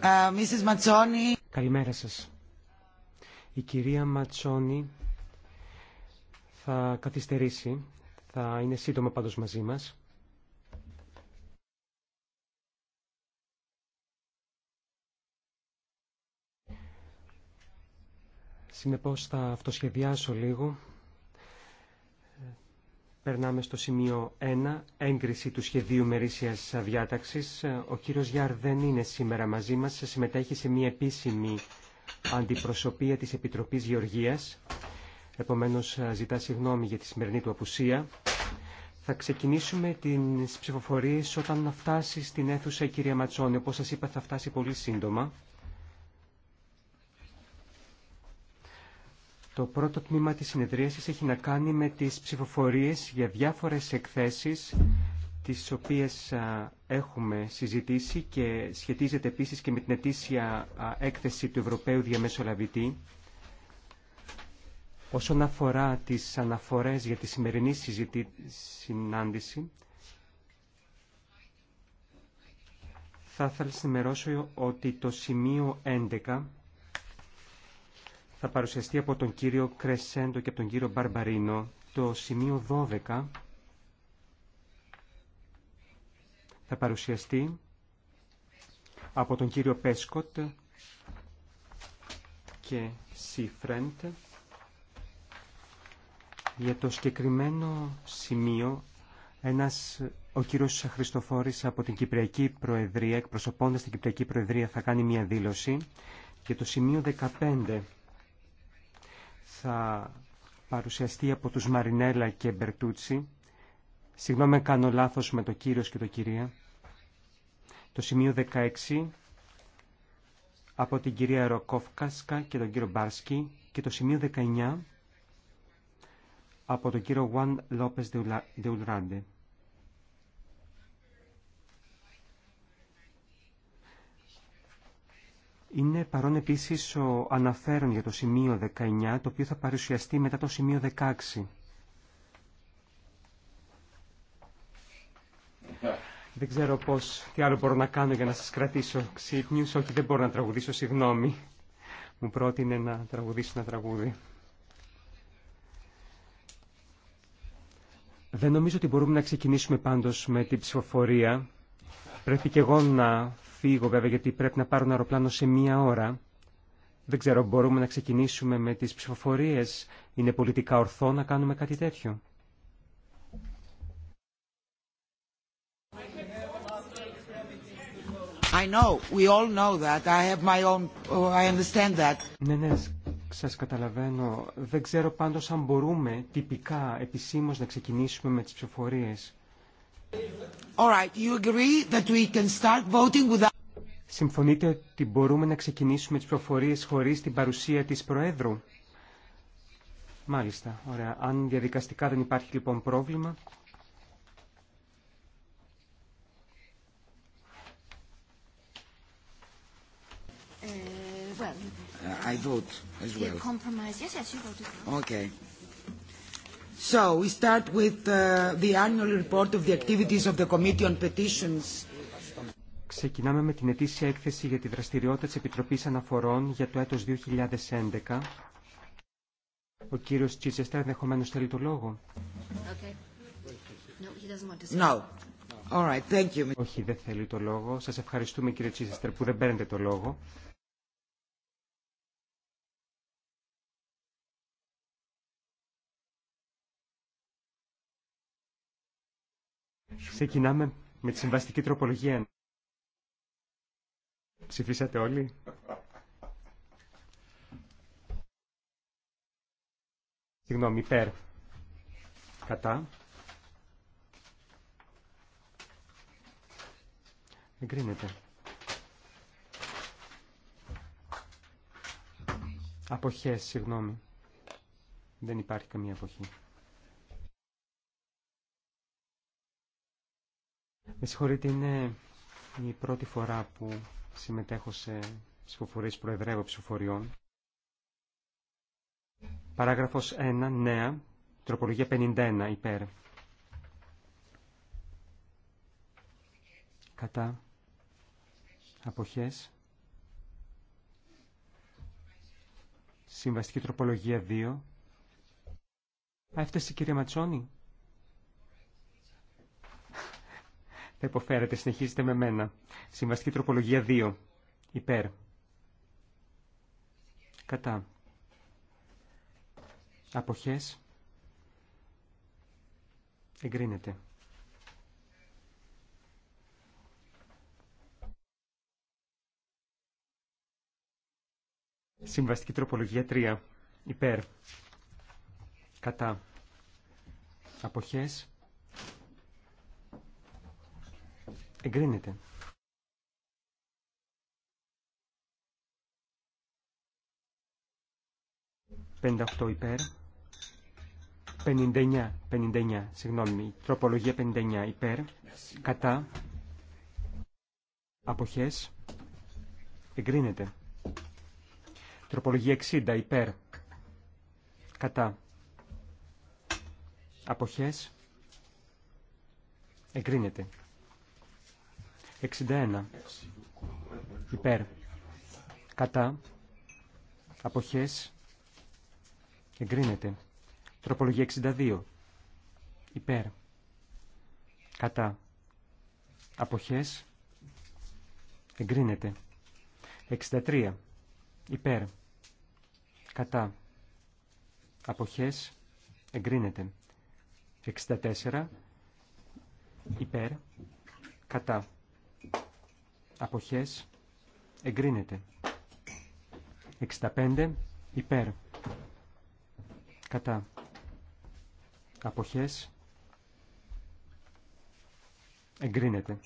Uh, Καλημέρα σας. Η κυρία Ματσόνη θα καθυστερήσει. Θα είναι σύντομα πάντως μαζί μας. Συνεπώς θα αυτοσχεδιάσω λίγο Περνάμε στο σημείο 1, έγκριση του σχεδίου μερίσιας διάταξη. Ο κύριος Γιάρ δεν είναι σήμερα μαζί μας, συμμετέχει σε μια επίσημη αντιπροσωπεία της Επιτροπής Γεωργίας. Επομένως, ζητά συγγνώμη για τη σημερινή του απουσία. Θα ξεκινήσουμε τις ψηφοφορίες όταν φτάσει στην αίθουσα η κυρία Ματσόνη. Όπως σας είπα, θα φτάσει πολύ σύντομα. Το πρώτο τμήμα της συνεδρίασης έχει να κάνει με τις ψηφοφορίες για διάφορες εκθέσεις τις οποίες έχουμε συζητήσει και σχετίζεται επίσης και με την ετήσια έκθεση του Ευρωπαίου Διαμεσολαβητή. Όσον αφορά τις αναφορές για τη σημερινή συζητή... συνάντηση, θα ήθελα να ενημερώσω ότι το σημείο 11 θα παρουσιαστεί από τον κύριο Κρεσέντο και από τον κύριο Μπαρμπαρίνο το σημείο 12 θα παρουσιαστεί από τον κύριο Πέσκοτ και Σίφρεντ για το συγκεκριμένο σημείο ένας ο κύριος Χριστοφόρης από την Κυπριακή Προεδρία, εκπροσωπώντας την Κυπριακή Προεδρία, θα κάνει μια δήλωση για το σημείο 15 θα παρουσιαστεί από τους Μαρινέλα και Μπερτούτσι. Συγγνώμη κάνω λάθος με το κύριος και το κυρία. Το σημείο 16 από την κυρία Ροκόφκασκα και τον κύριο Μπάρσκι και το σημείο 19 από τον κύριο Γουάν Λόπες de Είναι παρόν επίσης ο αναφέρον για το σημείο 19, το οποίο θα παρουσιαστεί μετά το σημείο 16. Δεν ξέρω πώς, τι άλλο μπορώ να κάνω για να σας κρατήσω ξύπνιους, όχι δεν μπορώ να τραγουδήσω, συγγνώμη. Μου πρότεινε να τραγουδήσω ένα τραγούδι. Δεν νομίζω ότι μπορούμε να ξεκινήσουμε πάντως με την ψηφοφορία. Πρέπει και εγώ να φύγω βέβαια γιατί πρέπει να πάρω ένα αεροπλάνο σε μία ώρα. Δεν ξέρω, μπορούμε να ξεκινήσουμε με τις ψηφοφορίες. Είναι πολιτικά ορθό να κάνουμε κάτι τέτοιο. I know, we all know that. I have my own, I understand that. Ναι, ναι, σας καταλαβαίνω. Δεν ξέρω πάντως αν μπορούμε τυπικά, επισήμως, να ξεκινήσουμε με τις ψηφοφορίες. Συμφωνείτε ότι μπορούμε να ξεκινήσουμε τις προφορίες χωρίς την παρουσία της Προέδρου. Μάλιστα, ωραία. Αν διαδικαστικά δεν υπάρχει λοιπόν πρόβλημα... I vote as well. Okay. So we start with uh, the annual report of the activities of the Committee on Petitions. Ξεκινάμε με την ετήσια έκθεση για τη δραστηριότητα της Επιτροπής Αναφορών για το έτος 2011. Ο κύριος Τσίτσεστερ ενδεχομένω θέλει το λόγο. Όχι, δεν θέλει το λόγο. Σας ευχαριστούμε κύριε Τσίτσεστερ που δεν παίρνετε το λόγο. Ξεκινάμε με τη συμβαστική τροπολογία. Ψηφίσατε όλοι. Συγγνώμη, υπέρ. Κατά. Εγκρίνεται. Αποχές, συγγνώμη. Δεν υπάρχει καμία αποχή. Με συγχωρείτε, είναι η πρώτη φορά που συμμετέχω σε ψηφοφορίες προεδρεύω ψηφοφοριών. Παράγραφος 1, νέα, τροπολογία 51, υπέρ. Κατά. Αποχές. Συμβαστική τροπολογία 2. Α, έφτασε η κυρία Ματσόνη. θα υποφέρετε. Συνεχίζετε με μένα. Συμβαστική τροπολογία 2. Υπέρ. Κατά. Αποχές. Εγκρίνεται. Συμβαστική τροπολογία 3. Υπέρ. Κατά. Αποχές. Εγκρίνεται. 58 υπέρ. 59, 59, συγγνώμη, τροπολογία 59 υπέρ, κατά, αποχές, εγκρίνεται. Τροπολογία 60 υπέρ, κατά, αποχές, εγκρίνεται. 61. Υπέρ. Κατά. Αποχές. Εγκρίνεται. Τροπολογία 62. Υπέρ. Κατά. Αποχές. Εγκρίνεται. 63. Υπέρ. Κατά. Αποχές. Εγκρίνεται. 64. Υπέρ. Κατά αποχές εγκρίνεται. 65 υπέρ κατά αποχές εγκρίνεται.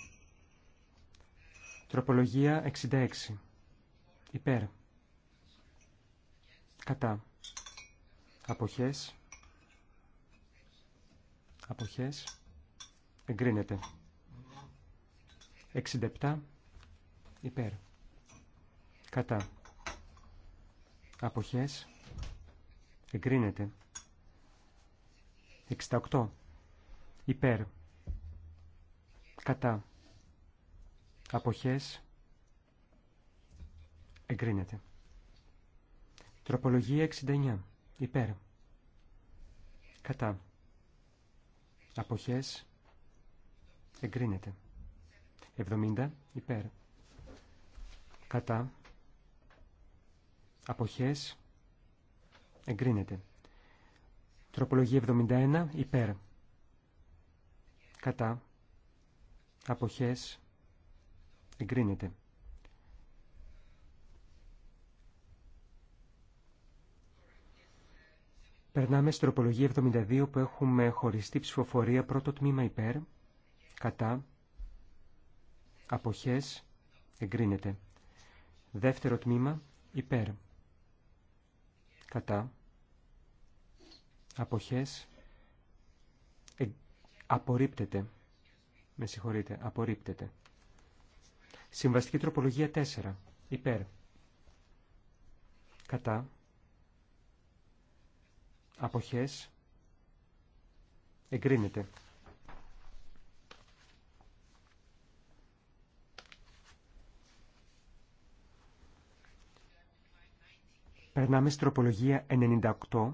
Τροπολογία 66 υπέρ κατά αποχές αποχές εγκρίνεται. 67 υπέρ κατά αποχές εγκρίνεται 68 υπέρ κατά αποχές εγκρίνεται τροπολογία 69 υπέρ κατά αποχές εγκρίνεται 70 υπέρ κατά, αποχές, εγκρίνεται. Τροπολογία 71, υπέρ, κατά, αποχές, εγκρίνεται. Περνάμε στην τροπολογία 72 που έχουμε χωριστή ψηφοφορία πρώτο τμήμα υπέρ, κατά, αποχές, εγκρίνεται. Δεύτερο τμήμα υπέρ. Κατά. Αποχές. Ε, απορρίπτεται. Με συγχωρείτε. Απορρίπτεται. Συμβαστική τροπολογία 4. Υπέρ. Κατά. Αποχές. Εγκρίνεται. Περνάμε στην τροπολογία 98.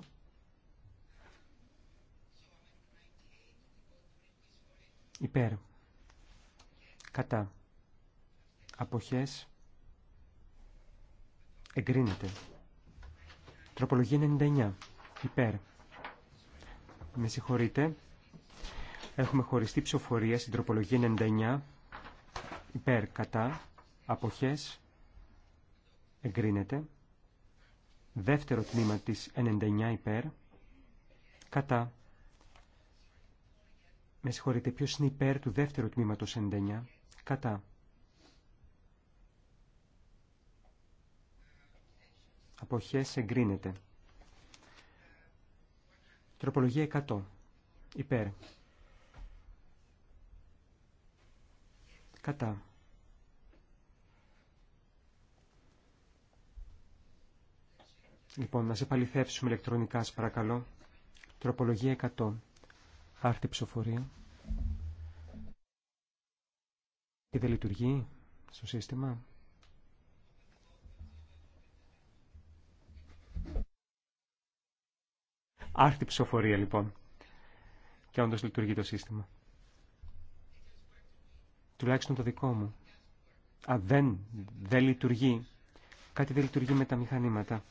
Υπέρ. Κατά. Αποχές. Εγκρίνεται. Τροπολογία 99. Υπέρ. Με συγχωρείτε. Έχουμε χωριστή ψηφοφορία στην τροπολογία 99. Υπέρ. Κατά. Αποχές. Εγκρίνεται. Δεύτερο τμήμα της 99 υπέρ. Κατά. Με συγχωρείτε, ποιος είναι υπέρ του δεύτερου τμήματος 99. Κατά. Αποχές εγκρίνεται. Τροπολογία 100. Υπέρ. Κατά. Λοιπόν, να σε παληθεύσουμε ηλεκτρονικά, σας παρακαλώ. Τροπολογία 100. Άρτη ψηφοφορία. Και δεν λειτουργεί στο σύστημα. Άρτη ψηφοφορία, λοιπόν. Και όντω λειτουργεί το σύστημα. Τουλάχιστον το δικό μου. Α, δεν, δεν λειτουργεί. Κάτι δεν λειτουργεί με τα μηχανήματα.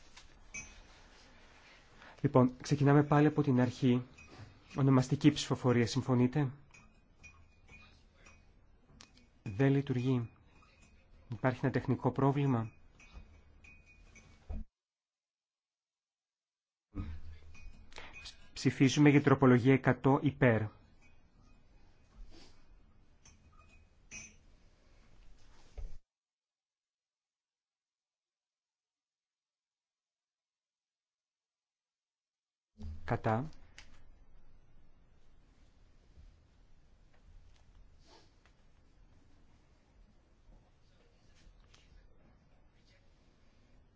Λοιπόν, ξεκινάμε πάλι από την αρχή. Ονομαστική ψηφοφορία, συμφωνείτε. Δεν λειτουργεί. Υπάρχει ένα τεχνικό πρόβλημα. Ψηφίζουμε για τροπολογία 100 υπέρ. κατά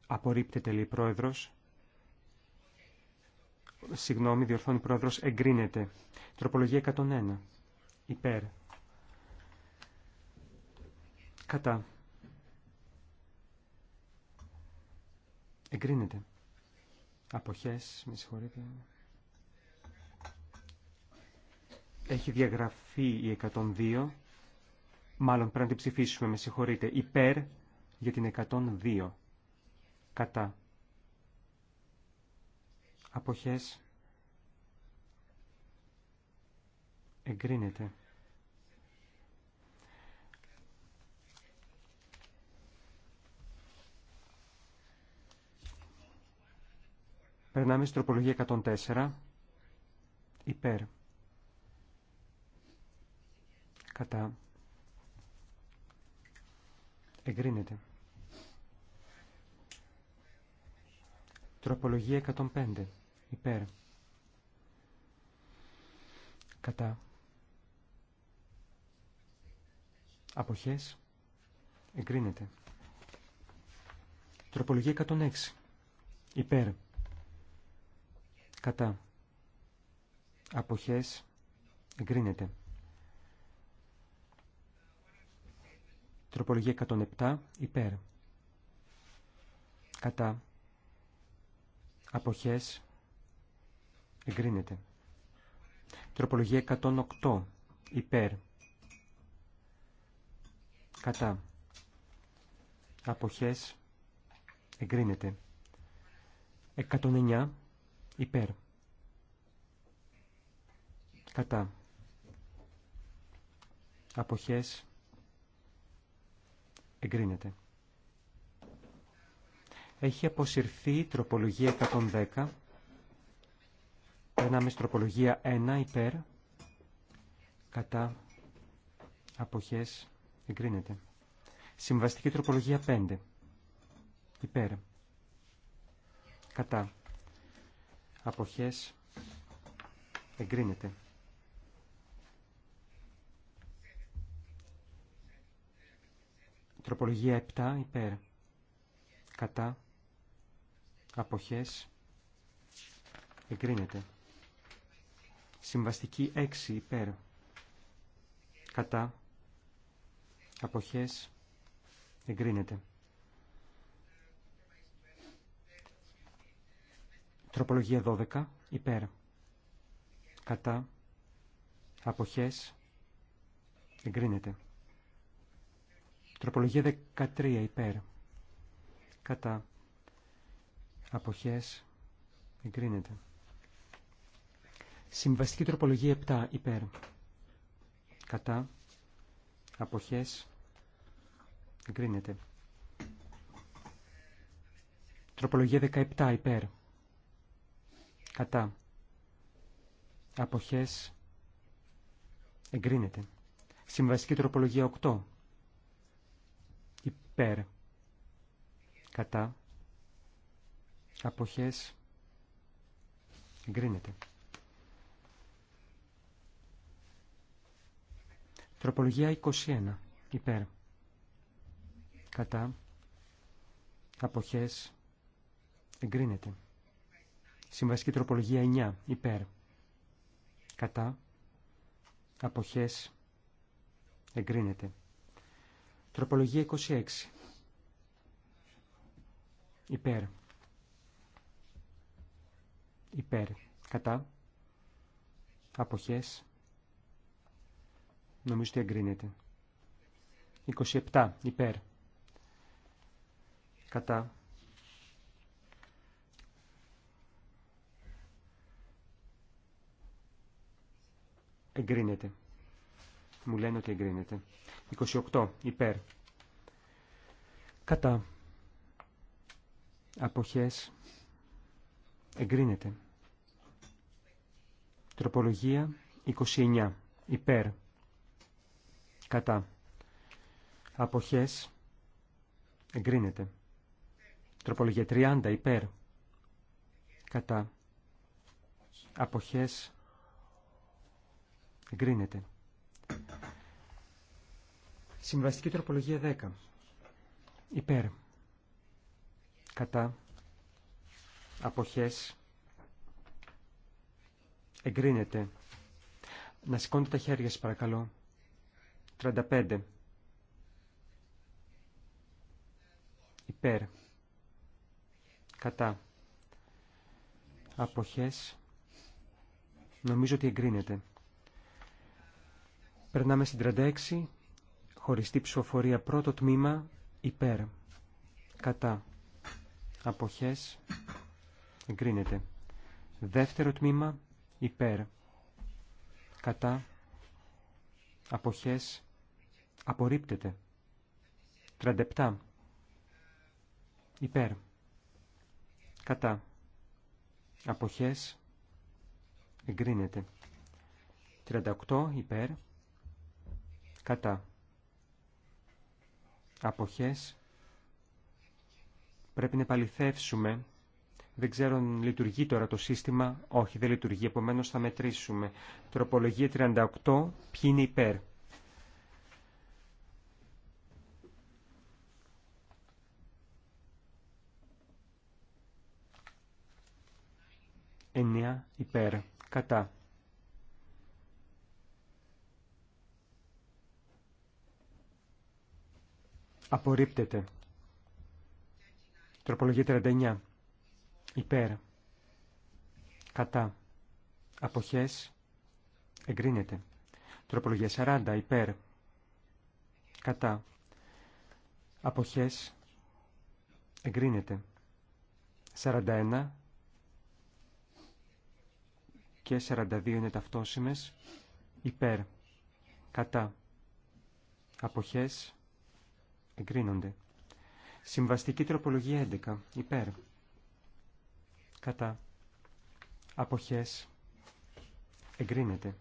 Απορρίπτεται, λέει η πρόεδρος. Συγγνώμη, διορθώνει η πρόεδρος, εγκρίνεται. Τροπολογία 101. Υπέρ. Κατά. Εγκρίνεται. Αποχές, με συγχωρείτε. Έχει διαγραφεί η 102. Μάλλον πρέπει να την ψηφίσουμε, με συγχωρείτε. Υπέρ για την 102. Κατά. Αποχές. Εγκρίνεται. Περνάμε στην τροπολογία 104. Υπέρ κατά εγκρίνεται. Τροπολογία 105 υπέρ κατά αποχές εγκρίνεται. Τροπολογία 106 υπέρ κατά αποχές εγκρίνεται. Τροπολογία 107 υπέρ. Κατά. Αποχές. Εγκρίνεται. Τροπολογία 108 υπέρ. Κατά. Αποχές. Εγκρίνεται. 109 υπέρ. Κατά. Αποχές Εγκρίνεται. Έχει αποσυρθεί η τροπολογία 110. Περνάμε στην τροπολογία 1 υπέρ. Κατά. Αποχές. Εγκρίνεται. Συμβαστική τροπολογία 5. Υπέρ. Κατά. Αποχές. Εγκρίνεται. Τροπολογία 7 υπέρ. Κατά. Αποχές. Εγκρίνεται. Συμβαστική 6 υπέρ. Κατά. Αποχές. Εγκρίνεται. Τροπολογία 12 υπέρ. Κατά. Αποχές. Εγκρίνεται. Τροπολογία 13 υπέρ. Κατά. Αποχές. Εγκρίνεται. Συμβαστική τροπολογία 7 υπέρ. Κατά. Αποχές. Εγκρίνεται. Τροπολογία 17 υπέρ. Κατά. Αποχές. Εγκρίνεται. Συμβαστική τροπολογία 8 υπέρ κατά αποχές εγκρίνεται. Τροπολογία 21 υπέρ κατά αποχές εγκρίνεται. Συμβασική τροπολογία 9 υπέρ κατά αποχές εγκρίνεται. Τροπολογία 26. Υπέρ. Υπέρ. Κατά. Αποχές. Νομίζω ότι εγκρίνεται. 27. Υπέρ. Κατά. Εγκρίνεται. Μου λένε ότι εγκρίνεται. 28. Υπέρ. Κατά. Αποχές. Εγκρίνεται. Τροπολογία 29. Υπέρ. Κατά. Αποχές. Εγκρίνεται. Τροπολογία 30. Υπέρ. Κατά. Αποχές. Εγκρίνεται. Συμβαστική τροπολογία 10. Υπέρ. Κατά. Αποχές. Εγκρίνεται. Να σηκώνετε τα χέρια σας παρακαλώ. 35. Υπέρ. Κατά. Αποχές. Νομίζω ότι εγκρίνεται. Περνάμε στην 36. Χωριστή ψηφοφορία πρώτο τμήμα υπέρ. Κατά. Αποχές. Εγκρίνεται. Δεύτερο τμήμα υπέρ. Κατά. Αποχές. Απορρίπτεται. 37. Υπέρ. Κατά. Αποχές. Εγκρίνεται. 38. Υπέρ. Κατά αποχές πρέπει να επαληθεύσουμε. Δεν ξέρω αν λειτουργεί τώρα το σύστημα. Όχι, δεν λειτουργεί, επομένω θα μετρήσουμε. Τροπολογία 38, ποιοι είναι υπέρ. Εννέα υπέρ. Κατά. Απορρίπτεται. Τροπολογία 39. Υπέρ. Κατά. Αποχές. Εγκρίνεται. Τροπολογία 40. Υπέρ. Κατά. Αποχές. Εγκρίνεται. 41 και 42 είναι ταυτόσιμες. Υπέρ. Κατά. Αποχές εγκρίνονται. Συμβαστική τροπολογία 11 υπέρ κατά αποχές εγκρίνεται.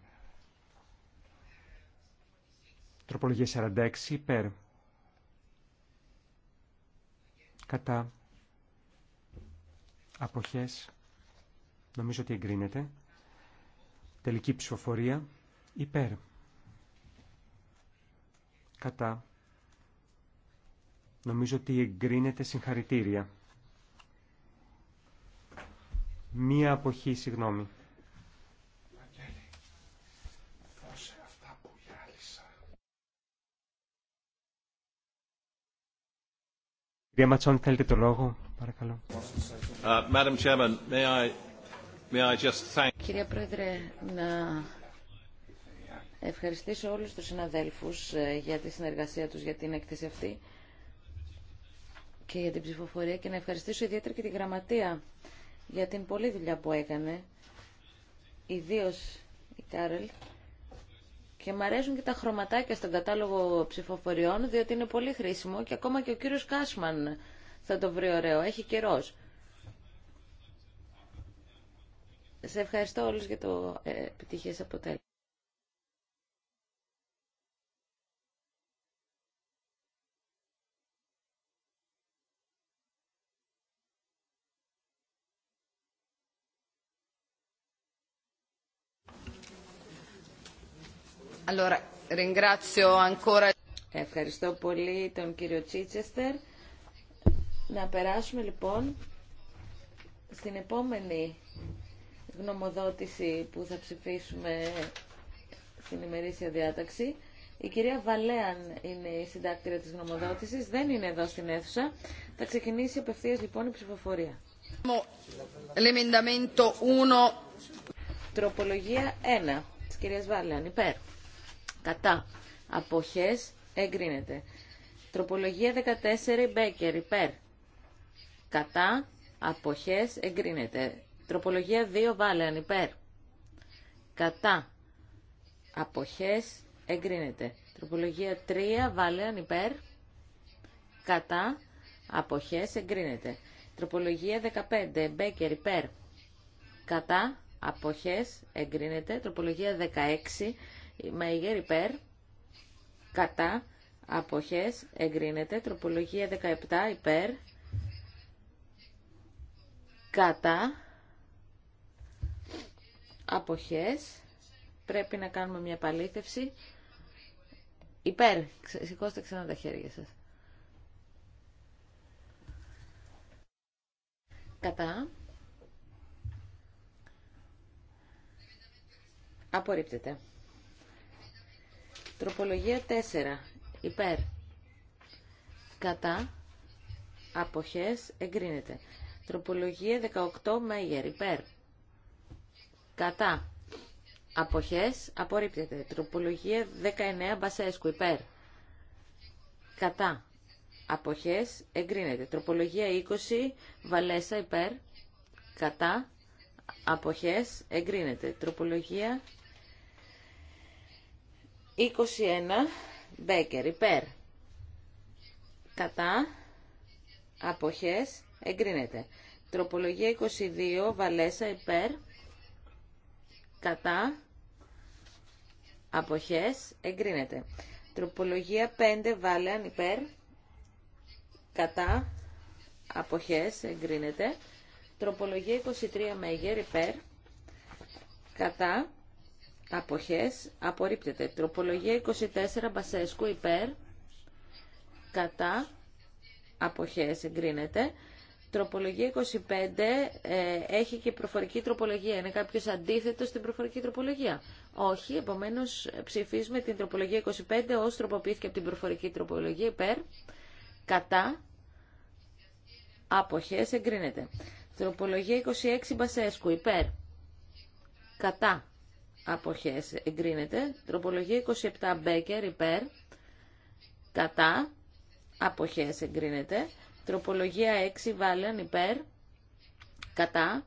Τροπολογία 46 υπέρ κατά αποχές νομίζω ότι εγκρίνεται. Τελική ψηφοφορία υπέρ κατά Νομίζω ότι εγκρίνεται συγχαρητήρια. Μία αποχή, συγγνώμη. Κυρία Ματσόν, θέλετε το λόγο, παρακαλώ. Uh, Κυρία Πρόεδρε, να ευχαριστήσω όλους τους συναδέλφους ε, για τη συνεργασία τους για την έκθεση αυτή και για την ψηφοφορία και να ευχαριστήσω ιδιαίτερα και τη Γραμματεία για την πολλή δουλειά που έκανε, ιδίω η Κάρελ. Και μου αρέσουν και τα χρωματάκια στον κατάλογο ψηφοφοριών, διότι είναι πολύ χρήσιμο και ακόμα και ο κύριο Κάσμαν θα το βρει ωραίο. Έχει καιρό. Σε ευχαριστώ όλους για το ε, επιτυχές αποτέλεσμα. Ευχαριστώ πολύ τον κύριο Τσίτσεστερ. Να περάσουμε λοιπόν στην επόμενη γνωμοδότηση που θα ψηφίσουμε στην ημερήσια διάταξη. Η κυρία Βαλέαν είναι η συντάκτρια της γνωμοδότησης, δεν είναι εδώ στην αίθουσα. Θα ξεκινήσει απευθείας λοιπόν η ψηφοφορία. Τροπολογία 1 της κυρίας Βαλέαν, υπέρ κατά, αποχές, εγκρίνεται. Τροπολογία 14, Μπέκερ, υπέρ, κατά, αποχές, εγκρίνεται. Τροπολογία 2, Βάλεαν, υπέρ, κατά, αποχές, εγκρίνεται. Τροπολογία 3, Βάλεαν, υπέρ, κατά, αποχές, εγκρίνεται. Τροπολογία 15, Μπέκερ, υπέρ, κατά, αποχές, εγκρίνεται. Τροπολογία 16, η Μαϊγέρ υπέρ, κατά, αποχές, εγκρίνεται. Τροπολογία 17 υπέρ, κατά, αποχές. Πρέπει να κάνουμε μια παλήθευση. Υπέρ, σηκώστε ξανά τα χέρια σας. Κατά. Απορρίπτεται. Τροπολογία 4. Υπέρ. Κατά. Αποχές. Εγκρίνεται. Τροπολογία 18. Μέγερ. Υπέρ. Κατά. Αποχές. Απορρίπτεται. Τροπολογία 19. Μπασέσκου. Υπέρ. Κατά. Αποχές. Εγκρίνεται. Τροπολογία 20. Βαλέσα. Υπέρ. Κατά. Αποχές. Εγκρίνεται. Τροπολογία 21 Μπέκερ υπέρ κατά αποχές εγκρίνεται τροπολογία 22 Βαλέσα υπέρ κατά αποχές εγκρίνεται τροπολογία 5 Βάλεαν υπέρ κατά αποχές εγκρίνεται τροπολογία 23 Μέγερ υπέρ κατά αποχές απορρίπτεται. Τροπολογία 24 Μπασέσκου υπέρ κατά αποχές εγκρίνεται. Τροπολογία 25 ε, έχει και προφορική τροπολογία. Είναι κάποιος αντίθετος στην προφορική τροπολογία. Όχι, επομένως ψηφίζουμε την τροπολογία 25 ως τροποποιήθηκε από την προφορική τροπολογία υπέρ κατά αποχές εγκρίνεται. Τροπολογία 26 Μπασέσκου υπέρ κατά αποχές εγκρίνεται. Τροπολογία 27 Μπέκερ υπέρ κατά αποχές εγκρίνεται. Τροπολογία 6 Βάλεν υπέρ κατά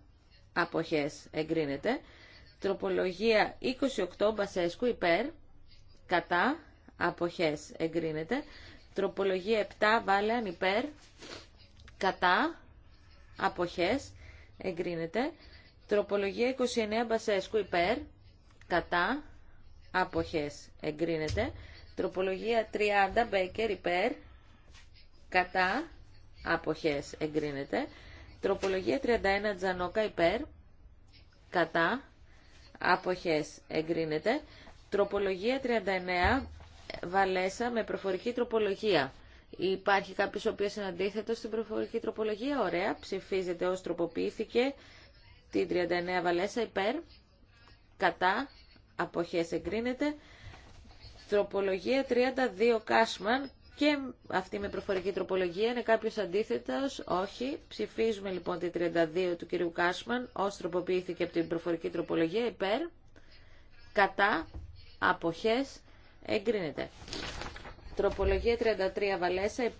αποχές εγκρίνεται. Τροπολογία 28 Μπασέσκου υπέρ κατά αποχές εγκρίνεται. Τροπολογία 7 Βάλεν υπέρ κατά αποχές εγκρίνεται. Τροπολογία 29 Μπασέσκου υπέρ κατά, άποχες, εγκρίνεται. Τροπολογία 30, Baker, υπέρ, κατά, άποχες, εγκρίνεται. Τροπολογία 31, Τζανόκα, υπέρ, κατά, άποχες, εγκρίνεται. Τροπολογία 39, Βαλέσα, με προφορική τροπολογία. Υπάρχει κάποιος ο οποίος είναι αντίθετος στην προφορική τροπολογία. Ωραία, ψηφίζεται ως τροποποιήθηκε την 39 Βαλέσα υπέρ, κατά, αποχές εγκρίνεται. Τροπολογία 32 Κάσμαν και αυτή με προφορική τροπολογία είναι κάποιος αντίθετος, όχι. Ψηφίζουμε λοιπόν τη 32 του κυρίου Κάσμαν, ως τροποποιήθηκε από την προφορική τροπολογία, υπέρ, κατά, αποχές, εγκρίνεται. Τροπολογία 33 Βαλέσα,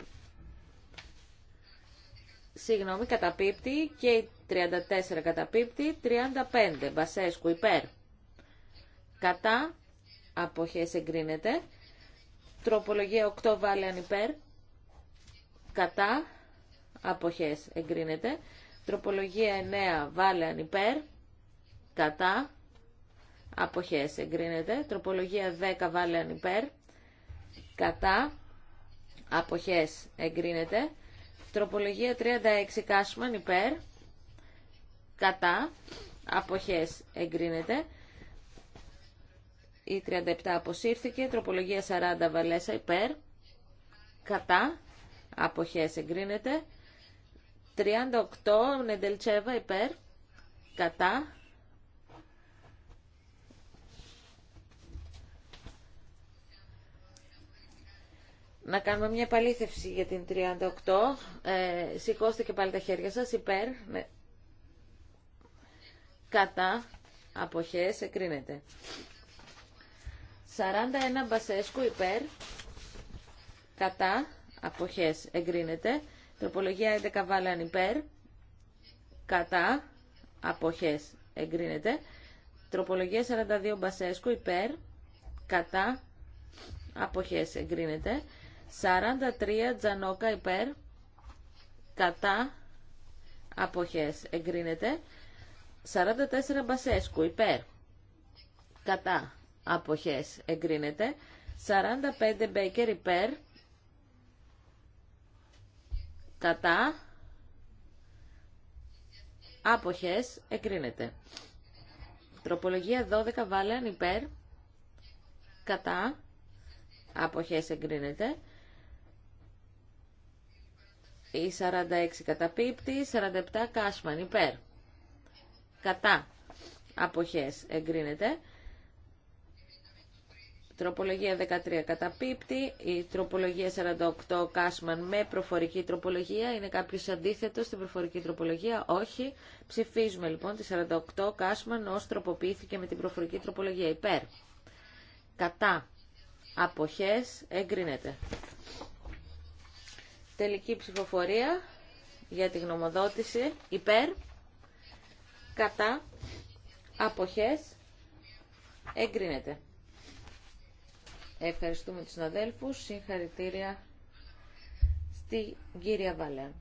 συγγνώμη, καταπίπτει και 34 καταπίπτει, 35 Βασέσκου υπέρ, κατά, αποχές εγκρίνεται. Τροπολογία 8 αν υπέρ, κατά, αποχές εγκρίνεται. Τροπολογία 9 αν υπέρ, κατά, αποχές εγκρίνεται. Τροπολογία 10 αν υπέρ, κατά, αποχές εγκρίνεται. Τροπολογία 36 Κάσμαν υπέρ, κατά, αποχές εγκρίνεται. Η 37 αποσύρθηκε. Τροπολογία 40 Βαλέσα υπέρ. Κατά. Αποχές εγκρίνεται. 38 Νεντελτσέβα υπέρ. Κατά. Να κάνουμε μια επαλήθευση για την 38. Ε, σηκώστε και πάλι τα χέρια σας υπέρ. Ναι. Κατά. Αποχές εγκρίνεται 41 Μπασέσκου υπέρ. Κατά. Αποχές εγκρίνεται. Τροπολογία 11 Βάλαν υπέρ. Κατά. Αποχές εγκρίνεται. Τροπολογία 42 Μπασέσκου υπέρ. Κατά. Αποχές εγκρίνεται. 43 Τζανόκα υπέρ. Κατά. Αποχές εγκρίνεται. 44 Μπασέσκου υπέρ. Κατά αποχές εγκρίνεται. 45 Baker υπέρ κατά άποχες εγκρίνεται. Τροπολογία 12 βάλεαν υπέρ κατά άποχες εγκρίνεται. Η 46 καταπίπτει, 47 κάσμαν υπέρ κατά άποχες εγκρίνεται. Τροπολογία 13 καταπίπτει, η τροπολογία 48 Κάσμαν με προφορική τροπολογία. Είναι κάποιος αντίθετος στην προφορική τροπολογία, όχι. Ψηφίζουμε λοιπόν τη 48 Κάσμαν ως τροποποιήθηκε με την προφορική τροπολογία υπέρ. Κατά αποχές εγκρίνεται. Τελική ψηφοφορία για τη γνωμοδότηση υπέρ, κατά, αποχές, εγκρίνεται. Ευχαριστούμε τους συναδέλφους. Συγχαρητήρια στη κύρια Βαλέν.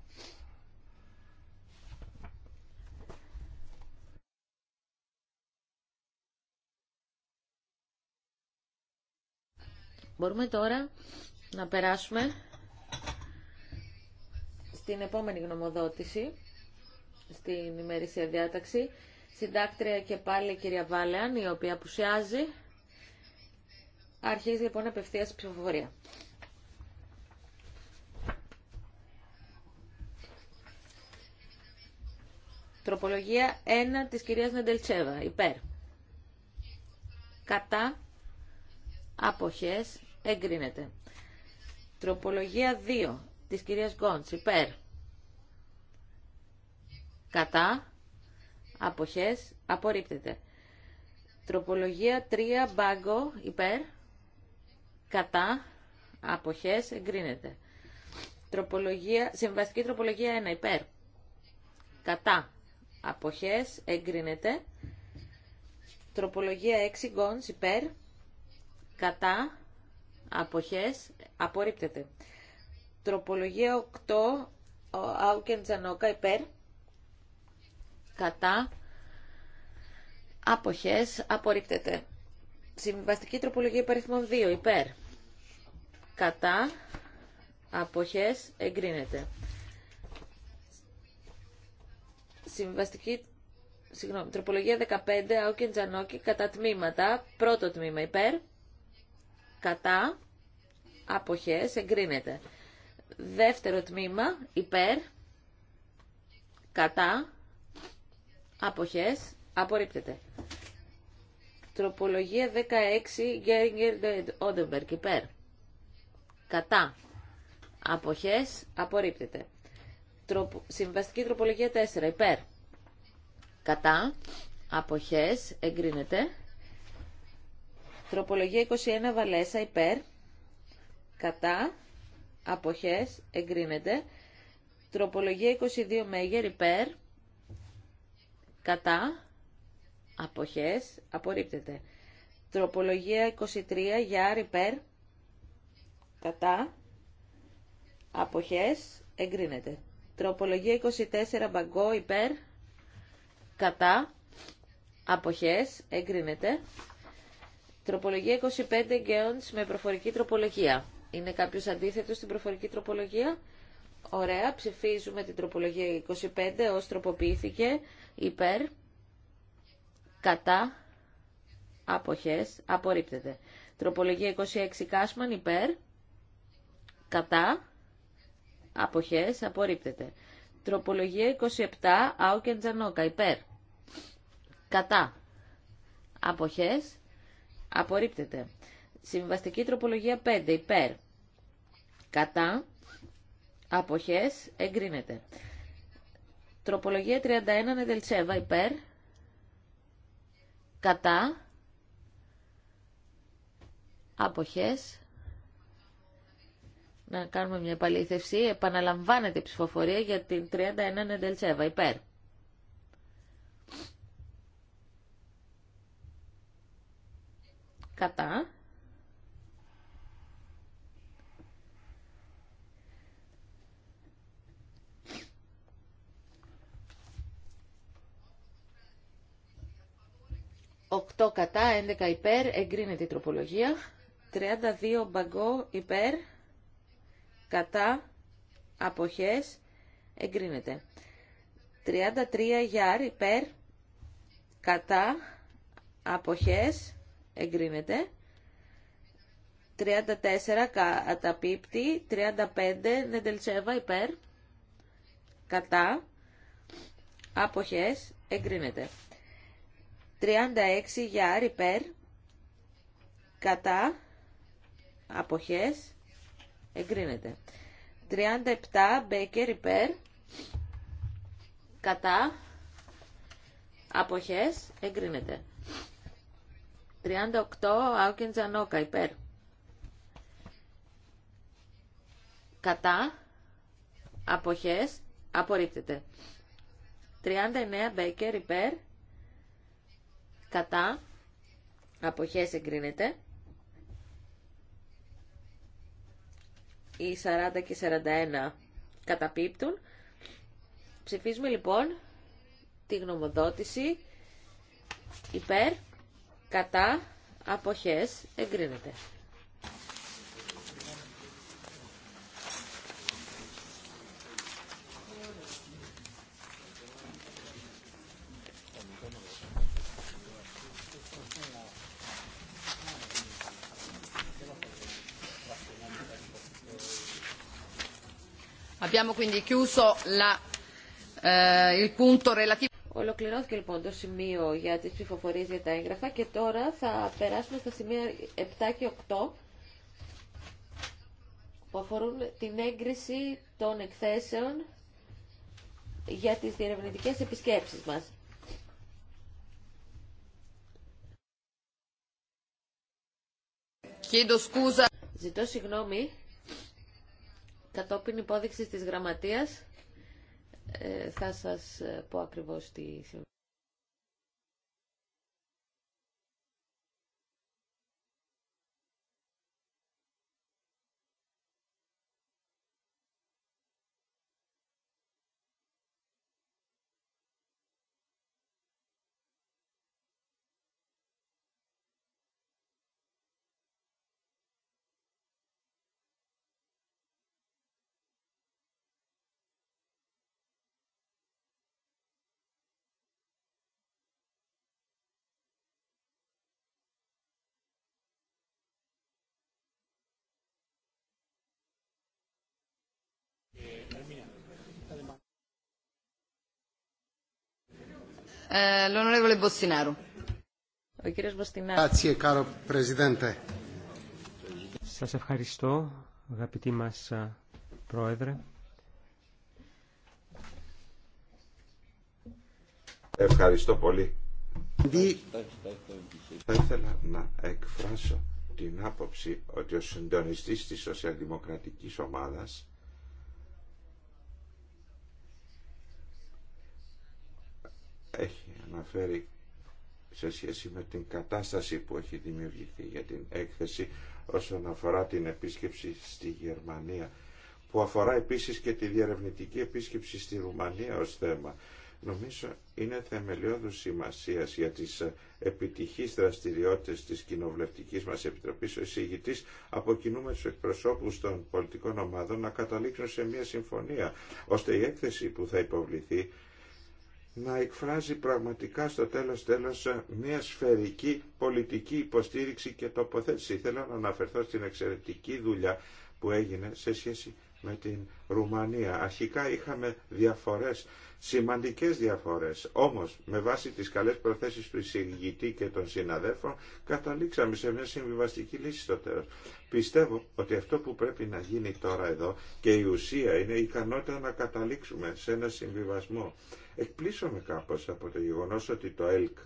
Μπορούμε τώρα να περάσουμε στην επόμενη γνωμοδότηση, στην ημερήσια διάταξη. Συντάκτρια και πάλι κυρία Βάλεαν, η οποία απουσιάζει. Αρχίζει λοιπόν απευθεία η ψηφοφορία. Τροπολογία 1 της κυρίας Νεντελτσέβα. Υπέρ. Κατά. Αποχές. Εγκρίνεται. Τροπολογία 2 της κυρίας Γκόντς. Υπέρ. Κατά. Αποχές. Απορρίπτεται. Τροπολογία 3 μπάγκο. Υπέρ κατά, αποχές, εγκρίνεται. Τροπολογία, συμβαστική τροπολογία 1, υπέρ, κατά, αποχές, εγκρίνεται. Τροπολογία 6, γκόνς, υπέρ, κατά, αποχές, απορρίπτεται. Τροπολογία 8, Άουκεν Τζανόκα, υπέρ, κατά, αποχές, απορρίπτεται. Συμβαστική τροπολογία υπαριθμών 2. Υπέρ. Κατά. Αποχές. Εγκρίνεται. Συμβαστική Συγγνώμη, τροπολογία 15, Άουκεν κατά τμήματα. Πρώτο τμήμα υπέρ, κατά, αποχές, εγκρίνεται. Δεύτερο τμήμα υπέρ, κατά, αποχές, απορρίπτεται. Τροπολογία 16 Γκέριγκερ Όντεμπερκ υπέρ. Κατά. Αποχές απορρίπτεται. Τροπο... Συμβαστική τροπολογία 4 υπέρ. Κατά. Αποχές εγκρίνεται. Τροπολογία 21 Βαλέσα υπέρ. Κατά. Αποχές εγκρίνεται. Τροπολογία 22 Μέγερ υπέρ. Κατά αποχές, απορρίπτεται. Τροπολογία 23 για υπέρ. κατά, αποχές, εγκρίνεται. Τροπολογία 24 μπαγκό υπέρ, κατά, αποχές, εγκρίνεται. Τροπολογία 25 γκέοντς με προφορική τροπολογία. Είναι κάποιος αντίθετος στην προφορική τροπολογία. Ωραία, ψηφίζουμε την τροπολογία 25 ως τροποποιήθηκε υπέρ κατά, αποχές, απορρίπτεται. Τροπολογία 26 Κάσμαν υπέρ, κατά, αποχές, απορρίπτεται. Τροπολογία 27 Άουκεν Τζανόκα υπέρ, κατά, αποχές, απορρίπτεται. Συμβαστική τροπολογία 5 υπέρ, κατά, αποχές, εγκρίνεται. Τροπολογία 31 Νεδελτσέβα υπέρ, κατά αποχές να κάνουμε μια επαλήθευση επαναλαμβάνεται η ψηφοφορία για την 31 Νεντελτσέβα υπέρ κατά 8 κατά, 11 υπέρ, εγκρίνεται η τροπολογία. 32 μπαγκό υπέρ, κατά, αποχές, εγκρίνεται. 33 γιάρ υπέρ, κατά, αποχές, εγκρίνεται. 34 πίπτη, 35 νεντελτσέβα υπέρ, κατά, αποχές, εγκρίνεται. 36 για repair, κατά, αποχές, εγκρίνεται. 37 Baker repair, κατά, αποχές, εγκρίνεται. 38 Auken υπέρ. Κατά, αποχές, απορρίπτεται. 39 Baker υπέρ, κατά, αποχές εγκρίνεται. Οι 40 και 41 καταπίπτουν. Ψηφίζουμε λοιπόν τη γνωμοδότηση υπέρ, κατά, αποχές εγκρίνεται. Abbiamo quindi chiuso la, eh, il punto relativo. Ολοκληρώθηκε λοιπόν το σημείο για τις ψηφοφορίες για τα έγγραφα και τώρα θα περάσουμε στα σημεία 7 και 8 που αφορούν την έγκριση των εκθέσεων για τις διερευνητικές επισκέψεις μας. Ζητώ συγγνώμη κατόπιν υπόδειξης της γραμματείας ε, θα σας ε, πω ακριβώς τι συμβαίνει. Ε, Σας ευχαριστώ, αγαπητοί μας Πρόεδρε. Ευχαριστώ πολύ. Θα ήθελα να εκφράσω την άποψη ότι ο συντονιστής της Σοσιαλδημοκρατικής Ομάδας έχει αναφέρει σε σχέση με την κατάσταση που έχει δημιουργηθεί για την έκθεση όσον αφορά την επίσκεψη στη Γερμανία που αφορά επίσης και τη διαρευνητική επίσκεψη στη Ρουμανία ως θέμα. Νομίζω είναι θεμελιώδους σημασίας για τις επιτυχείς δραστηριότητες της κοινοβουλευτικής μας Επιτροπής ο εισηγητής από κοινού με τους εκπροσώπους των πολιτικών ομάδων να καταλήξουν σε μια συμφωνία, ώστε η έκθεση που θα υποβληθεί να εκφράζει πραγματικά στο τέλος τέλος μια σφαιρική πολιτική υποστήριξη και τοποθέτηση. Θέλω να αναφερθώ στην εξαιρετική δουλειά που έγινε σε σχέση με την Ρουμανία. Αρχικά είχαμε διαφορές, σημαντικές διαφορές. Όμως, με βάση τις καλές προθέσεις του εισηγητή και των συναδέλφων, καταλήξαμε σε μια συμβιβαστική λύση στο Πιστεύω ότι αυτό που πρέπει να γίνει τώρα εδώ και η ουσία είναι η ικανότητα να καταλήξουμε σε ένα συμβιβασμό. Εκπλήσωμε κάπως από το γεγονός ότι το ΕΛΚ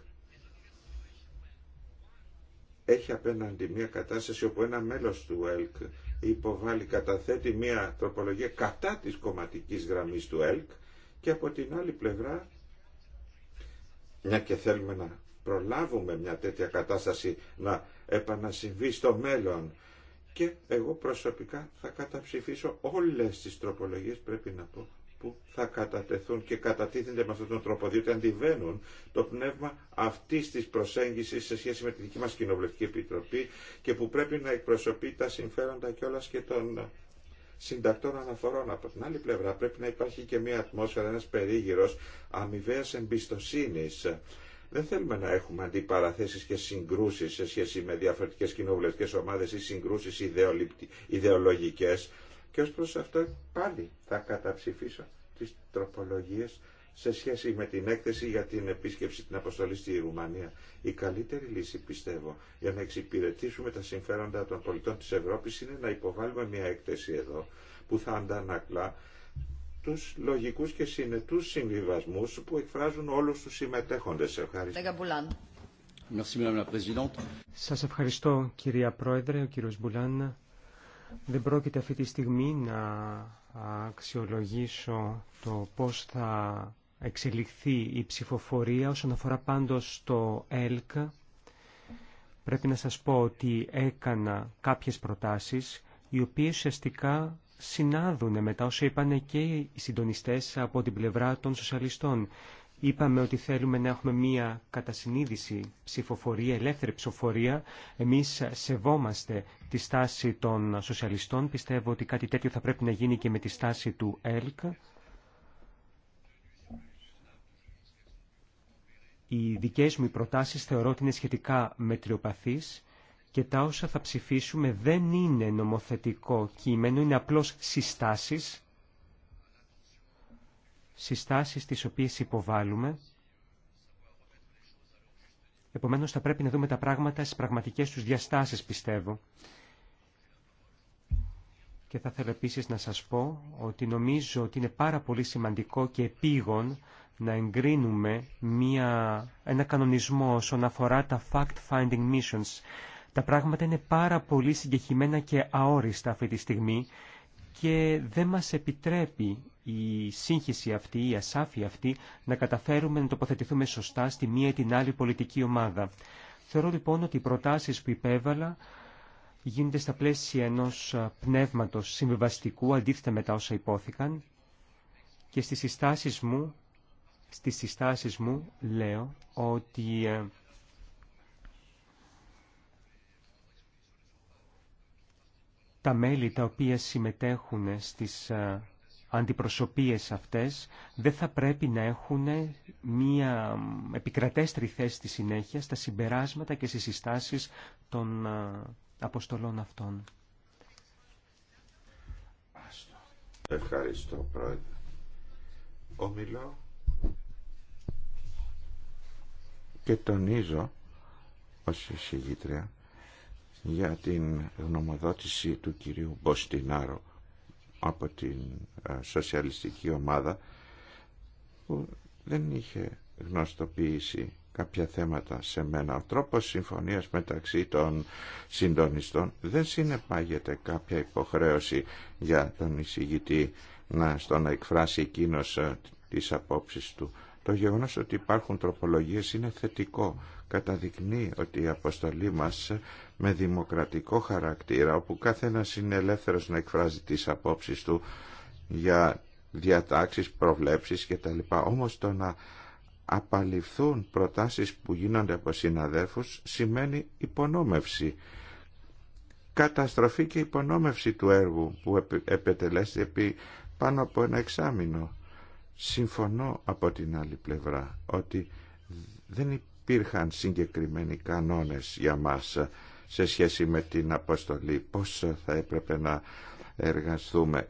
έχει απέναντι μια κατάσταση όπου ένα μέλος του ΕΛΚ Υποβάλλει, καταθέτει μια τροπολογία κατά της κομματικής γραμμής του ΕΛΚ και από την άλλη πλευρά, μια και θέλουμε να προλάβουμε μια τέτοια κατάσταση να επανασυμβεί στο μέλλον και εγώ προσωπικά θα καταψηφίσω όλες τις τροπολογίες πρέπει να πω που θα κατατεθούν και κατατίθενται με αυτόν τον τρόπο, διότι αντιβαίνουν το πνεύμα αυτή τη προσέγγιση σε σχέση με τη δική μα Κοινοβουλευτική Επιτροπή και που πρέπει να εκπροσωπεί τα συμφέροντα κιόλα και των συντακτών αναφορών. Από την άλλη πλευρά πρέπει να υπάρχει και μια ατμόσφαιρα, ένα περίγυρο αμοιβαία εμπιστοσύνη. Δεν θέλουμε να έχουμε αντιπαραθέσεις και συγκρούσεις σε σχέση με διαφορετικές κοινοβουλευτικές ομάδες ή συγκρούσεις ιδεολογικέ. Και ως προς αυτό πάλι θα καταψηφίσω τις τροπολογίες σε σχέση με την έκθεση για την επίσκεψη την αποστολή στη Ρουμανία. Η καλύτερη λύση, πιστεύω, για να εξυπηρετήσουμε τα συμφέροντα των πολιτών της Ευρώπης είναι να υποβάλουμε μια έκθεση εδώ που θα αντανακλά τους λογικούς και συνετούς συμβιβασμούς που εκφράζουν όλους τους συμμετέχοντες. Ευχαριστώ. Σας ευχαριστώ κυρία Πρόεδρε, ο κύριος Μπουλάν. Δεν πρόκειται αυτή τη στιγμή να αξιολογήσω το πώς θα εξελιχθεί η ψηφοφορία όσον αφορά πάντως το ΕΛΚ. Πρέπει να σας πω ότι έκανα κάποιες προτάσεις οι οποίες ουσιαστικά συνάδουν με τα όσα είπαν και οι συντονιστές από την πλευρά των σοσιαλιστών. Είπαμε ότι θέλουμε να έχουμε μία κατασυνείδηση ψηφοφορία, ελεύθερη ψηφοφορία. Εμείς σεβόμαστε τη στάση των σοσιαλιστών. Πιστεύω ότι κάτι τέτοιο θα πρέπει να γίνει και με τη στάση του ΕΛΚ. Οι δικές μου προτάσεις θεωρώ ότι είναι σχετικά μετριοπαθείς και τα όσα θα ψηφίσουμε δεν είναι νομοθετικό κείμενο, είναι απλώς συστάσεις συστάσεις τις οποίες υποβάλλουμε. Επομένως θα πρέπει να δούμε τα πράγματα στις πραγματικές τους διαστάσεις πιστεύω. Και θα θέλω επίσης να σας πω ότι νομίζω ότι είναι πάρα πολύ σημαντικό και επίγον να εγκρίνουμε μια, ένα κανονισμό όσον αφορά τα fact-finding missions. Τα πράγματα είναι πάρα πολύ συγκεχημένα και αόριστα αυτή τη στιγμή και δεν μας επιτρέπει η σύγχυση αυτή, η ασάφεια αυτή, να καταφέρουμε να τοποθετηθούμε σωστά στη μία ή την άλλη πολιτική ομάδα. Θεωρώ λοιπόν ότι οι προτάσεις που υπέβαλα γίνονται στα πλαίσια ενός πνεύματος συμβιβαστικού, αντίθετα με τα όσα υπόθηκαν, και στις συστάσεις μου, στις συστάσεις μου λέω ότι ε, τα μέλη τα οποία συμμετέχουν στις αντιπροσωπείες αυτές δεν θα πρέπει να έχουν μία επικρατέστερη θέση στη συνέχεια στα συμπεράσματα και στις συστάσεις των αποστολών αυτών. Ευχαριστώ πρόεδρε. Ομιλώ και τονίζω ως εισηγήτρια για την γνωμοδότηση του κυρίου Μποστινάρου από την ε, σοσιαλιστική ομάδα που δεν είχε γνωστοποίησει κάποια θέματα σε μένα. Ο τρόπος συμφωνίας μεταξύ των συντονιστών δεν συνεπάγεται κάποια υποχρέωση για τον εισηγητή να, στο να εκφράσει εκείνος ε, τις απόψεις του. Το γεγονός ότι υπάρχουν τροπολογίες είναι θετικό. Καταδεικνύει ότι η αποστολή μας με δημοκρατικό χαρακτήρα, όπου κάθε ένας είναι ελεύθερος να εκφράζει τις απόψεις του για διατάξεις, προβλέψεις κτλ. Όμως το να απαλληφθούν προτάσεις που γίνονται από συναδέρφους σημαίνει υπονόμευση. Καταστροφή και υπονόμευση του έργου που επετελέστηκε επί πάνω από ένα εξάμεινο. Συμφωνώ από την άλλη πλευρά ότι δεν υπήρχαν συγκεκριμένοι κανόνες για μας σε σχέση με την αποστολή, πώς θα έπρεπε να εργαστούμε.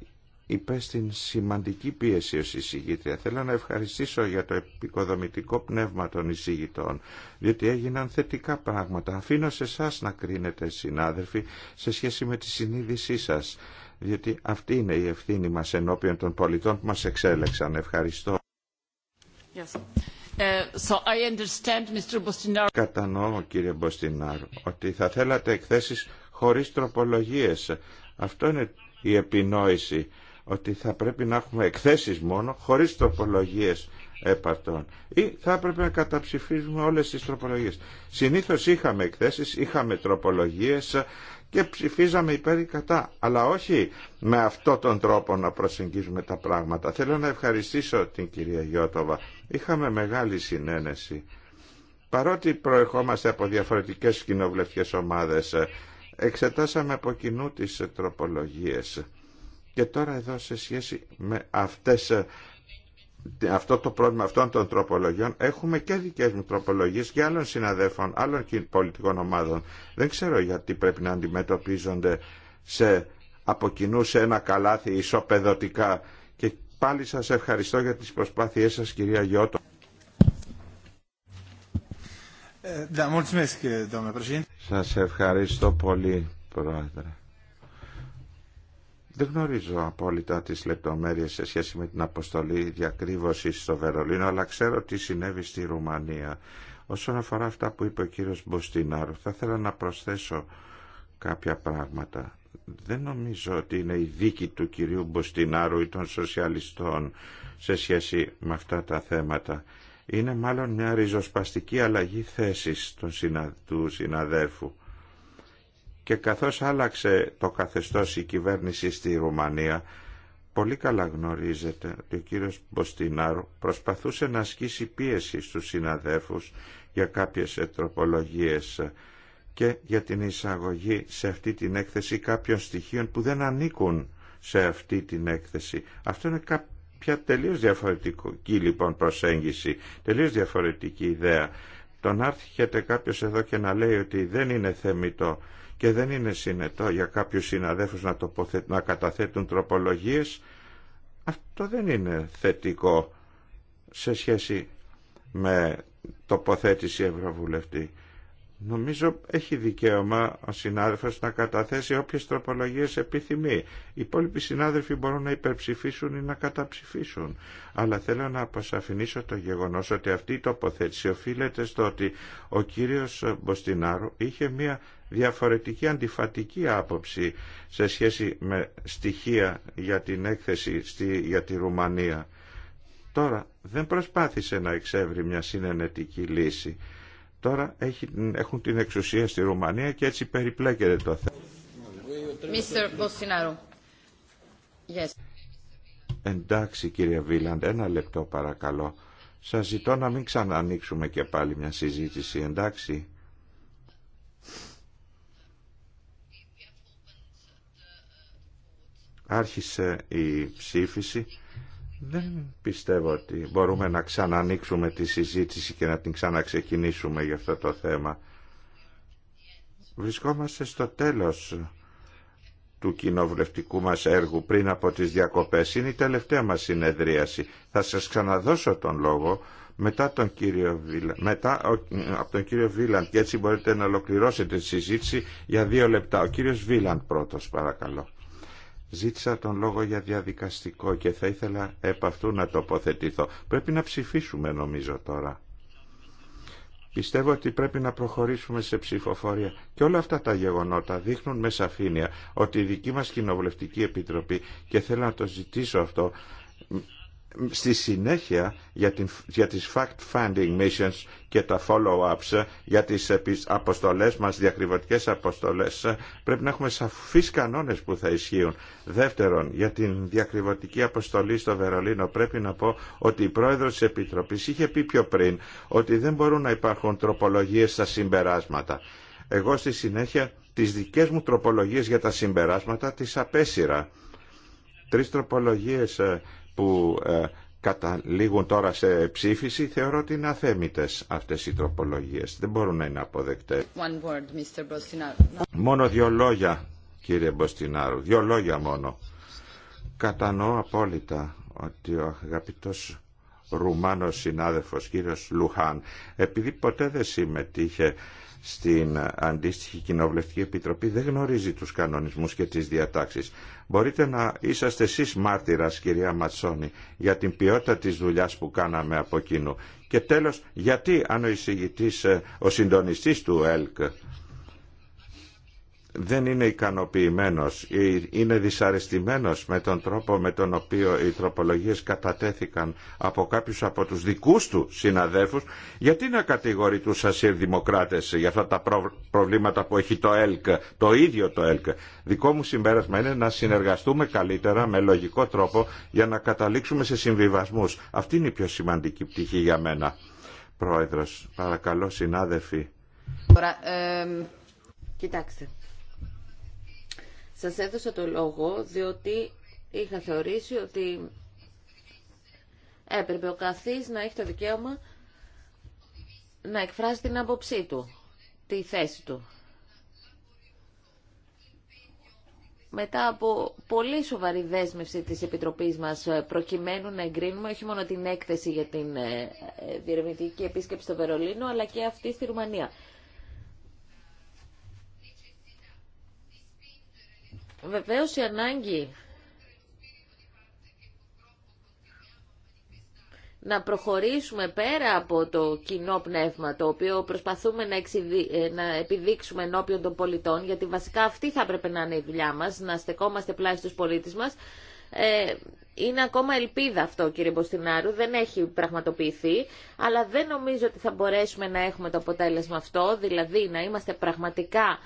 στην σημαντική πίεση ως εισηγήτρια. Θέλω να ευχαριστήσω για το επικοδομητικό πνεύμα των εισηγητών, διότι έγιναν θετικά πράγματα. Αφήνω σε εσά να κρίνετε, συνάδελφοι, σε σχέση με τη συνείδησή σας διότι αυτή είναι η ευθύνη μας ενώπιον των πολιτών που μας εξέλεξαν. Ευχαριστώ. Ε, Κατανοώ κύριε Μποστινάρ ότι θα θέλατε εκθέσεις χωρίς τροπολογίες. Αυτό είναι η επινόηση ότι θα πρέπει να έχουμε εκθέσεις μόνο χωρίς τροπολογίες επαρτών ή θα έπρεπε να καταψηφίσουμε όλες τις τροπολογίες. Συνήθως είχαμε εκθέσεις, είχαμε τροπολογίες και ψηφίζαμε υπέρ ή κατά. Αλλά όχι με αυτόν τον τρόπο να προσεγγίζουμε τα πράγματα. Θέλω να ευχαριστήσω την κυρία Γιώτοβα. Είχαμε μεγάλη συνένεση. Παρότι προερχόμαστε από διαφορετικές κοινοβουλευτικές ομάδες, εξετάσαμε από κοινού τις τροπολογίες. Και τώρα εδώ σε σχέση με αυτές αυτό το πρόβλημα αυτών των τροπολογιών έχουμε και δικές μου τροπολογίες και άλλων συναδέφων, άλλων πολιτικών ομάδων. Δεν ξέρω γιατί πρέπει να αντιμετωπίζονται σε, από κοινού σε ένα καλάθι ισοπεδωτικά. Και πάλι σας ευχαριστώ για τις προσπάθειές σας κυρία Γιώτο. Ε, σας ευχαριστώ πολύ πρόεδρε. Δεν γνωρίζω απόλυτα τις λεπτομέρειες σε σχέση με την αποστολή διακρύβωσης στο Βερολίνο, αλλά ξέρω τι συνέβη στη Ρουμανία. Όσον αφορά αυτά που είπε ο κύριος Μποστινάρου, θα ήθελα να προσθέσω κάποια πράγματα. Δεν νομίζω ότι είναι η δίκη του κυρίου Μποστινάρου ή των σοσιαλιστών σε σχέση με αυτά τα θέματα. Είναι μάλλον μια ριζοσπαστική αλλαγή θέσης του συναδέλφου και καθώς άλλαξε το καθεστώς η κυβέρνηση στη Ρουμανία, πολύ καλά γνωρίζετε ότι ο κύριος Μποστινάρου προσπαθούσε να ασκήσει πίεση στους συναδέφους για κάποιες ετροπολογίες και για την εισαγωγή σε αυτή την έκθεση κάποιων στοιχείων που δεν ανήκουν σε αυτή την έκθεση. Αυτό είναι κάποια τελείως διαφορετική λοιπόν προσέγγιση, τελείως διαφορετική ιδέα. Τον άρχεται κάποιος εδώ και να λέει ότι δεν είναι θεμητό και δεν είναι συνετό για κάποιους συναδέλφους να, να καταθέτουν τροπολογίες αυτό δεν είναι θετικό σε σχέση με τοποθέτηση Ευρωβουλευτή. Νομίζω έχει δικαίωμα ο συνάδελφος να καταθέσει όποιες τροπολογίες επιθυμεί. Οι υπόλοιποι συνάδελφοι μπορούν να υπερψηφίσουν ή να καταψηφίσουν. Αλλά θέλω να αποσαφηνίσω το γεγονός ότι αυτή η τοποθέτηση οφείλεται στο ότι ο κύριος Μποστινάρου είχε μία διαφορετική αντιφατική άποψη σε σχέση με στοιχεία για την έκθεση στη, για τη Ρουμανία. Τώρα δεν προσπάθησε να εξεύρει μια συνενετική λύση. Τώρα έχει, έχουν την εξουσία στη Ρουμανία και έτσι περιπλέκεται το θέμα. Yes. Εντάξει κύριε Βίλαντ, ένα λεπτό παρακαλώ. Σας ζητώ να μην ξανανοίξουμε και πάλι μια συζήτηση, εντάξει. άρχισε η ψήφιση. Δεν πιστεύω ότι μπορούμε να ξανανοίξουμε τη συζήτηση και να την ξαναξεκινήσουμε για αυτό το θέμα. Βρισκόμαστε στο τέλος του κοινοβουλευτικού μας έργου πριν από τις διακοπές. Είναι η τελευταία μας συνεδρίαση. Θα σας ξαναδώσω τον λόγο μετά, τον κύριο Βίλαν, μετά από τον κύριο Βίλαντ και έτσι μπορείτε να ολοκληρώσετε τη συζήτηση για δύο λεπτά. Ο κύριος Βίλαντ πρώτος παρακαλώ. Ζήτησα τον λόγο για διαδικαστικό και θα ήθελα επ' αυτού να τοποθετηθώ. Πρέπει να ψηφίσουμε νομίζω τώρα. Πιστεύω ότι πρέπει να προχωρήσουμε σε ψηφοφορία. Και όλα αυτά τα γεγονότα δείχνουν με σαφήνεια ότι η δική μας κοινοβουλευτική επιτροπή, και θέλω να το ζητήσω αυτό, στη συνέχεια για, την, για τις fact-finding missions και τα follow-ups για τις αποστολές μας, διακριβωτικές αποστολές, πρέπει να έχουμε σαφείς κανόνες που θα ισχύουν. Δεύτερον, για την διακριβωτική αποστολή στο Βερολίνο πρέπει να πω ότι η πρόεδρος της Επιτροπής είχε πει πιο πριν ότι δεν μπορούν να υπάρχουν τροπολογίες στα συμπεράσματα. Εγώ στη συνέχεια τις δικές μου τροπολογίες για τα συμπεράσματα τις απέσυρα. Τρεις τροπολογίες ε, που ε, καταλήγουν τώρα σε ψήφιση, θεωρώ ότι είναι αθέμητες αυτές οι τροπολογίες. Δεν μπορούν να είναι αποδεκτές. Μόνο δύο λόγια, κύριε Μποστινάρου. Δύο λόγια μόνο. Κατανοώ απόλυτα ότι ο αγαπητός Ρουμάνος συνάδελφος κύριος Λουχάν, επειδή ποτέ δεν συμμετείχε στην αντίστοιχη Κοινοβουλευτική Επιτροπή δεν γνωρίζει τους κανονισμούς και τις διατάξεις. Μπορείτε να είσαστε εσείς μάρτυρας, κυρία Ματσόνη, για την ποιότητα της δουλειάς που κάναμε από κοινού. Και τέλος, γιατί αν ο ε, ο συντονιστής του ΕΛΚ, δεν είναι ικανοποιημένος ή είναι δυσαρεστημένος με τον τρόπο με τον οποίο οι τροπολογίες κατατέθηκαν από κάποιους από τους δικούς του συναδέλφους, γιατί να κατηγορεί τους ασυρδημοκράτες για αυτά τα προβλήματα που έχει το ΕΛΚ, το ίδιο το ΕΛΚ. Δικό μου συμπέρασμα είναι να συνεργαστούμε καλύτερα με λογικό τρόπο για να καταλήξουμε σε συμβιβασμούς. Αυτή είναι η πιο σημαντική πτυχή για μένα. Πρόεδρος, παρακαλώ συνάδελφοι. Τώρα, ε, κοιτάξτε. Σας έδωσα το λόγο διότι είχα θεωρήσει ότι έπρεπε ο καθής να έχει το δικαίωμα να εκφράσει την άποψή του, τη θέση του. μετά από πολύ σοβαρή δέσμευση της Επιτροπής μας ε, προκειμένου να εγκρίνουμε όχι μόνο την έκθεση για την ε, ε, διερευνητική επίσκεψη στο Βερολίνο αλλά και αυτή στη Ρουμανία. Βεβαίως η ανάγκη να προχωρήσουμε πέρα από το κοινό πνεύμα το οποίο προσπαθούμε ε, να, επιδείξουμε ενώπιον των πολιτών γιατί βασικά αυτή θα έπρεπε να είναι η δουλειά μας, να στεκόμαστε πλάι στους πολίτες μας. Ε, είναι ακόμα ελπίδα αυτό κύριε Μποστινάρου, δεν έχει πραγματοποιηθεί, αλλά δεν νομίζω ότι θα μπορέσουμε να έχουμε το αποτέλεσμα αυτό, δηλαδή να είμαστε πραγματικά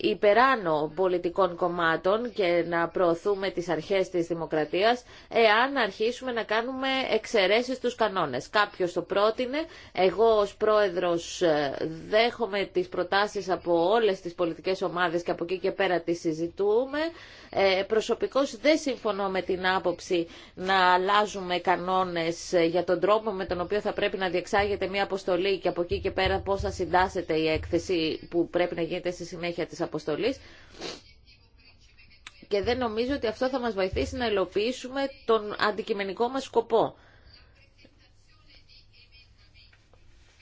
υπεράνω πολιτικών κομμάτων και να προωθούμε τις αρχές της δημοκρατίας εάν αρχίσουμε να κάνουμε εξαιρέσεις στους κανόνες. Κάποιος το πρότεινε, εγώ ως πρόεδρος ε, δέχομαι τις προτάσεις από όλες τις πολιτικές ομάδες και από εκεί και πέρα τις συζητούμε. Ε, προσωπικώς δεν συμφωνώ με την άποψη να αλλάζουμε κανόνες ε, για τον τρόπο με τον οποίο θα πρέπει να διεξάγεται μια αποστολή και από εκεί και πέρα πώς θα συντάσσεται η έκθεση που πρέπει να γίνεται στη συνέχεια της και δεν νομίζω ότι αυτό θα μας βοηθήσει να υλοποιήσουμε τον αντικειμενικό μας σκοπό.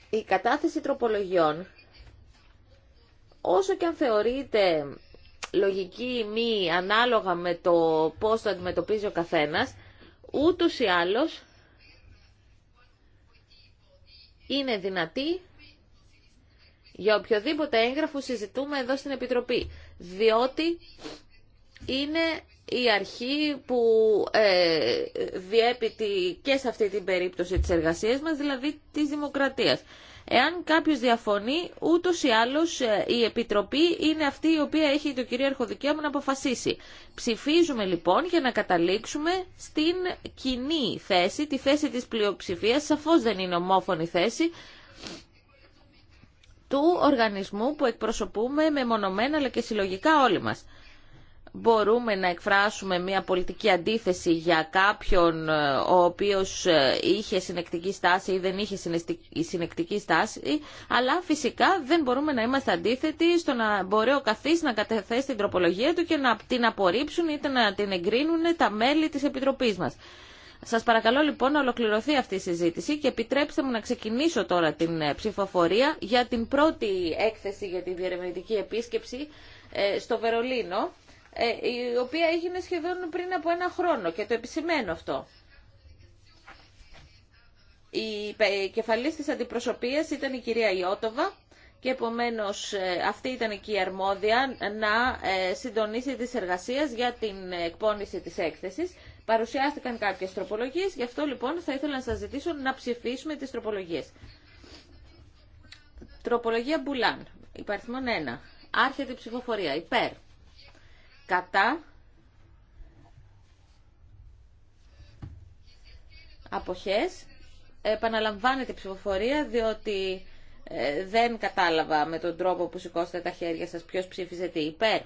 Η κατάθεση τροπολογιών, όσο και αν θεωρείται λογική ή μη ανάλογα με το πώς το αντιμετωπίζει ο καθένας, ούτως ή άλλως είναι δυνατή για οποιοδήποτε έγγραφο συζητούμε εδώ στην Επιτροπή, διότι είναι η αρχή που ε, διέπει και σε αυτή την περίπτωση της εργασίας μας, δηλαδή της δημοκρατίας. Εάν κάποιος διαφωνεί, ούτω ή άλλω ε, η Επιτροπή είναι αυτή η οποία έχει το κυρίαρχο δικαίωμα να αποφασίσει. Ψηφίζουμε λοιπόν για να καταλήξουμε στην κοινή θέση, τη θέση της πλειοψηφίας, σαφώς δεν είναι ομόφωνη θέση, του οργανισμού που εκπροσωπούμε μεμονωμένα αλλά και συλλογικά όλοι μας. Μπορούμε να εκφράσουμε μια πολιτική αντίθεση για κάποιον ε, ο οποίος ε, είχε συνεκτική στάση ή δεν είχε συνεκτική στάση, αλλά φυσικά δεν μπορούμε να είμαστε αντίθετοι στο να μπορεί ο καθής να κατεθέσει την τροπολογία του και να την απορρίψουν ή να την εγκρίνουν τα μέλη της Επιτροπής μας. Σας παρακαλώ λοιπόν να ολοκληρωθεί αυτή η συζήτηση και επιτρέψτε μου να ξεκινήσω τώρα την ε, ψηφοφορία για την πρώτη έκθεση για τη διερευνητική επίσκεψη ε, στο Βερολίνο, ε, η οποία έγινε σχεδόν πριν από ένα χρόνο και το επισημαίνω αυτό. Η κεφαλής της αντιπροσωπείας ήταν η κυρία Ιώτοβα και επομένως αυτή ήταν και η αρμόδια να συντονίσει τις εργασίες για την εκπόνηση της έκθεσης Παρουσιάστηκαν κάποιες τροπολογίες, γι' αυτό λοιπόν θα ήθελα να σας ζητήσω να ψηφίσουμε τις τροπολογίες. Τροπολογία Μπουλάν, υπαριθμόν 1. Άρχεται η ψηφοφορία, υπέρ. Κατά. Αποχές. Επαναλαμβάνεται η ψηφοφορία, διότι... Ε, δεν κατάλαβα με τον τρόπο που σηκώσατε τα χέρια σας ποιος ψήφιζε τι υπέρ.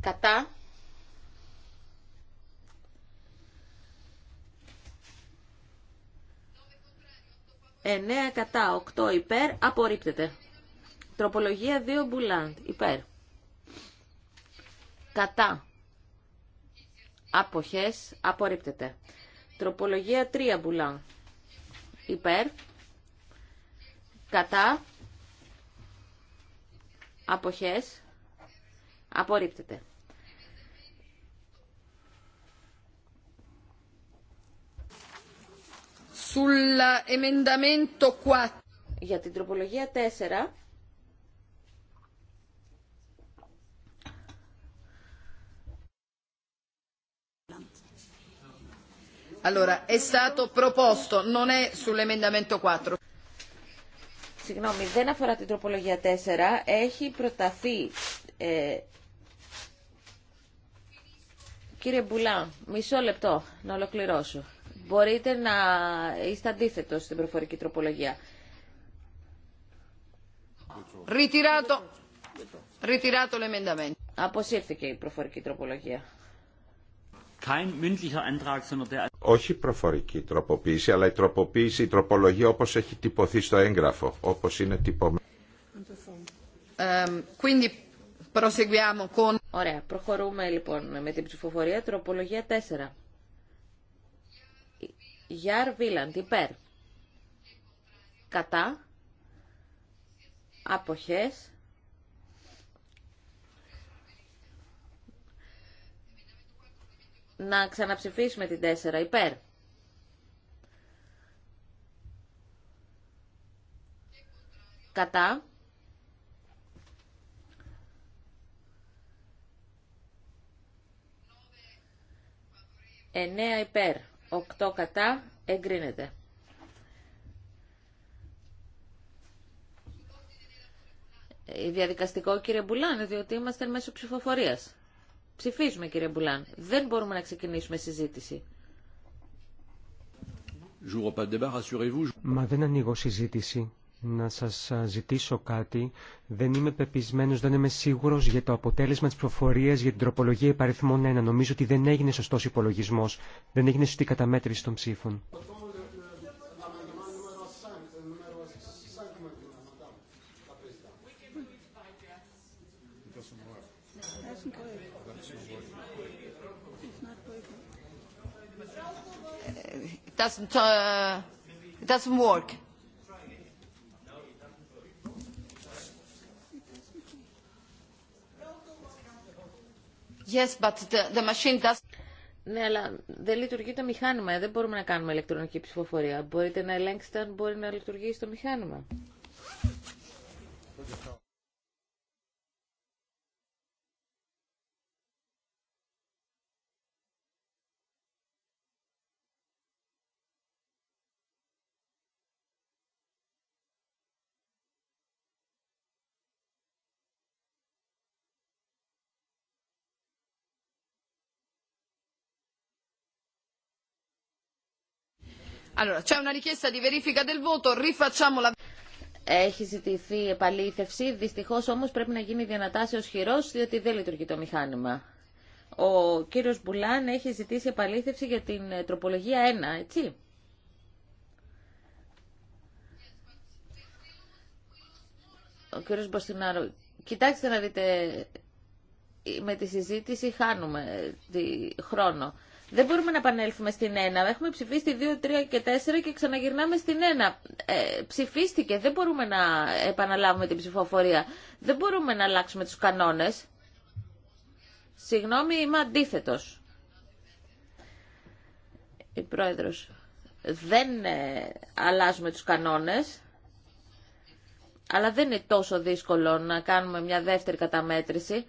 Κατά. 9 κατά, 8 υπέρ, απορρίπτεται. Τροπολογία 2 μπουλάντ, υπέρ. Κατά. Αποχές, απορρίπτεται. Τροπολογία 3 μπουλάν. Υπέρ. Κατά. Αποχές. Απορρίπτεται. sull'emendamento Για την τροπολογία 4. Συγγνώμη, δεν αφορά την τροπολογία 4. Έχει προταθεί. Ε, κύριε Μπουλά, μισό λεπτό να ολοκληρώσω μπορείτε να είστε αντίθετο στην προφορική τροπολογία. λεμένταμεν. Αποσύρθηκε η προφορική τροπολογία. Όχι προφορική τροποποίηση, αλλά η τροποποίηση, η τροπολογία όπως έχει τυπωθεί στο έγγραφο, όπως είναι τυπωμένο. Ωραία, προχωρούμε λοιπόν με την ψηφοφορία τροπολογία 4. Γιάρ Βίλαντ, υπέρ. Κατά. Αποχές. Να ξαναψηφίσουμε την 4 υπέρ. Κατά. Εννέα υπέρ. 8 κατά, εγκρίνεται. Η ε, διαδικαστικό, κύριε Μπουλάν, διότι είμαστε μέσω ψηφοφορία. Ψηφίζουμε, κύριε Μπουλάν. Δεν μπορούμε να ξεκινήσουμε συζήτηση. Μα δεν ανοίγω συζήτηση να σας ζητήσω κάτι. Δεν είμαι πεπισμένος, δεν είμαι σίγουρος για το αποτέλεσμα της προφορίας για την τροπολογία υπαριθμών 1. Νομίζω ότι δεν έγινε σωστός υπολογισμός, δεν έγινε σωστή καταμέτρηση των ψήφων. doesn't, uh, it work. Ναι, αλλά δεν λειτουργεί το μηχάνημα. Δεν μπορούμε να κάνουμε ηλεκτρονική ψηφοφορία. Μπορείτε να ελέγξετε αν μπορεί να λειτουργήσει το μηχάνημα. Έχει ζητηθεί επαλήθευση, δυστυχώς όμως πρέπει να γίνει διανατάσεως χειρός, διότι δεν λειτουργεί το μηχάνημα. Ο κύριος Μπουλάν έχει ζητήσει επαλήθευση για την ε, τροπολογία 1, έτσι. Ο κύριος Μποστινάρο, κοιτάξτε να δείτε, ε, με τη συζήτηση χάνουμε ε, τη χρόνο. Δεν μπορούμε να επανέλθουμε στην 1. Έχουμε ψηφίσει 2, 3 και 4 και ξαναγυρνάμε στην 1. Ε, ψηφίστηκε. Δεν μπορούμε να επαναλάβουμε την ψηφοφορία. Δεν μπορούμε να αλλάξουμε τους κανόνες. Συγγνώμη, είμαι αντίθετο. Η πρόεδρος. Δεν ε, αλλάζουμε τους κανόνες. Αλλά δεν είναι τόσο δύσκολο να κάνουμε μια δεύτερη καταμέτρηση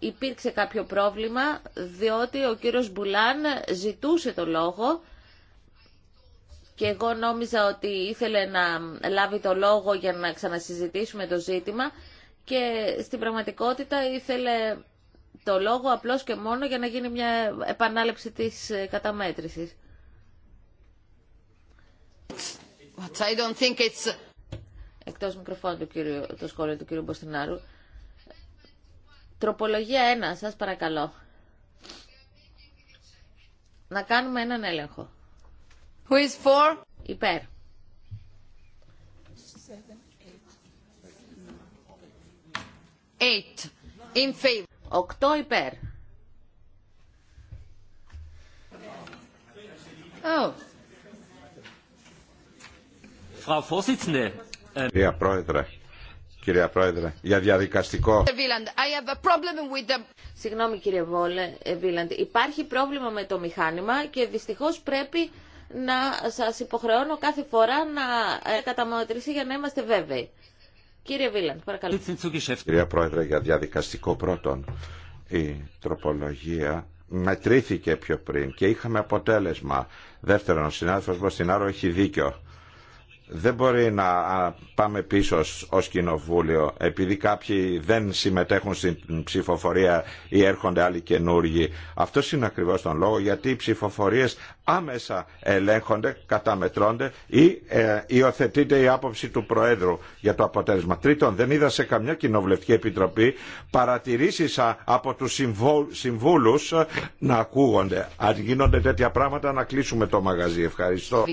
υπήρξε κάποιο πρόβλημα διότι ο κύριος Μπουλάν ζητούσε το λόγο και εγώ νόμιζα ότι ήθελε να λάβει το λόγο για να ξανασυζητήσουμε το ζήτημα και στην πραγματικότητα ήθελε το λόγο απλώς και μόνο για να γίνει μια επανάληψη της καταμέτρησης. Εκτός μικροφώνου του κύριου, το σχόλιο του κύριου Μποστινάρου. Τροπολογία 1, σας παρακαλώ. Να κάνουμε έναν έλεγχο. Who is for? Υπέρ. Eight. In favor. Οκτώ υπέρ. Oh. Frau Vorsitzende. Κυρία Πρόεδρε, κυρία Πρόεδρε, για διαδικαστικό. Συγγνώμη κύριε Βόλε, ε, Βίλαντ, υπάρχει πρόβλημα με το μηχάνημα και δυστυχώς πρέπει να σας υποχρεώνω κάθε φορά να ε, καταμετρήσει για να είμαστε βέβαιοι. Κύριε Βίλαντ, παρακαλώ. Κυρία Πρόεδρε, για διαδικαστικό πρώτον, η τροπολογία μετρήθηκε πιο πριν και είχαμε αποτέλεσμα. Δεύτερον, ο συνάδελφος Μποστινάρο έχει δίκιο δεν μπορεί να πάμε πίσω ως κοινοβούλιο επειδή κάποιοι δεν συμμετέχουν στην ψηφοφορία ή έρχονται άλλοι καινούργοι. Αυτό είναι ακριβώς τον λόγο γιατί οι ψηφοφορίες άμεσα ελέγχονται, καταμετρώνται ή ε, υιοθετείται η άποψη του Προέδρου για το αποτέλεσμα. Τρίτον, δεν είδα σε καμιά κοινοβουλευτική επιτροπή παρατηρήσεις από τους συμβούλους ε, να ακούγονται. Αν γίνονται τέτοια πράγματα να κλείσουμε το μαγαζί. Ευχαριστώ.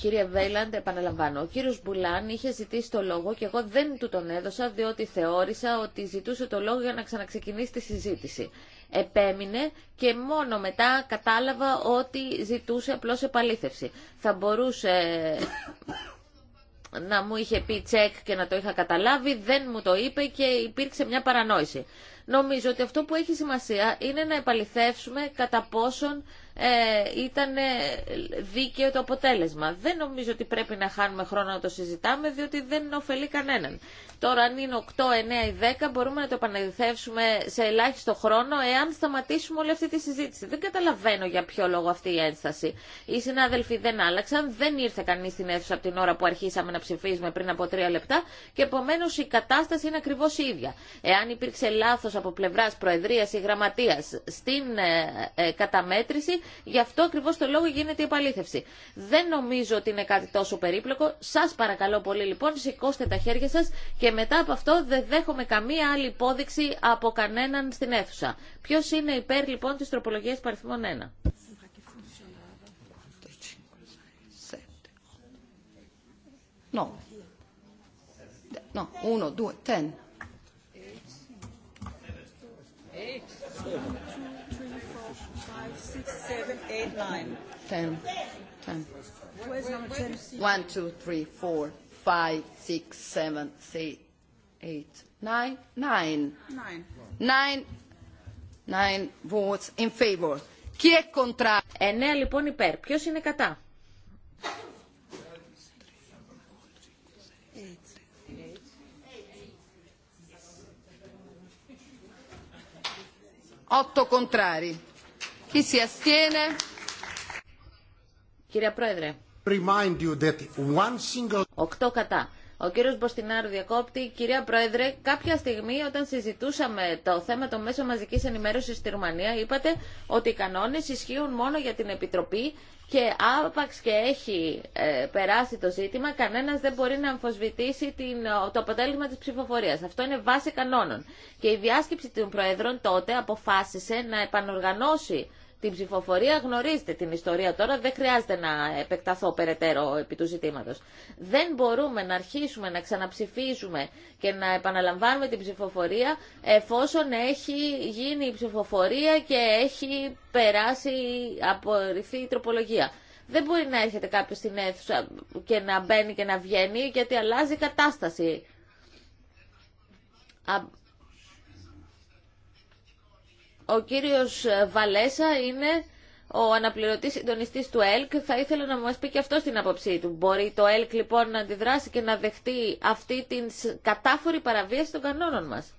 Κύριε Βέιλαντ, επαναλαμβάνω. Ο κύριο Μπουλάν είχε ζητήσει το λόγο και εγώ δεν του τον έδωσα διότι θεώρησα ότι ζητούσε το λόγο για να ξαναξεκινήσει τη συζήτηση. Επέμεινε και μόνο μετά κατάλαβα ότι ζητούσε απλώ επαλήθευση. Θα μπορούσε να μου είχε πει τσεκ και να το είχα καταλάβει, δεν μου το είπε και υπήρξε μια παρανόηση. Νομίζω ότι αυτό που έχει σημασία είναι να επαληθεύσουμε κατά πόσον ε, ήταν δίκαιο το αποτέλεσμα. Δεν νομίζω ότι πρέπει να χάνουμε χρόνο να το συζητάμε, διότι δεν ωφελεί κανέναν. Τώρα, αν είναι 8, 9 ή 10, μπορούμε να το επαναδειθεύσουμε σε ελάχιστο χρόνο, εάν σταματήσουμε όλη αυτή τη συζήτηση. Δεν καταλαβαίνω για ποιο λόγο αυτή η ένσταση. Οι συνάδελφοι δεν άλλαξαν, δεν ήρθε κανεί στην αίθουσα από την ώρα που αρχίσαμε να ψηφίζουμε πριν από τρία λεπτά και επομένω η κατάσταση είναι ακριβώ η ίδια. Εάν υπήρξε λάθο από πλευρά Προεδρία ή Γραμματεία στην ε, ε, καταμέτρηση, Γι' αυτό ακριβώ το λόγο γίνεται η επαλήθευση. Δεν νομίζω ότι είναι κάτι τόσο περίπλοκο. Σα παρακαλώ πολύ λοιπόν, σηκώστε τα χέρια σα και μετά από αυτό δεν δέχομαι καμία άλλη υπόδειξη από κανέναν στην αίθουσα. Ποιο είναι υπέρ λοιπόν τη τροπολογία παριθμών 1. No. No, six, seven, eight, nine. Ten. Ten. votes in favor. Chi è contrario? Εννέα λοιπόν υπέρ. Ποιος είναι κατά? Otto contrari. Κύριε Πρόεδρε. Remind Ο κύριο Μποστινάρου διακόπτη. Κυρία Πρόεδρε, κάποια στιγμή όταν συζητούσαμε το θέμα των μέσων μαζική ενημέρωση στη Ρουμανία, είπατε ότι οι κανόνε ισχύουν μόνο για την Επιτροπή και άπαξ και έχει ε, περάσει το ζήτημα, κανένα δεν μπορεί να αμφισβητήσει την, ε, το αποτέλεσμα τη ψηφοφορία. Αυτό είναι βάση κανόνων. Και η διάσκεψη των Προέδρων τότε αποφάσισε να επανοργανώσει την ψηφοφορία γνωρίζετε την ιστορία τώρα, δεν χρειάζεται να επεκταθώ περαιτέρω επί του ζητήματος. Δεν μπορούμε να αρχίσουμε να ξαναψηφίζουμε και να επαναλαμβάνουμε την ψηφοφορία εφόσον έχει γίνει η ψηφοφορία και έχει περάσει, από η τροπολογία. Δεν μπορεί να έρχεται κάποιο στην αίθουσα και να μπαίνει και να βγαίνει γιατί αλλάζει η κατάσταση ο κύριος Βαλέσα είναι ο αναπληρωτής συντονιστής του ΕΛΚ. Θα ήθελα να μας πει και αυτό στην άποψή του. Μπορεί το ΕΛΚ λοιπόν να αντιδράσει και να δεχτεί αυτή την κατάφορη παραβίαση των κανόνων μας.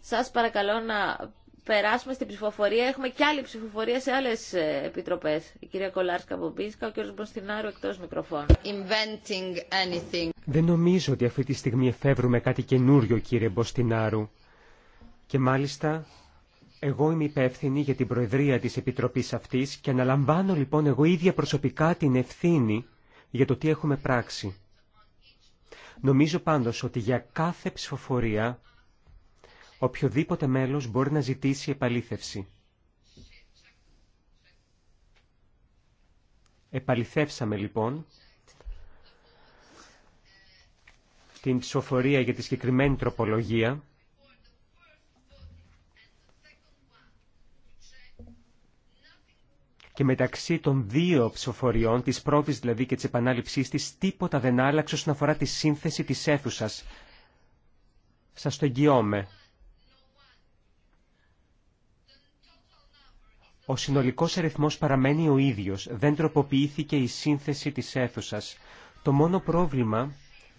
Σας παρακαλώ να περάσουμε στην ψηφοφορία. Έχουμε και άλλη ψηφοφορία σε άλλε επιτροπέ. Η κυρία Κολάρσκα Μπομπίνσκα, ο κύριο Μποστινάρου εκτό μικροφώνου. Δεν νομίζω ότι αυτή τη στιγμή εφεύρουμε κάτι καινούριο, κύριε Μποστινάρου. Και μάλιστα εγώ είμαι υπεύθυνη για την προεδρία της Επιτροπής αυτής και αναλαμβάνω λοιπόν εγώ ίδια προσωπικά την ευθύνη για το τι έχουμε πράξει. Νομίζω πάντως ότι για κάθε ψηφοφορία οποιοδήποτε μέλος μπορεί να ζητήσει επαλήθευση. Επαληθεύσαμε λοιπόν την ψηφοφορία για τη συγκεκριμένη τροπολογία και μεταξύ των δύο ψηφοφοριών, της πρώτης δηλαδή και της επανάληψής της, τίποτα δεν άλλαξε όσον αφορά τη σύνθεση της αίθουσας. Σας το εγγυώμαι. Ο συνολικός αριθμός παραμένει ο ίδιος. Δεν τροποποιήθηκε η σύνθεση της αίθουσας. Το μόνο πρόβλημα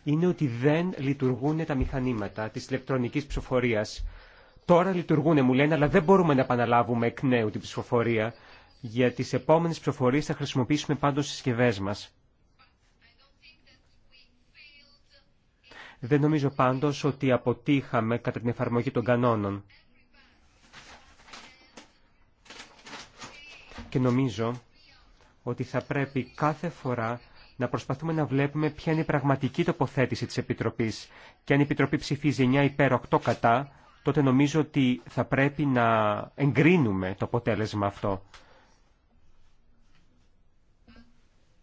είναι ότι δεν λειτουργούν τα μηχανήματα της ηλεκτρονικής ψηφοφορίας. Τώρα λειτουργούν, μου λένε, αλλά δεν μπορούμε να επαναλάβουμε εκ νέου την ψηφοφορία. Για τις επόμενες ψηφοφορίες θα χρησιμοποιήσουμε πάντως συσκευές μας. Δεν νομίζω πάντως ότι αποτύχαμε κατά την εφαρμογή των κανόνων. Και νομίζω ότι θα πρέπει κάθε φορά να προσπαθούμε να βλέπουμε ποια είναι η πραγματική τοποθέτηση της Επιτροπής. Και αν η Επιτροπή ψηφίζει 9 υπέρ 8 κατά, τότε νομίζω ότι θα πρέπει να εγκρίνουμε το αποτέλεσμα αυτό.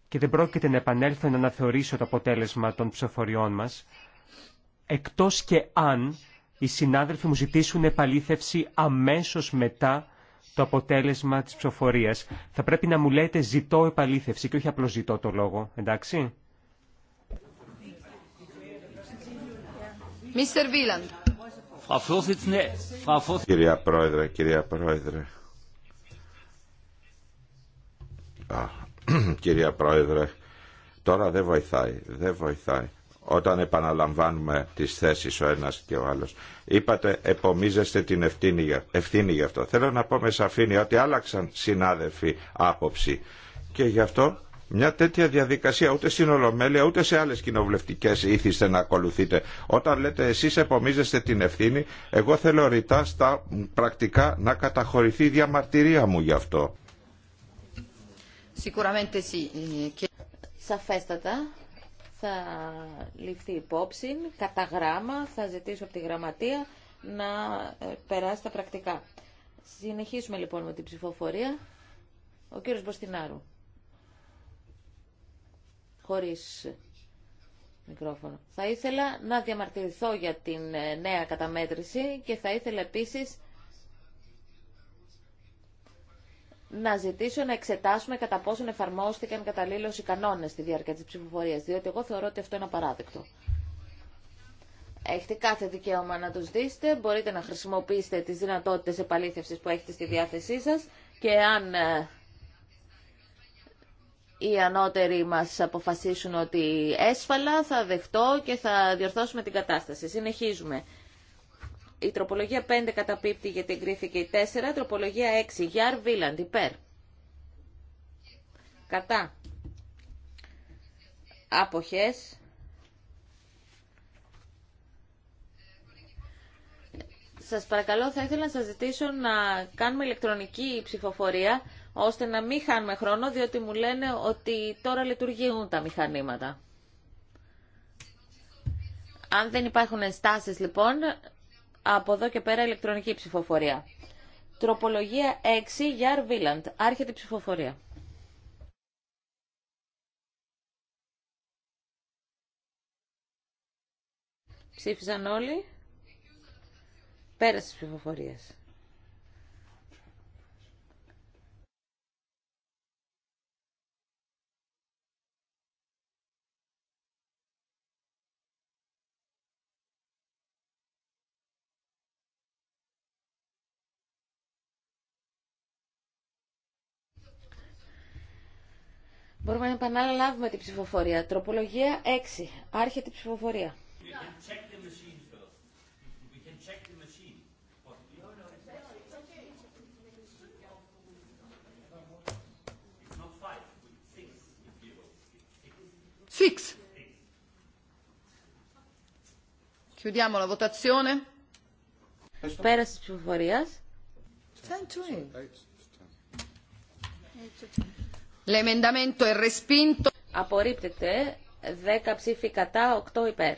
και δεν πρόκειται να επανέλθω να αναθεωρήσω το αποτέλεσμα των ψηφοφοριών μας, εκτός και αν οι συνάδελφοι μου ζητήσουν επαλήθευση αμέσως μετά το αποτέλεσμα της ψηφοφορίας. Θα πρέπει να μου λέτε ζητώ επαλήθευση και όχι απλώς ζητώ το λόγο, εντάξει. Mr. Wieland. Κυρία Πρόεδρε, κυρία Πρόεδρε. κυρία Πρόεδρε. Τώρα δεν βοηθάει, δεν βοηθάει όταν επαναλαμβάνουμε τις θέσεις ο ένας και ο άλλος. Είπατε επομίζεστε την ευθύνη, ευθύνη γι' αυτό. Θέλω να πω με σαφήνεια ότι άλλαξαν συνάδελφοι άποψη και γι' αυτό μια τέτοια διαδικασία ούτε στην Ολομέλεια ούτε σε άλλες κοινοβουλευτικές ήθιστε να ακολουθείτε. Όταν λέτε εσείς επομίζεστε την ευθύνη, εγώ θέλω ρητά στα πρακτικά να καταχωρηθεί η διαμαρτυρία μου γι' αυτό. Ε, Σαφέστατα θα ληφθεί υπόψη, κατά γράμμα, θα ζητήσω από τη γραμματεία να ε, περάσει τα πρακτικά. Συνεχίσουμε λοιπόν με την ψηφοφορία. Ο κύριος Μποστινάρου. Χωρίς μικρόφωνο. Θα ήθελα να διαμαρτυρηθώ για την ε, νέα καταμέτρηση και θα ήθελα επίσης να ζητήσω να εξετάσουμε κατά πόσον εφαρμόστηκαν καταλήλω οι κανόνε στη διάρκεια τη ψηφοφορία, διότι εγώ θεωρώ ότι αυτό είναι απαράδεκτο. Έχετε κάθε δικαίωμα να τους δείστε, μπορείτε να χρησιμοποιήσετε τις δυνατότητες επαλήθευσης που έχετε στη διάθεσή σας και αν ε, οι ανώτεροι μας αποφασίσουν ότι έσφαλα θα δεχτώ και θα διορθώσουμε την κατάσταση. Συνεχίζουμε η τροπολογία 5 καταπίπτει γιατί εγκρίθηκε η 4, τροπολογία 6, Γιάρ Βίλαντ, υπέρ. Κατά. Άποχες. Σας παρακαλώ, θα ήθελα να σας ζητήσω να κάνουμε ηλεκτρονική ψηφοφορία, ώστε να μην χάνουμε χρόνο, διότι μου λένε ότι τώρα λειτουργούν τα μηχανήματα. Αν δεν υπάρχουν ενστάσεις, λοιπόν, από εδώ και πέρα ηλεκτρονική ψηφοφορία. Τροπολογία 6 Γιαρ Βίλαντ. Άρχεται η ψηφοφορία. Ψήφισαν όλοι. Πέρασε τη ψηφοφορία. Μπορούμε να επαναλάβουμε την ψηφοφορία. Τροπολογία 6. Άρχεται η ψηφοφορία. Chiudiamo la votazione. Πέραση ψηφοφορία. L'emendamento Απορρίπτεται 10 ψήφοι κατά, 8 υπέρ.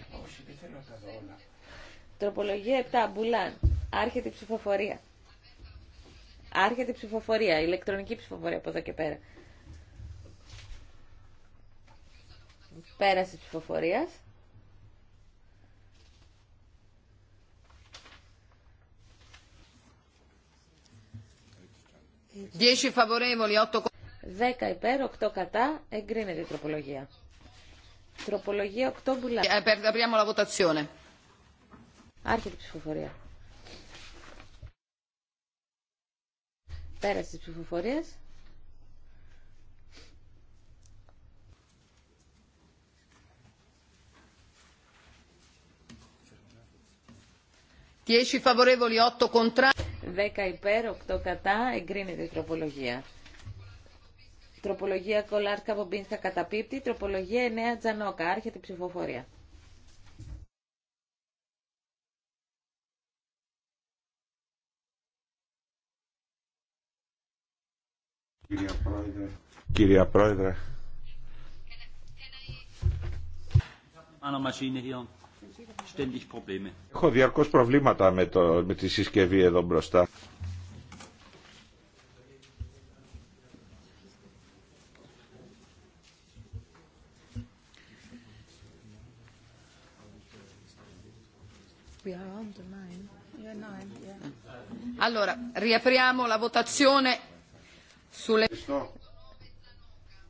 Τροπολογία 7, Μπουλάν. Άρχεται η ψηφοφορία. Άρχεται η ψηφοφορία, ηλεκτρονική ψηφοφορία από εδώ και πέρα. Πέραση ψηφοφορίας. 10 υπέρ, 8 κατά, εγκρίνεται η τροπολογία. Τροπολογία 8 μπουλά. Ε, la votazione. Άρχεται η ψηφοφορία. Πέραση τη ψηφοφορία. Dieci favorevoli, 8 contro. 10 υπέρ, 8 κατά, εγκρίνεται η τροπολογία. Τροπολογία κολάρκα Καβομπίνσκα καταπίπτει. Τροπολογία 9 Τζανόκα. Άρχεται η ψηφοφορία. Κυρία Πρόεδρε. Κυρία Πρόεδρε. Έχω διαρκώς προβλήματα με, το, με τη συσκευή εδώ μπροστά. Allora, riapriamo la votazione sulle...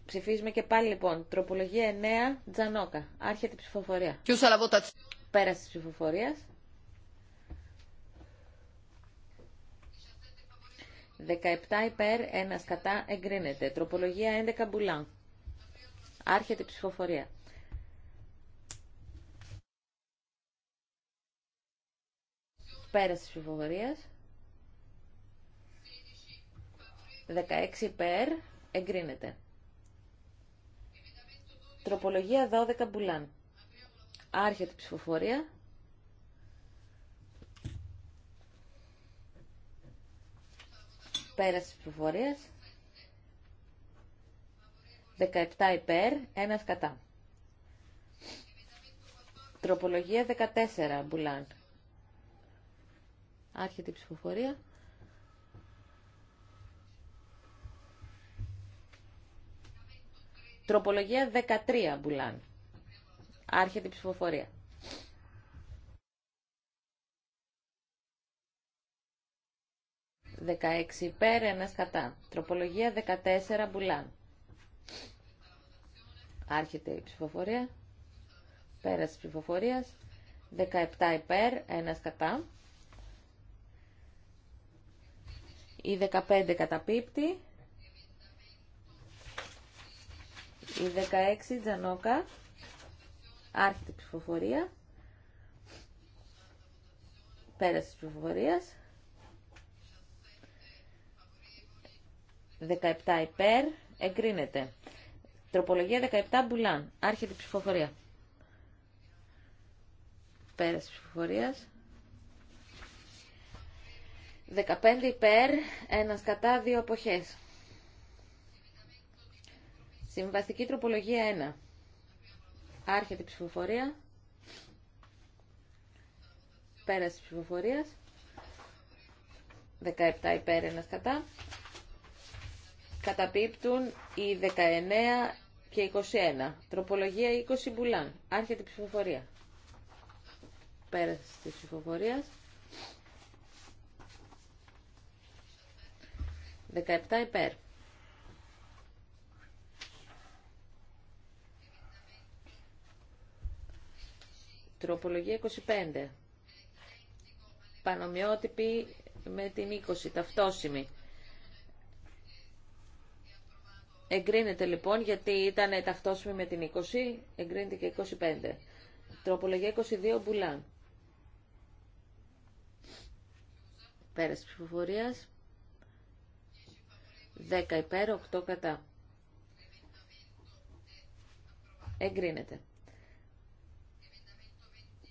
Ψηφίζουμε και πάλι λοιπόν. Τροπολογία 9, Τζανόκα. Άρχεται η ψηφοφορία. Πέραση τη ψηφοφορία. 17 υπέρ, 1 κατά εγκρίνεται. Τροπολογία 11, Μπουλάν. Άρχεται η ψηφοφορία. Πέρας της ψηφοφορίας. 16 υπέρ. Εγκρίνεται. Τροπολογία 12 μπουλάν. Άρχεται η ψηφοφορία. Πέρας της ψηφοφορίας. 17 υπέρ, 1 κατά. Τροπολογία 14, Μπουλάν. Άρχεται η ψηφοφορία. Τροπολογία 13 μπουλάν. Άρχεται η ψηφοφορία. Δεκαέξι υπέρ, ένας κατά. Τροπολογία 14 μπουλάν. Άρχεται η ψηφοφορία. Πέρας της ψηφοφορίας. 17 υπέρ, 1 κατά. Η 15 καταπίπτει. Η 16 Τζανόκα. άρχιτη ψηφοφορία. Πέραση ψηφοφορία. 17 υπέρ. Εγκρίνεται. Τροπολογία 17 Μπουλάν. Άρχεται ψηφοφορία. Πέραση ψηφοφορία. 15 υπέρ, ένας κατά, δύο αποχές. Συμβαστική τροπολογία 1. Άρχεται η ψηφοφορία. Πέραση της ψηφοφορίας. 17 υπέρ, ένας κατά. Καταπίπτουν οι 19 και 21. Τροπολογία 20 μπουλάν. Άρχεται η ψηφοφορία. Πέραση της ψηφοφορίας. 17 υπέρ. Τροπολογία 25. Πανομοιότυπη με την 20, ταυτόσημη. Εγκρίνεται λοιπόν γιατί ήταν ταυτόσημη με την 20, εγκρίνεται και 25. Τροπολογία 22 μπουλάν. Πέρας ψηφοφορίας. 10 υπέρ, 8 κατά. Εγκρίνεται.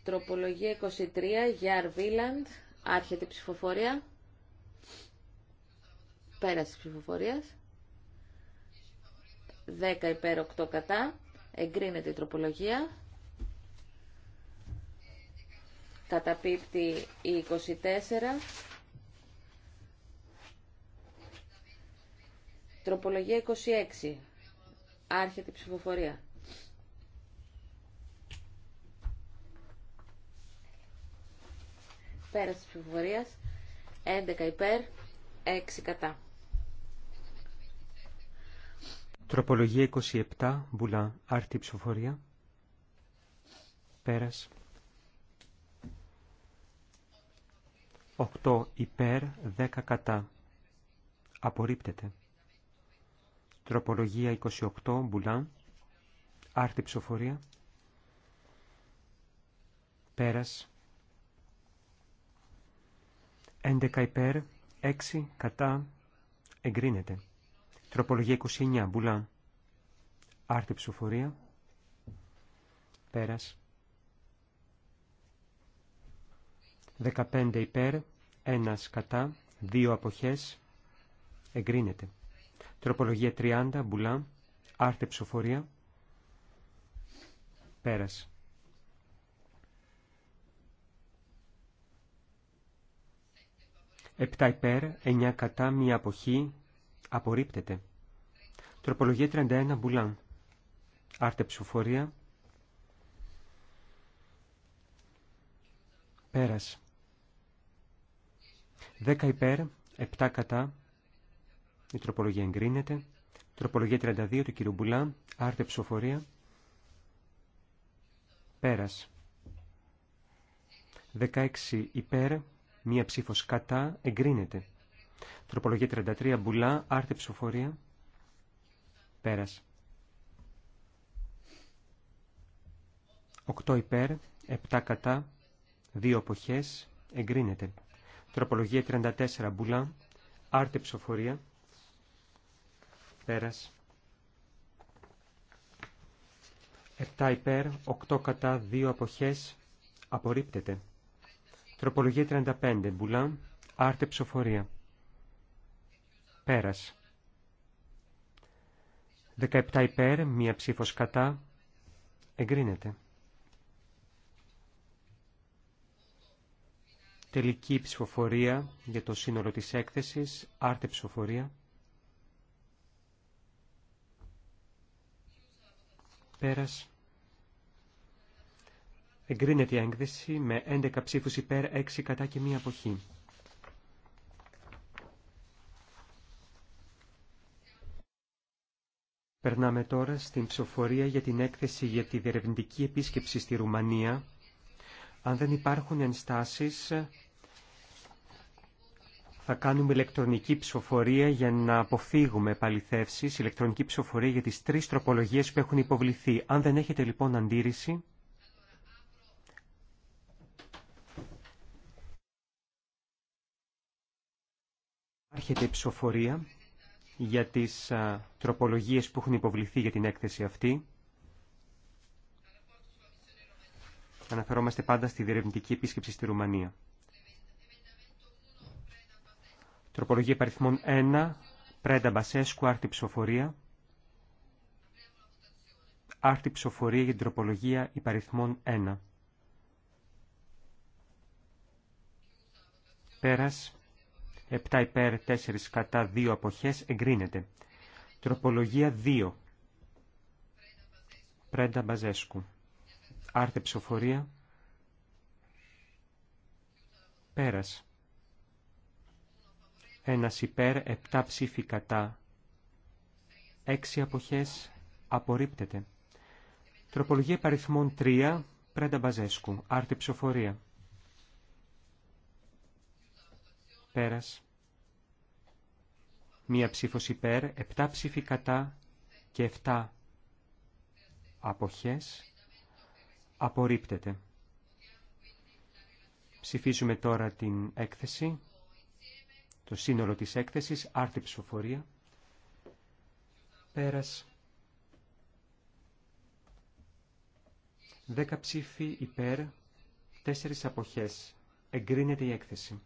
Τροπολογία 23, Γιάρ Βίλαντ, άρχεται η ψηφοφορία. Πέραση ψηφοφορία. 10 υπέρ, 8 κατά. Εγκρίνεται η τροπολογία. Καταπίπτει η 24. Τροπολογία 26. Άρχεται η ψηφοφορία. Πέρας της ψηφοφορίας. 11 υπέρ, 6 κατά. Τροπολογία 27, μπουλά, άρτη ψηφοφορία. Πέρας. 8 υπέρ, 10 κατά. Απορρίπτεται. Τροπολογία 28, Μπουλάν. Άρτη ψηφοφορία. Πέρας. 11 υπέρ, 6 κατά, εγκρίνεται. Τροπολογία 29, Μπουλάν. Άρτη ψηφοφορία. Πέρας. 15 υπέρ, 1 κατά, 2 αποχές, εγκρίνεται. Τροπολογία 30, Μπουλάν. άρτε ψηφοφορία. Πέρας. 7 υπέρ, 9 κατά, μία αποχή, απορρίπτεται. Τροπολογία 31, Μπουλάν. άρτε ψηφοφορία. Πέρας. 10 υπέρ, 7 κατά, η τροπολογία εγκρίνεται. Τροπολογία 32 του κ. Μπουλά. Άρτε ψηφοφορία. Πέρας. 16 υπέρ. Μία ψήφος κατά. Εγκρίνεται. Τροπολογία 33 Μπουλά. Άρτε ψηφοφορία. Πέρας. 8 υπέρ. 7 κατά. 2 αποχές. Εγκρίνεται. Τροπολογία 34 Μπουλά. Άρτε ψηφοφορία. Πέρας. 7 υπέρ, 8 κατά, 2 αποχές. Απορρίπτεται. Τροπολογία 35. Μπουλάν. Άρτε ψηφοφορία. Πέρας. 17 υπέρ, μία ψήφος κατά. Εγκρίνεται. Τελική ψηφοφορία για το σύνολο της έκθεσης. Άρτε ψηφοφορία. Πέρας. Εγκρίνεται η έκθεση με 11 ψήφους υπέρ, 6 κατά και μία αποχή. Περνάμε τώρα στην ψηφοφορία για την έκθεση για τη διερευνητική επίσκεψη στη Ρουμανία. Αν δεν υπάρχουν ενστάσεις, θα κάνουμε ηλεκτρονική ψηφοφορία για να αποφύγουμε παληθεύσεις, ηλεκτρονική ψηφοφορία για τις τρεις τροπολογίες που έχουν υποβληθεί. Αν δεν έχετε λοιπόν αντίρρηση... Άρχεται η ψηφοφορία για τις α, τροπολογίες που έχουν υποβληθεί για την έκθεση αυτή. Αναφερόμαστε πάντα στη διερευνητική επίσκεψη στη Ρουμανία. Τροπολογία υπαριθμών 1. Πρέντα Μπασέσκου, άρτη ψηφοφορία. Άρτη ψηφοφορία για την τροπολογία υπαριθμών 1. Πέρας. 7 υπέρ, 4 κατά, 2 αποχές, εγκρίνεται. Τροπολογία 2. Πρέντα Μπαζέσκου. Άρτη ψηφοφορία. Πέρας ένας υπέρ, επτά ψήφοι κατά, έξι αποχές απορρίπτεται. Τροπολογία παριθμών 3, πρέντα μπαζέσκου, άρτη ψηφοφορία. Πέρας. Μία ψήφο υπέρ, επτά ψήφοι κατά και 7 αποχές απορρίπτεται. Ψηφίζουμε τώρα την έκθεση το σύνολο της έκθεσης, άρτη ψηφοφορία, πέρας, 10 ψήφοι υπέρ, 4 αποχές, εγκρίνεται η έκθεση.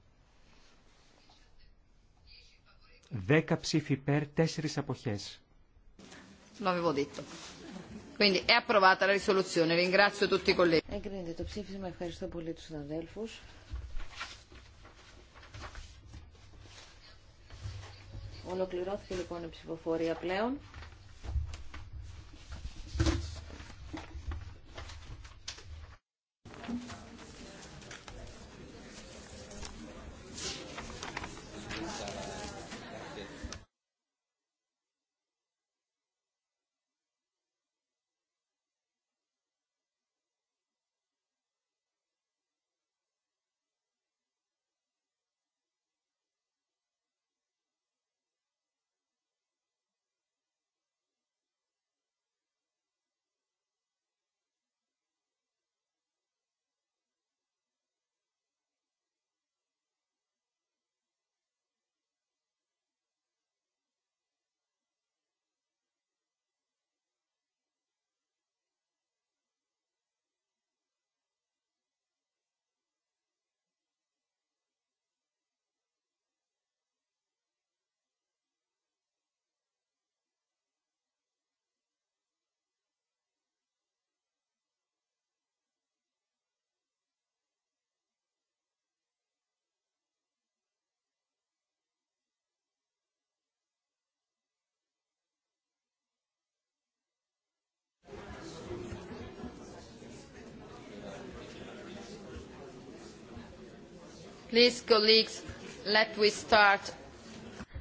10 ψήφοι υπέρ, 4 αποχές. Εγκρίνεται το ψήφισμα. Ευχαριστώ πολύ τους συναδέλφους. Ολοκληρώθηκε λοιπόν η ψηφοφορία πλέον.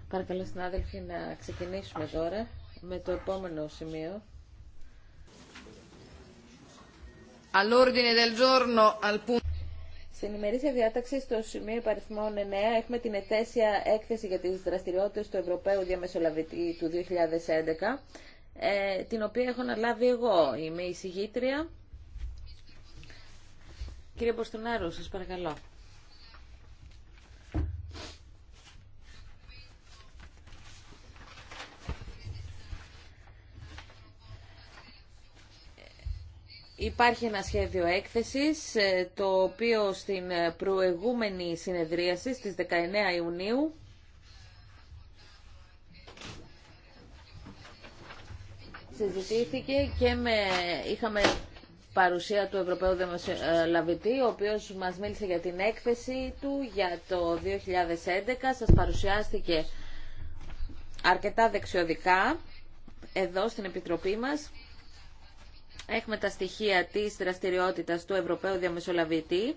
Παρακαλώ συνάδελφοι να ξεκινήσουμε τώρα με το επόμενο σημείο. στην ημερήσια διάταξη στο σημείο υπαριθμών 9 έχουμε την ετέσια έκθεση για τις δραστηριότητες του Ευρωπαίου Διαμεσολαβητή του 2011, ε, την οποία έχω αναλάβει εγώ. Είμαι η συγγήτρια. Κύριε Ποστονάρου, σας παρακαλώ. Υπάρχει ένα σχέδιο έκθεσης, ε, το οποίο στην ε, προηγούμενη συνεδρίαση στις 19 Ιουνίου συζητήθηκε και με, είχαμε παρουσία του Ευρωπαίου Δημοσιολαβητή, ο οποίος μας μίλησε για την έκθεση του για το 2011. Σας παρουσιάστηκε αρκετά δεξιοδικά εδώ στην Επιτροπή μας. Έχουμε τα στοιχεία της δραστηριότητας του Ευρωπαίου Διαμεσολαβητή.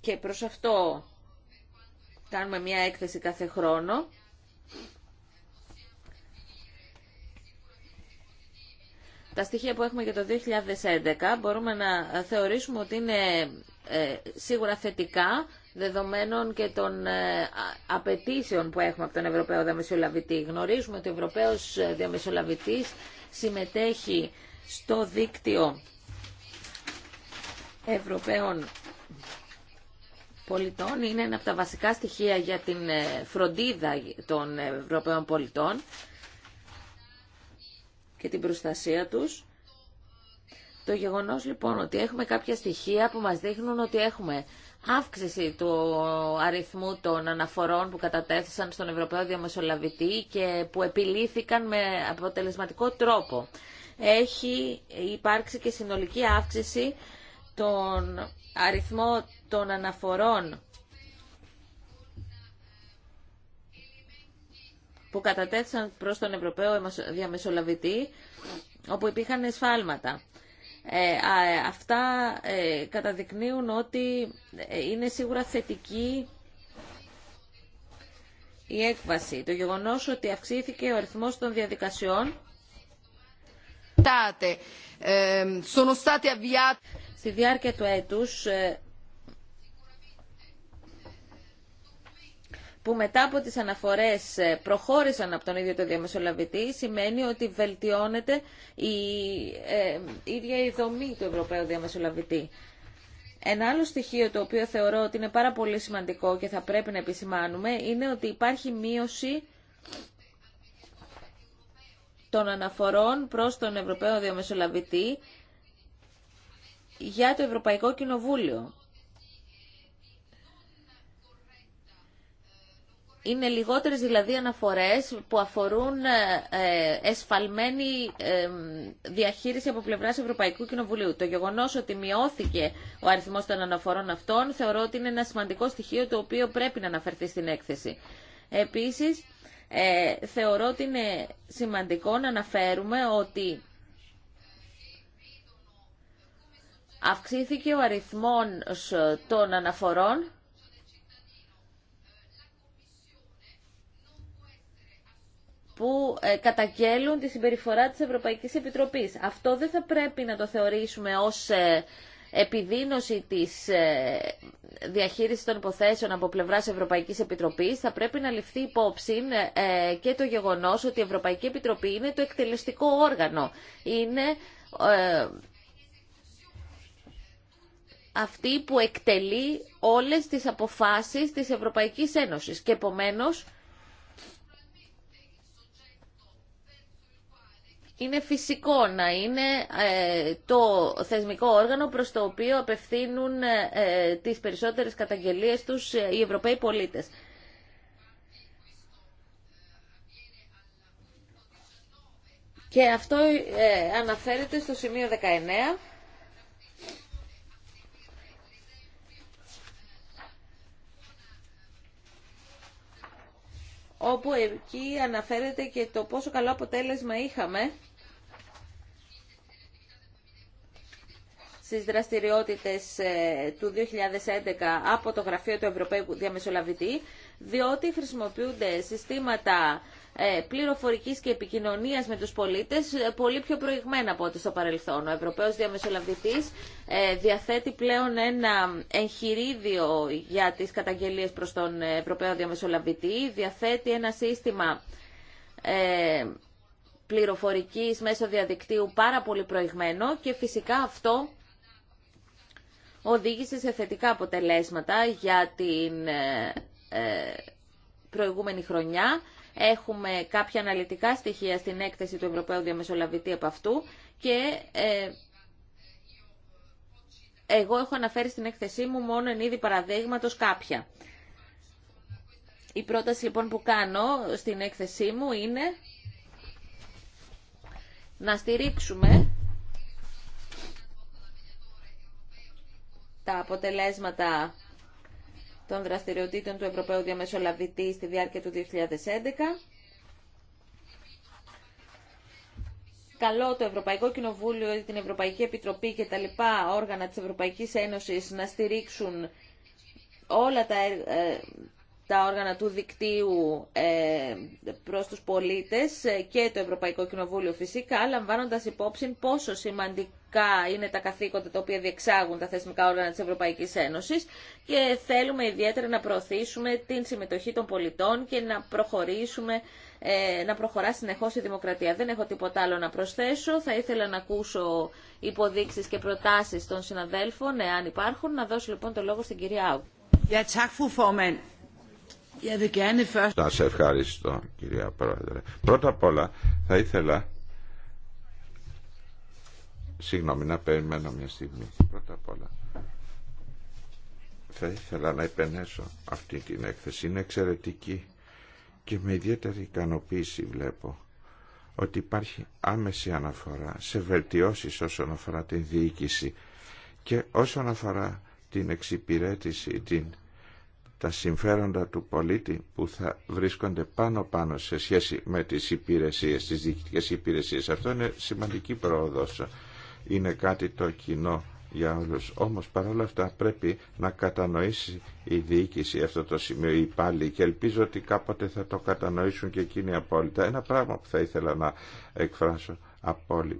Και προς αυτό κάνουμε μια έκθεση κάθε χρόνο. Τα στοιχεία που έχουμε για το 2011 μπορούμε να θεωρήσουμε ότι είναι ε, σίγουρα θετικά δεδομένων και των ε, απαιτήσεων που έχουμε από τον Ευρωπαίο Διαμεσολαβητή. Γνωρίζουμε ότι ο Ευρωπαίος ε, Διαμεσολαβητής συμμετέχει στο δίκτυο Ευρωπαίων πολιτών είναι ένα από τα βασικά στοιχεία για την ε, φροντίδα των Ευρωπαίων πολιτών και την προστασία τους. Το γεγονός λοιπόν ότι έχουμε κάποια στοιχεία που μας δείχνουν ότι έχουμε αύξηση του αριθμού των αναφορών που κατατέθησαν στον Ευρωπαίο Διαμεσολαβητή και που επιλήθηκαν με αποτελεσματικό τρόπο. Έχει υπάρξει και συνολική αύξηση των αριθμό των αναφορών που κατατέθησαν προς τον Ευρωπαίο Διαμεσολαβητή, όπου υπήρχαν εσφάλματα. Ε, αυτά ε, καταδεικνύουν ότι ε, είναι σίγουρα θετική η έκβαση. Το γεγονός ότι αυξήθηκε ο αριθμός των διαδικασιών Στη διάρκεια του έτους που μετά από τις αναφορές ε, προχώρησαν από τον ίδιο το διαμεσολαβητή σημαίνει ότι βελτιώνεται η ε, ίδια η δομή του Ευρωπαίου διαμεσολαβητή. Ένα άλλο στοιχείο το οποίο θεωρώ ότι είναι πάρα πολύ σημαντικό και θα πρέπει να επισημάνουμε είναι ότι υπάρχει μείωση των αναφορών προς τον Ευρωπαίο Διαμεσολαβητή για το Ευρωπαϊκό Κοινοβούλιο. Είναι λιγότερες δηλαδή αναφορές που αφορούν ε, ε, εσφαλμένη ε, διαχείριση από πλευράς Ευρωπαϊκού Κοινοβουλίου. Το γεγονός ότι μειώθηκε ο αριθμός των αναφορών αυτών θεωρώ ότι είναι ένα σημαντικό στοιχείο το οποίο πρέπει να αναφερθεί στην έκθεση. Επίσης, θεωρώ ότι είναι σημαντικό να αναφέρουμε ότι αυξήθηκε ο αριθμός των αναφορών Ε, καταγγέλουν τη συμπεριφορά της Ευρωπαϊκής Επιτροπής. Αυτό δεν θα πρέπει να το θεωρήσουμε ως ε, επιδείνωση της ε, διαχείρισης των υποθέσεων από πλευράς Ευρωπαϊκής Επιτροπής θα πρέπει να ληφθεί υπόψη και το γεγονός ότι η Ευρωπαϊκή Επιτροπή είναι το εκτελεστικό όργανο. Είναι αυτή που εκτελεί όλες τις αποφάσεις της Ευρωπαϊκής Ένωσης και είναι φυσικό να είναι ε, το θεσμικό όργανο προς το οποίο απευθύνουν ε, ε τις περισσότερες καταγγελίες τους ε, οι Ευρωπαίοι πολίτες. Και αυτό αναφέρεται στο σημείο 19. όπου εκεί αναφέρεται και το πόσο καλό αποτέλεσμα είχαμε στις δραστηριότητες ε, του 2011 από το Γραφείο του Ευρωπαίου Διαμεσολαβητή, διότι χρησιμοποιούνται συστήματα ε, πληροφορικής και επικοινωνίας με τους πολίτες ε, πολύ πιο προηγμένα από ό,τι στο παρελθόν. Ο Ευρωπαίος Διαμεσολαβητής διαθέτει πλέον ένα εγχειρίδιο για τις καταγγελίες προς τον Ευρωπαίο Διαμεσολαβητή, διαθέτει ένα σύστημα πληροφορικής μέσω διαδικτύου πάρα πολύ προηγμένο και φυσικά αυτό οδήγησε σε θετικά αποτελέσματα για την ε, ε, προηγούμενη χρονιά. Έχουμε κάποια αναλυτικά στοιχεία στην έκθεση του Ευρωπαίου Διαμεσολαβητή από αυτού και ε, εγώ έχω αναφέρει στην έκθεσή μου μόνο εν είδη παραδείγματος κάποια. Η πρόταση λοιπόν που κάνω στην έκθεσή μου είναι να στηρίξουμε τα αποτελέσματα των δραστηριοτήτων του Ευρωπαίου Διαμεσολαβητή στη διάρκεια του 2011. Καλό το Ευρωπαϊκό Κοινοβούλιο, την Ευρωπαϊκή Επιτροπή και τα λοιπά όργανα της Ευρωπαϊκής Ένωσης να στηρίξουν όλα τα ε, ε, τα όργανα του δικτύου ε, προς τους πολίτες ε, και το Ευρωπαϊκό Κοινοβούλιο φυσικά, λαμβάνοντας υπόψη πόσο σημαντικά είναι τα καθήκοντα τα οποία διεξάγουν τα θεσμικά όργανα της Ευρωπαϊκής Ένωσης και θέλουμε ιδιαίτερα να προωθήσουμε την συμμετοχή των πολιτών και να προχωρήσουμε ε, να προχωρά συνεχώς η δημοκρατία. Δεν έχω τίποτα άλλο να προσθέσω. Θα ήθελα να ακούσω υποδείξεις και προτάσεις των συναδέλφων, εάν υπάρχουν. Να δώσω λοιπόν το λόγο στην κυρία Άου. Σας ευχαριστώ κυρία Πρόεδρε. Πρώτα απ' όλα θα ήθελα... Συγγνώμη να περιμένω μια στιγμή. Πρώτα απ' όλα θα ήθελα να υπενέσω αυτή την έκθεση. Είναι εξαιρετική και με ιδιαίτερη ικανοποίηση βλέπω ότι υπάρχει άμεση αναφορά σε βελτιώσεις όσον αφορά την διοίκηση και όσον αφορά την εξυπηρέτηση, την τα συμφέροντα του πολίτη που θα βρίσκονται πάνω-πάνω σε σχέση με τις υπηρεσίες, τις διοικητικές υπηρεσίες. Αυτό είναι σημαντική πρόοδος. Είναι κάτι το κοινό για όλους. Όμως παρόλα αυτά πρέπει να κατανοήσει η διοίκηση αυτό το σημείο, ή πάλι και ελπίζω ότι κάποτε θα το κατανοήσουν και εκείνοι απόλυτα. Ένα πράγμα που θα ήθελα να εκφράσω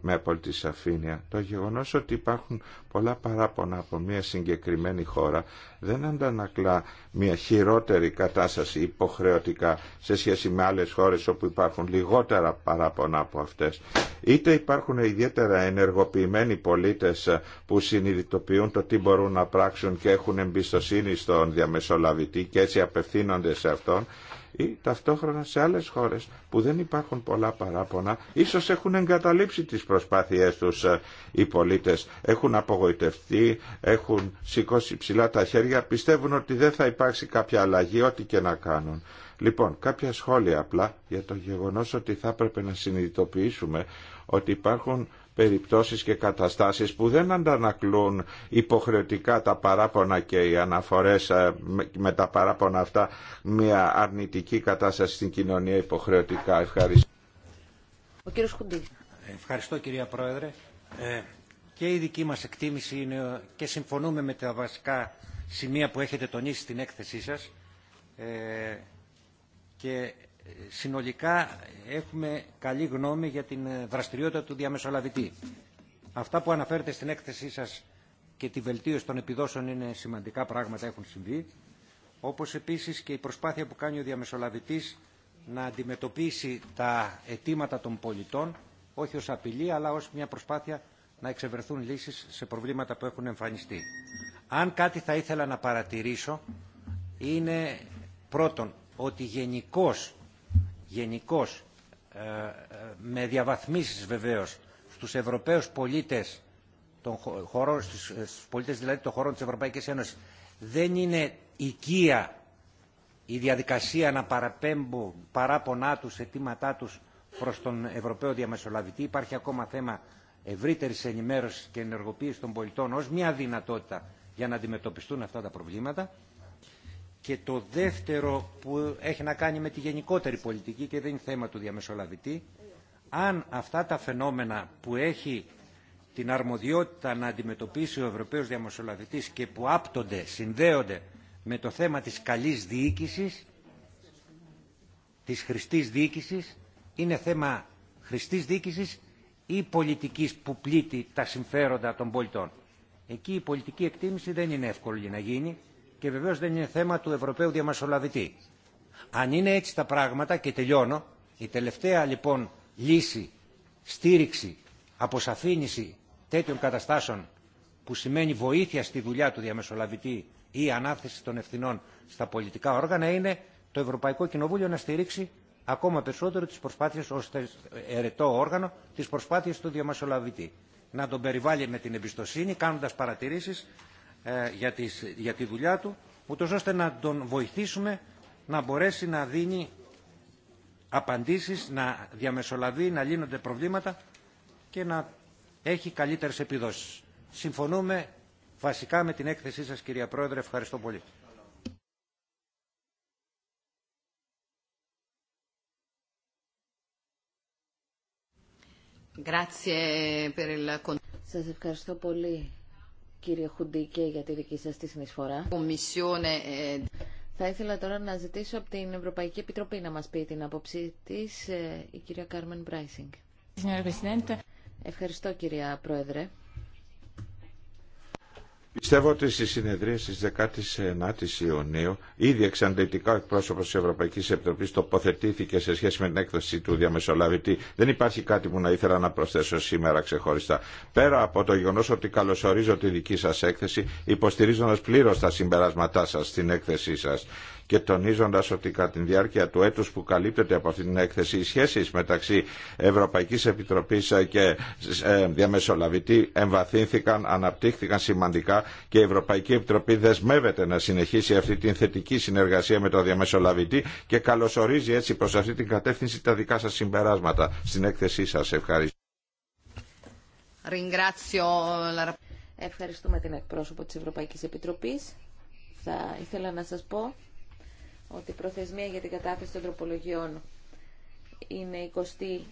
με απόλυτη σαφήνεια. Το γεγονός ότι υπάρχουν πολλά παράπονα από μια συγκεκριμένη χώρα δεν αντανακλά μια χειρότερη κατάσταση υποχρεωτικά σε σχέση με άλλες χώρες όπου υπάρχουν λιγότερα παράπονα από αυτές. Είτε υπάρχουν ιδιαίτερα ενεργοποιημένοι πολίτες που συνειδητοποιούν το τι μπορούν να πράξουν και έχουν εμπιστοσύνη στον διαμεσολαβητή και έτσι απευθύνονται σε αυτόν, ή ταυτόχρονα σε άλλες χώρες που δεν υπάρχουν πολλά παράπονα, ίσως έχουν εγκαταλείψει τις προσπάθειές τους ε, οι πολίτες, έχουν απογοητευτεί, έχουν σηκώσει ψηλά τα χέρια, πιστεύουν ότι δεν θα υπάρξει κάποια αλλαγή, ό,τι και να κάνουν. Λοιπόν, κάποια σχόλια απλά για το γεγονός ότι θα έπρεπε να συνειδητοποιήσουμε ότι υπάρχουν περιπτώσεις και καταστάσεις που δεν αντανακλούν υποχρεωτικά τα παράπονα και οι αναφορές ε, με τα παράπονα αυτά μια αρνητική κατάσταση στην κοινωνία υποχρεωτικά. Ευχαριστώ. Ο κύριος Χουντή. Ευχαριστώ κυρία Πρόεδρε. Ε, και η δική μας εκτίμηση είναι και συμφωνούμε με τα βασικά σημεία που έχετε τονίσει στην έκθεσή σας. Ε, και συνολικά έχουμε καλή γνώμη για την ε, δραστηριότητα του διαμεσολαβητή. Αυτά που αναφέρετε στην έκθεσή σας και τη βελτίωση των επιδόσεων είναι σημαντικά πράγματα έχουν συμβεί, όπως επίσης και η προσπάθεια που κάνει ο διαμεσολαβητής να αντιμετωπίσει τα αιτήματα των πολιτών, όχι ως απειλή, αλλά ως μια προσπάθεια να εξευρεθούν λύσεις σε προβλήματα που έχουν εμφανιστεί. Αν κάτι θα ήθελα να παρατηρήσω, είναι πρώτον ότι γενικώ γενικώ ε, ε, με διαβαθμίσεις βεβαίως στους Ευρωπαίους πολίτες των χωρών, ε, στους πολίτες δηλαδή των χωρών της Ευρωπαϊκής Ένωσης δεν είναι οικία η διαδικασία να παραπέμπουν παράπονά τους, αιτήματά τους προς τον Ευρωπαίο Διαμεσολαβητή. Υπάρχει ακόμα θέμα ευρύτερης ενημέρωσης και ενεργοποίησης των πολιτών ως μια δυνατότητα για να αντιμετωπιστούν αυτά τα προβλήματα. Και το δεύτερο που έχει να κάνει με τη γενικότερη πολιτική και δεν είναι θέμα του διαμεσολαβητή, αν αυτά τα φαινόμενα που έχει την αρμοδιότητα να αντιμετωπίσει ο Ευρωπαίος Διαμεσολαβητής και που άπτονται, συνδέονται με το θέμα της καλής διοίκησης, της χρηστής διοίκησης, είναι θέμα χρηστής διοίκησης ή πολιτικής που πλήττει τα συμφέροντα των πολιτών. Εκεί η πολιτική εκτίμηση δεν είναι εύκολη να γίνει και βεβαίω δεν είναι θέμα του Ευρωπαίου διαμεσολαβητή. Αν είναι έτσι τα πράγματα και τελειώνω, η τελευταία λοιπόν λύση, στήριξη, αποσαφήνιση τέτοιων καταστάσεων που σημαίνει βοήθεια στη δουλειά του διαμεσολαβητή ή ανάθεση των ευθυνών στα πολιτικά όργανα είναι το Ευρωπαϊκό Κοινοβούλιο να στηρίξει ακόμα περισσότερο τις προσπάθειες ως ερετό όργανο, τις προσπάθειες του διαμεσολαβητή. Να τον περιβάλλει με την εμπιστοσύνη, κάνοντας παρατηρήσεις ε, για, τη δουλειά του, ούτως ώστε να τον βοηθήσουμε να μπορέσει να δίνει απαντήσεις, να διαμεσολαβεί, να λύνονται προβλήματα και να έχει καλύτερες επιδόσεις. Συμφωνούμε βασικά με την έκθεσή σας κυρία Πρόεδρε. Ευχαριστώ πολύ. Σας ευχαριστώ πολύ κύριε Χουντίκε για τη δική σας τη συνεισφορά. Ε, Θα ήθελα τώρα να ζητήσω από την Ευρωπαϊκή Επιτροπή να μας πει την άποψή της ε, η κυρία Κάρμεν Μπράισινγκ. Ευχαριστώ κυρία Πρόεδρε. Πιστεύω ότι στη συνεδρία στις 19 η Ιουνίου ήδη εξαντλητικά ο εκπρόσωπος της Ευρωπαϊκής Επιτροπής τοποθετήθηκε σε σχέση με την έκθεση του διαμεσολαβητή. Δεν υπάρχει κάτι που να ήθελα να προσθέσω σήμερα ξεχωριστά. Πέρα από το γεγονός ότι καλωσορίζω τη δική σας έκθεση, υποστηρίζοντας πλήρως τα συμπεράσματά σας στην έκθεσή σας και τονίζοντα ότι κατά τη διάρκεια του έτου που καλύπτεται από αυτή την έκθεση οι σχέσει μεταξύ Ευρωπαϊκή Επιτροπή και ε, διαμεσολαβητή εμβαθύνθηκαν, αναπτύχθηκαν σημαντικά και η Ευρωπαϊκή Επιτροπή δεσμεύεται να συνεχίσει αυτή την θετική συνεργασία με το διαμεσολαβητή και καλωσορίζει έτσι προς αυτή την κατεύθυνση τα δικά σας συμπεράσματα στην έκθεσή σας. Ευχαριστώ. Ευχαριστούμε την εκπρόσωπο της Ευρωπαϊκής Επιτροπής. Θα ήθελα να σας πω ότι η προθεσμία για την κατάθεση των τροπολογιών είναι 20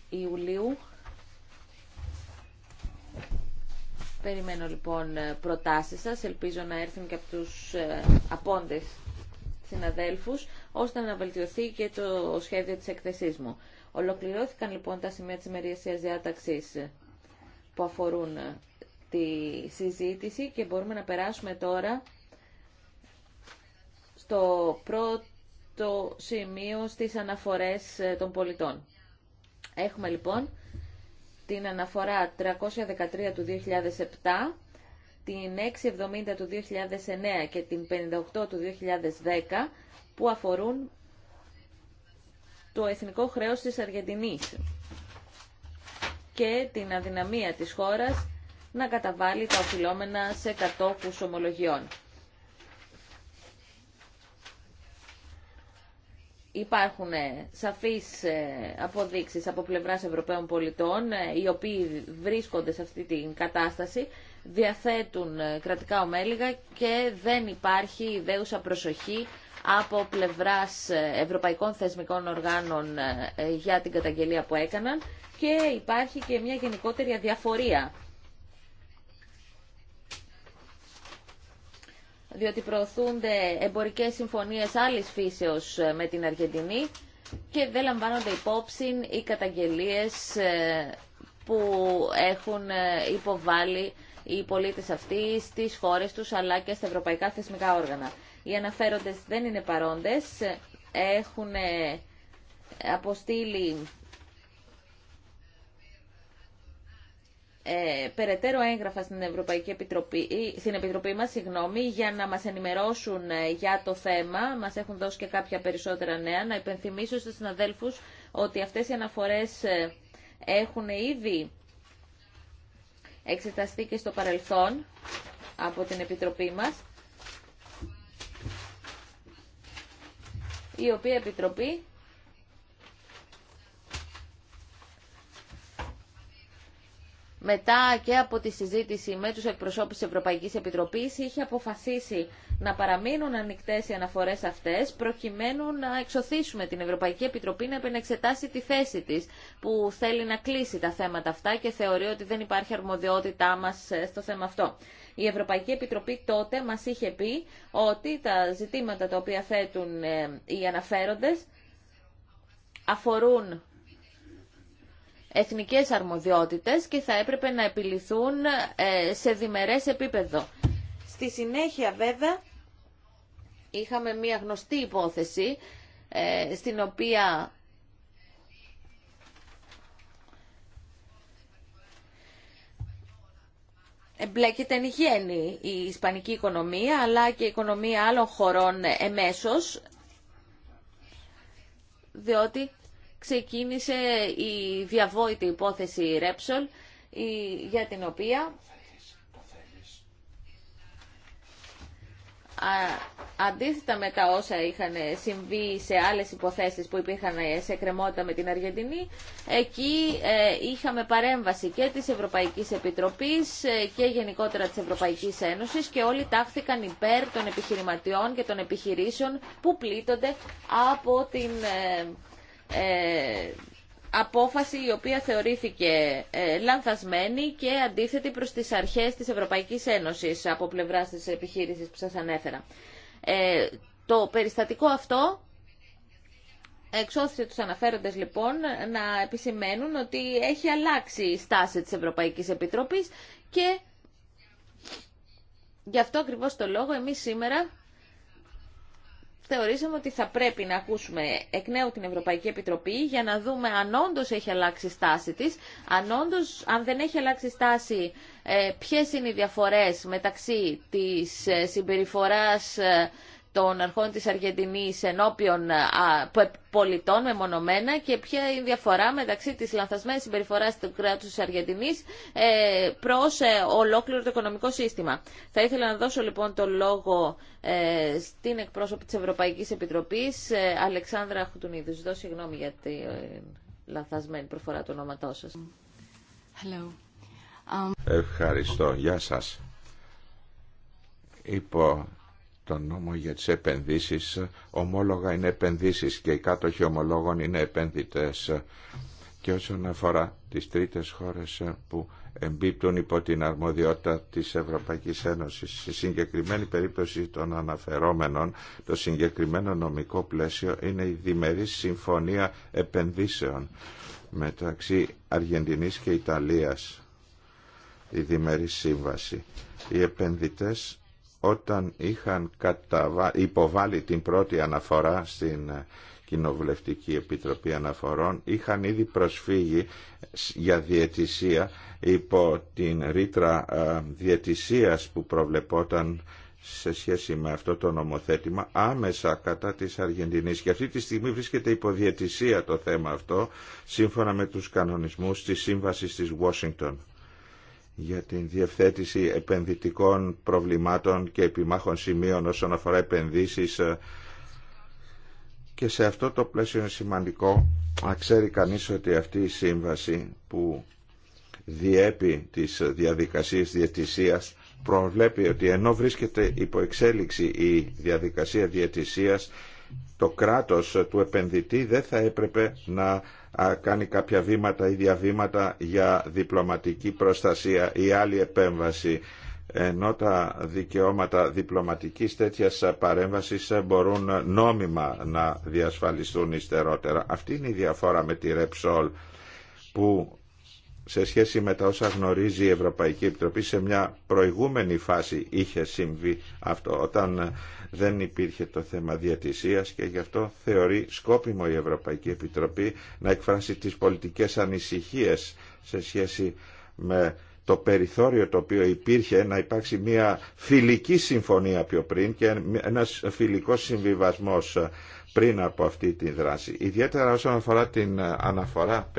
Ιουλίου Περιμένω λοιπόν ε, προτάσεις σας. Ελπίζω να έρθουν και από τους ε, απόντες συναδέλφους, ώστε να βελτιωθεί και το σχέδιο της εκθεσής μου. Ολοκληρώθηκαν λοιπόν τα σημεία της ημερήσιας διάταξης ε, που αφορούν τη συζήτηση και μπορούμε να περάσουμε τώρα στο πρώτο σημείο στις αναφορές των πολιτών. Έχουμε λοιπόν την αναφορά 313 του 2007, την 670 του 2009 και την 58 του 2010 που αφορούν το εθνικό χρέος της Αργεντινής και την αδυναμία της χώρας να καταβάλει τα οφειλόμενα σε κατόχους ομολογιών. υπάρχουν ε, σαφείς ε, αποδείξεις από πλευράς Ευρωπαίων πολιτών, ε, οι οποίοι βρίσκονται σε αυτή την κατάσταση, διαθέτουν κρατικά ομέλιγα και δεν υπάρχει ιδέουσα προσοχή από πλευράς ευρωπαϊκών θεσμικών οργάνων για την καταγγελία που έκαναν και υπάρχει και μια γενικότερη αδιαφορία διότι προωθούνται εμπορικές συμφωνίες άλλης φύσεως ε, με την Αργεντινή και δεν λαμβάνονται υπόψη οι καταγγελίες ε, που έχουν ε, υποβάλει οι πολίτες αυτοί στις χώρες τους αλλά και στα ευρωπαϊκά θεσμικά όργανα. Οι αναφέροντες δεν είναι παρόντες, έχουν αποστείλει Ε, περαιτέρω έγγραφα στην Ευρωπαϊκή Επιτροπή, στην Επιτροπή μας για να μας ενημερώσουν ε, για το θέμα. Μας έχουν δώσει και κάποια περισσότερα νέα. Να υπενθυμίσω στους συναδέλφους ότι αυτές οι αναφορές ε, έχουν ήδη εξεταστεί και στο παρελθόν από την Επιτροπή μας, η οποία Επιτροπή μετά και από τη συζήτηση με τους εκπροσώπους της Ευρωπαϊκής Επιτροπής είχε αποφασίσει να παραμείνουν ανοιχτές οι αναφορές αυτές προκειμένου να εξωθήσουμε την Ευρωπαϊκή Επιτροπή να επενεξετάσει τη θέση της που θέλει να κλείσει τα θέματα αυτά και θεωρεί ότι δεν υπάρχει αρμοδιότητά μας ε, στο θέμα αυτό. Η Ευρωπαϊκή Επιτροπή τότε μας είχε πει ότι τα ζητήματα τα οποία θέτουν ε, οι αναφέροντες αφορούν εθνικές αρμοδιότητες και θα έπρεπε να επιληθούν ε, σε διμερές επίπεδο. Στη συνέχεια βέβαια είχαμε μία γνωστή υπόθεση ε, στην οποία εμπλέκεται εν γέννη η ισπανική οικονομία αλλά και η οικονομία άλλων χωρών εμέσως διότι ξεκίνησε η διαβόητη υπόθεση Ρέψολ, για την οποία αντίθετα με τα όσα είχαν συμβεί σε άλλες υποθέσεις που υπήρχαν σε κρεμότητα με την Αργεντινή, εκεί ε, είχαμε παρέμβαση και της Ευρωπαϊκής Επιτροπής ε, και γενικότερα της Ευρωπαϊκής Ένωσης και όλοι τάχθηκαν υπέρ των επιχειρηματιών και των επιχειρήσεων που πλήττονται από την ε, ε, απόφαση η οποία θεωρήθηκε ε, λανθασμένη και αντίθετη προς τις αρχές της Ευρωπαϊκής Ένωσης από πλευράς της επιχείρησης που σας ανέφερα. Ε, το περιστατικό αυτό εξώθησε τους αναφέροντες λοιπόν να επισημαίνουν ότι έχει αλλάξει η στάση της Ευρωπαϊκής Επιτροπής και γι' αυτό ακριβώς το λόγο εμείς σήμερα θεωρήσαμε ότι θα πρέπει να ακούσουμε εκ νέου την Ευρωπαϊκή Επιτροπή για να δούμε αν όντω έχει αλλάξει στάση της, αν, αν δεν έχει αλλάξει στάση ε, ποιες είναι οι διαφορές μεταξύ της ε, συμπεριφοράς ε, των αρχών της Αργεντινής ενώπιον πολιτών μεμονωμένα και ποια είναι η διαφορά μεταξύ της λανθασμένης συμπεριφοράς του κράτους της Αργεντινής ε, προς ε, ολόκληρο το οικονομικό σύστημα. Θα ήθελα να δώσω λοιπόν το λόγο ε, στην εκπρόσωπη της Ευρωπαϊκής Επιτροπής, Αλεξάνδρα Χουτουνίδης. Δώση γνώμη για τη λανθασμένη προφορά του ονόματό σας. Um, Ευχαριστώ. Γεια σας. Υπό το νόμο για τις επενδύσεις ομόλογα είναι επενδύσεις και οι κάτοχοι ομολόγων είναι επενδυτές και όσον αφορά τις τρίτες χώρες που εμπίπτουν υπό την αρμοδιότητα της Ευρωπαϊκής Ένωσης. Στη συγκεκριμένη περίπτωση των αναφερόμενων, το συγκεκριμένο νομικό πλαίσιο είναι η διμερή συμφωνία επενδύσεων μεταξύ Αργεντινής και Ιταλίας, η διμερή σύμβαση. Οι επενδυτές όταν είχαν καταβα... υποβάλει την πρώτη αναφορά στην ε, Κοινοβουλευτική Επιτροπή Αναφορών είχαν ήδη προσφύγει για διαιτησία υπό την ρήτρα ε, διαιτησίας που προβλεπόταν σε σχέση με αυτό το νομοθέτημα άμεσα κατά της Αργεντινής και αυτή τη στιγμή βρίσκεται υπό διαιτησία το θέμα αυτό σύμφωνα με τους κανονισμούς της Σύμβασης της Washington για την διευθέτηση επενδυτικών προβλημάτων και επιμάχων σημείων όσον αφορά επενδύσεις ε, και σε αυτό το πλαίσιο είναι σημαντικό να ξέρει κανείς ότι αυτή η σύμβαση που διέπει τις διαδικασίες διαιτησίας προβλέπει ότι ενώ βρίσκεται υπό εξέλιξη η διαδικασία διαιτησίας το κράτος του επενδυτή δεν θα έπρεπε να κάνει κάποια βήματα ή διαβήματα για διπλωματική προστασία ή άλλη επέμβαση ενώ τα δικαιώματα διπλωματικής τέτοιας παρέμβασης μπορούν νόμιμα να διασφαλιστούν υστερότερα. Αυτή είναι η διαφορά με τη Repsol που σε σχέση με τα όσα γνωρίζει η Ευρωπαϊκή Επιτροπή σε μια προηγούμενη φάση είχε συμβεί αυτό όταν δεν υπήρχε το θέμα διατησίας και γι' αυτό θεωρεί σκόπιμο η Ευρωπαϊκή Επιτροπή να εκφράσει τις πολιτικές ανησυχίες σε σχέση με το περιθώριο το οποίο υπήρχε να υπάρξει μια φιλική συμφωνία πιο πριν και ένας φιλικός συμβιβασμός πριν από αυτή τη δράση. Ιδιαίτερα όσον αφορά την αναφορά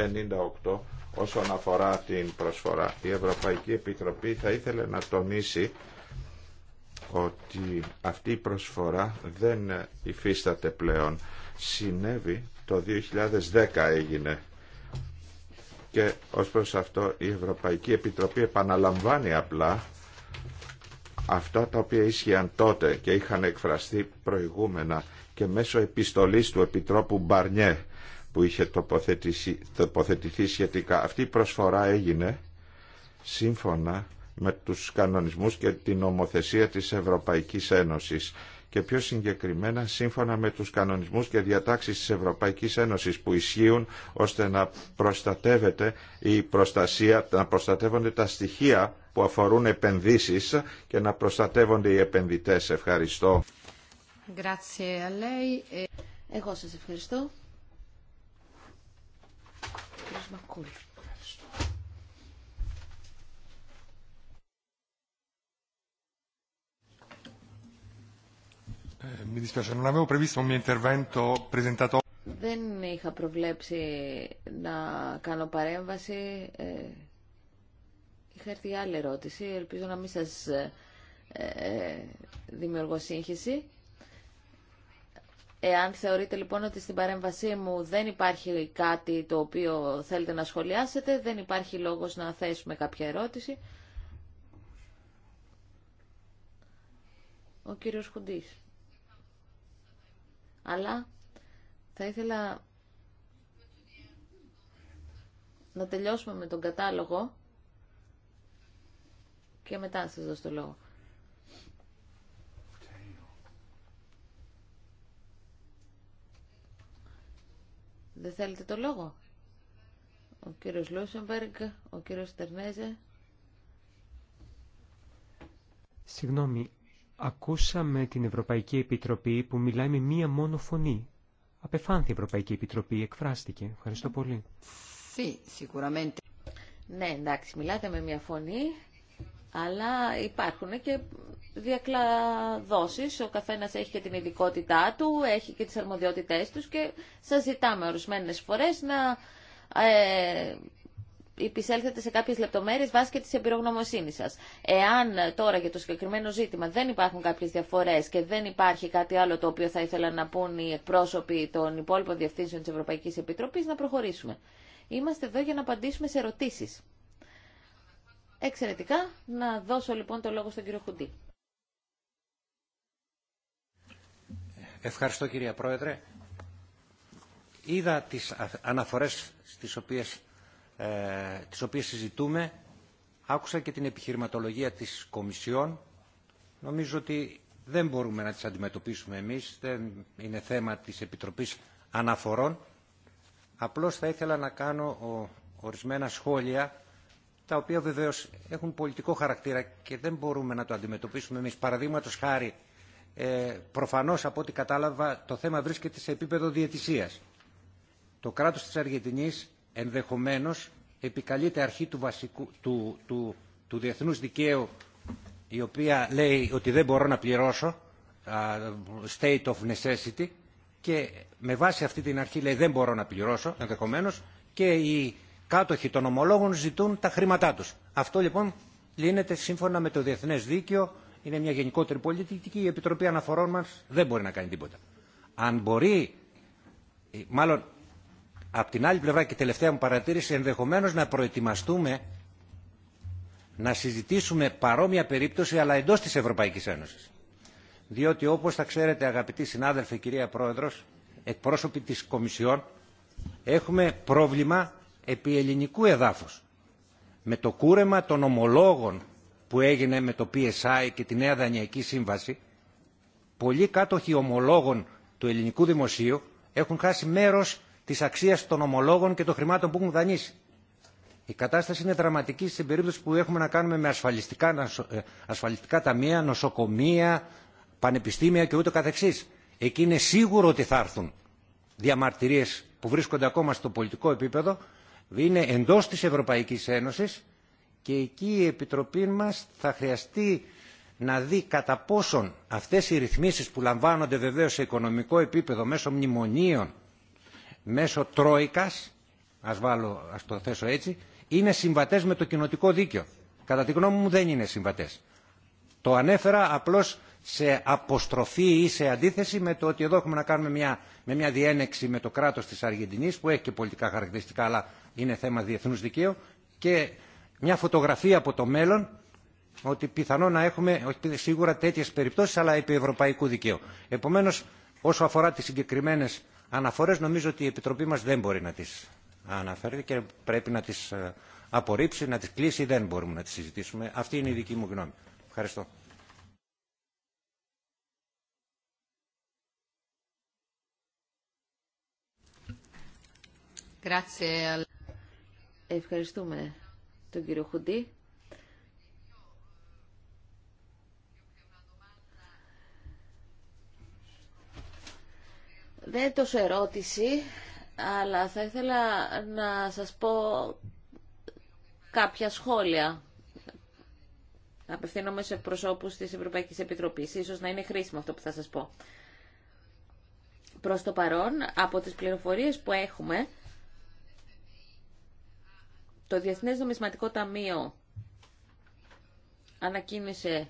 58, όσον αφορά την προσφορά, η Ευρωπαϊκή Επιτροπή θα ήθελε να τονίσει ότι αυτή η προσφορά δεν υφίσταται πλέον. Συνέβη το 2010 έγινε και ως προς αυτό η Ευρωπαϊκή Επιτροπή επαναλαμβάνει απλά αυτά τα οποία ίσχυαν τότε και είχαν εκφραστεί προηγούμενα και μέσω επιστολής του Επιτρόπου Μπαρνιέ που είχε τοποθετηθεί σχετικά. Αυτή η προσφορά έγινε σύμφωνα με τους κανονισμούς και την ομοθεσία της Ευρωπαϊκής Ένωσης και πιο συγκεκριμένα σύμφωνα με τους κανονισμούς και διατάξεις της Ευρωπαϊκής Ένωσης που ισχύουν ώστε να προστατεύεται η προστασία, να προστατεύονται τα στοιχεία που αφορούν επενδύσεις και να προστατεύονται οι επενδυτές. Ευχαριστώ. Εγώ σας ευχαριστώ. Ε, δεν είχα προβλέψει να κάνω παρέμβαση. Ε, είχα έρθει άλλη ερώτηση. Ελπίζω να μην σας ε, ε, δημιουργώ σύγχυση. Εάν θεωρείτε λοιπόν ότι στην παρέμβασή μου δεν υπάρχει κάτι το οποίο θέλετε να σχολιάσετε, δεν υπάρχει λόγος να θέσουμε κάποια ερώτηση. Ο κύριος Χουντής αλλά θα ήθελα να τελειώσουμε με τον κατάλογο και μετά σας δώσω το λόγο. Δεν θέλετε το λόγο. Ο κύριος Λούσεμπεργκ, ο κύριος Τερνέζε. Συγγνώμη, Ακούσαμε την Ευρωπαϊκή Επιτροπή που μιλάει με μία μόνο φωνή. Απεφάνθη η Ευρωπαϊκή Επιτροπή, εκφράστηκε. Ευχαριστώ πολύ. Ναι, εντάξει, μιλάτε με μία φωνή, αλλά υπάρχουν και διακλαδώσεις. Ο καθένας έχει και την ειδικότητά του, έχει και τις αρμοδιότητές τους και σας ζητάμε ορισμένες φορές να ε, επισέλθετε σε κάποιε λεπτομέρειε βάσει και τη εμπειρογνωμοσύνη σας. Εάν τώρα για το συγκεκριμένο ζήτημα δεν υπάρχουν κάποιε διαφορέ και δεν υπάρχει κάτι άλλο το οποίο θα ήθελα να πούν οι εκπρόσωποι των υπόλοιπων διευθύνσεων τη Ευρωπαϊκή Επίτροπή να προχωρήσουμε. Είμαστε εδώ για να απαντήσουμε σε ερωτήσει. Εξαιρετικά, να δώσω λοιπόν το λόγο στον κύριο Χουντή. Ευχαριστώ κυρία Πρόεδρε. Είδα τις αναφορές στις οποίες ε, τις οποίες συζητούμε, άκουσα και την επιχειρηματολογία της Κομισιόν. Νομίζω ότι δεν μπορούμε να τις αντιμετωπίσουμε εμείς, δεν είναι θέμα της Επιτροπής Αναφορών. Απλώς θα ήθελα να κάνω ορισμένα σχόλια, τα οποία βεβαίως έχουν πολιτικό χαρακτήρα και δεν μπορούμε να το αντιμετωπίσουμε εμείς. Παραδείγματος χάρη, ε, προφανώς από ό,τι κατάλαβα το θέμα βρίσκεται σε επίπεδο διαιτησίας. Το κράτος της Αργεντινής ενδεχομένως επικαλείται αρχή του, βασικού, του, του, διεθνούς δικαίου η οποία λέει ότι δεν μπορώ να πληρώσω state of necessity και με βάση αυτή την αρχή λέει δεν μπορώ να πληρώσω ενδεχομένως και οι κάτοχοι των ομολόγων ζητούν τα χρήματά τους. Αυτό λοιπόν λύνεται σύμφωνα με το διεθνές δίκαιο, είναι μια γενικότερη πολιτική, η Επιτροπή Αναφορών μας δεν μπορεί να κάνει τίποτα. Αν μπορεί, ε, μάλλον Απ' την άλλη πλευρά και τελευταία μου παρατήρηση, ενδεχομένως να προετοιμαστούμε να συζητήσουμε παρόμοια περίπτωση αλλά εντός της Ευρωπαϊκής Ένωσης. Διότι όπως θα ξέρετε αγαπητοί συνάδελφοι, κυρία Πρόεδρος, εκπρόσωποι της Κομισιόν, έχουμε πρόβλημα επί ελληνικού εδάφους. Με το κούρεμα των ομολόγων που έγινε με το PSI και τη Νέα Δανειακή Σύμβαση, πολλοί κάτοχοι ομολόγων του ελληνικού δημοσίου έχουν χάσει μέρος τη αξία των ομολόγων και των χρημάτων που έχουν δανείσει. Η κατάσταση είναι δραματική στην περίπτωση που έχουμε να κάνουμε με ασφαλιστικά, ε, ασφαλιστικά ταμεία, νοσοκομεία, πανεπιστήμια και ούτω καθεξής. Εκεί είναι σίγουρο ότι θα έρθουν διαμαρτυρίες που βρίσκονται ακόμα στο πολιτικό επίπεδο. Είναι εντός της Ευρωπαϊκής Ένωσης και εκεί η Επιτροπή μας θα χρειαστεί να δει κατά πόσον αυτές οι ρυθμίσεις που λαμβάνονται βεβαίως σε οικονομικό επίπεδο μέσω μνημονίων μέσω τρόικας, ας, βάλω, ας το θέσω έτσι, είναι συμβατές με το κοινοτικό δίκαιο. Κατά τη γνώμη μου δεν είναι συμβατές. Το ανέφερα απλώς σε αποστροφή ή σε αντίθεση με το ότι εδώ έχουμε να κάνουμε μια, με μια διένεξη με το κράτος της Αργεντινής που έχει και πολιτικά χαρακτηριστικά αλλά είναι θέμα διεθνούς δικαίου και μια φωτογραφία από το μέλλον ότι πιθανό να έχουμε όχι σίγουρα τέτοιες περιπτώσεις αλλά επί ευρωπαϊκού δικαίου. Επομένως όσο αφορά τι συγκεκριμένε αναφορές νομίζω ότι η Επιτροπή μας δεν μπορεί να τις αναφέρει και πρέπει να τις ε, απορρίψει, να τις κλείσει, δεν μπορούμε να τις συζητήσουμε. Αυτή είναι η δική μου γνώμη. Ευχαριστώ. Ευχαριστούμε τον κύριο Χουντή. Δεν είναι τόσο ερώτηση, αλλά θα ήθελα να σας πω κάποια σχόλια. Απευθύνομαι σε προσώπους της Ευρωπαϊκής Επιτροπής. Ίσως να είναι χρήσιμο αυτό που θα σας πω. Προς το παρόν, από τις πληροφορίες που έχουμε, το Διεθνές Νομισματικό Ταμείο ανακοίνησε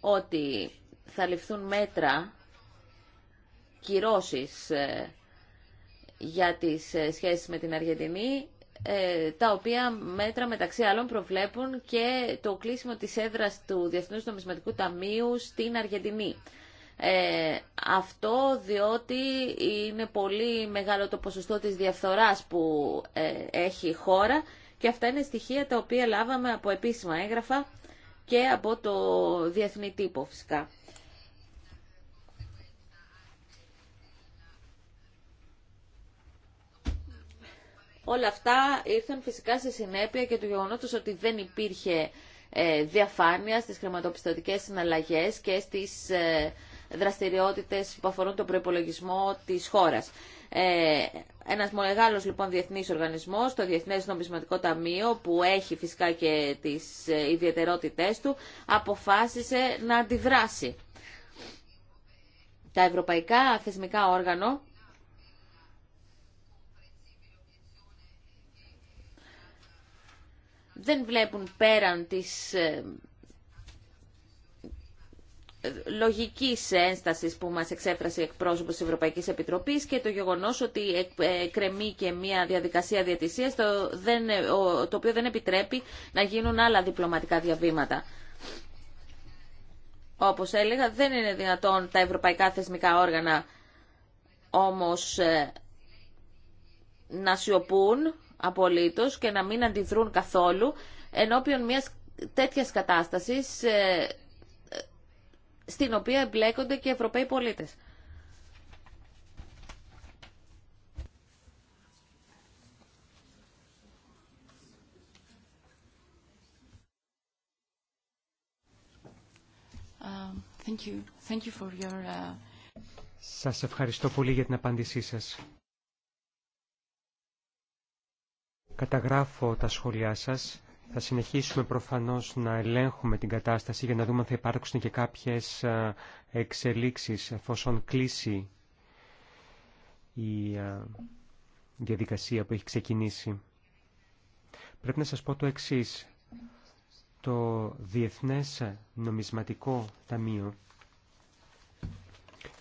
ότι θα ληφθούν μέτρα κυρώσεις ε, για τις ε, σχέσεις με την Αργεντινή, ε, τα οποία μέτρα μεταξύ άλλων προβλέπουν και το κλείσιμο της έδρας του Διεθνούς Νομισματικού Ταμείου στην Αργεντινή. αυτό διότι είναι πολύ μεγάλο το ποσοστό της διαφθοράς που έχει η χώρα και αυτά είναι στοιχεία τα οποία λάβαμε από επίσημα έγγραφα και από το διεθνή τύπο φυσικά. Όλα αυτά ήρθαν φυσικά σε συνέπεια και του γεγονότος ότι δεν υπήρχε ε, διαφάνεια στις χρηματοπιστωτικές συναλλαγές και στις ε, δραστηριότητες που αφορούν τον προπολογισμό της χώρας. Ε, ένας μεγάλος λοιπόν διεθνής οργανισμός, το Διεθνές Νομισματικό Ταμείο, που έχει φυσικά και τις ε, ιδιαίτερότητε του, αποφάσισε να αντιδράσει. Τα ευρωπαϊκά θεσμικά όργανο δεν βλέπουν πέραν της ε, λογικής ένστασης που μας εξέφρασε εκπρόσωπος της Ευρωπαϊκής Επιτροπής και το γεγονός ότι κρεμεί και μια διαδικασία διατησίας το, δεν, το οποίο δεν επιτρέπει να γίνουν άλλα διπλωματικά διαβήματα. Όπως έλεγα, δεν είναι δυνατόν τα ευρωπαϊκά θεσμικά όργανα όμως ε, να σιωπούν και να μην αντιδρούν καθόλου ενώπιον μιας τέτοιας κατάστασης ε, στην οποία εμπλέκονται και οι Ευρωπαίοι πολίτες. Um, thank uh, Σας ευχαριστώ πολύ για την απάντησή σας. Καταγράφω τα σχόλιά σας. Θα συνεχίσουμε προφανώς να ελέγχουμε την κατάσταση για να δούμε αν θα υπάρξουν και κάποιες εξελίξεις εφόσον κλείσει η διαδικασία που έχει ξεκινήσει. Πρέπει να σας πω το εξής. Το Διεθνές Νομισματικό Ταμείο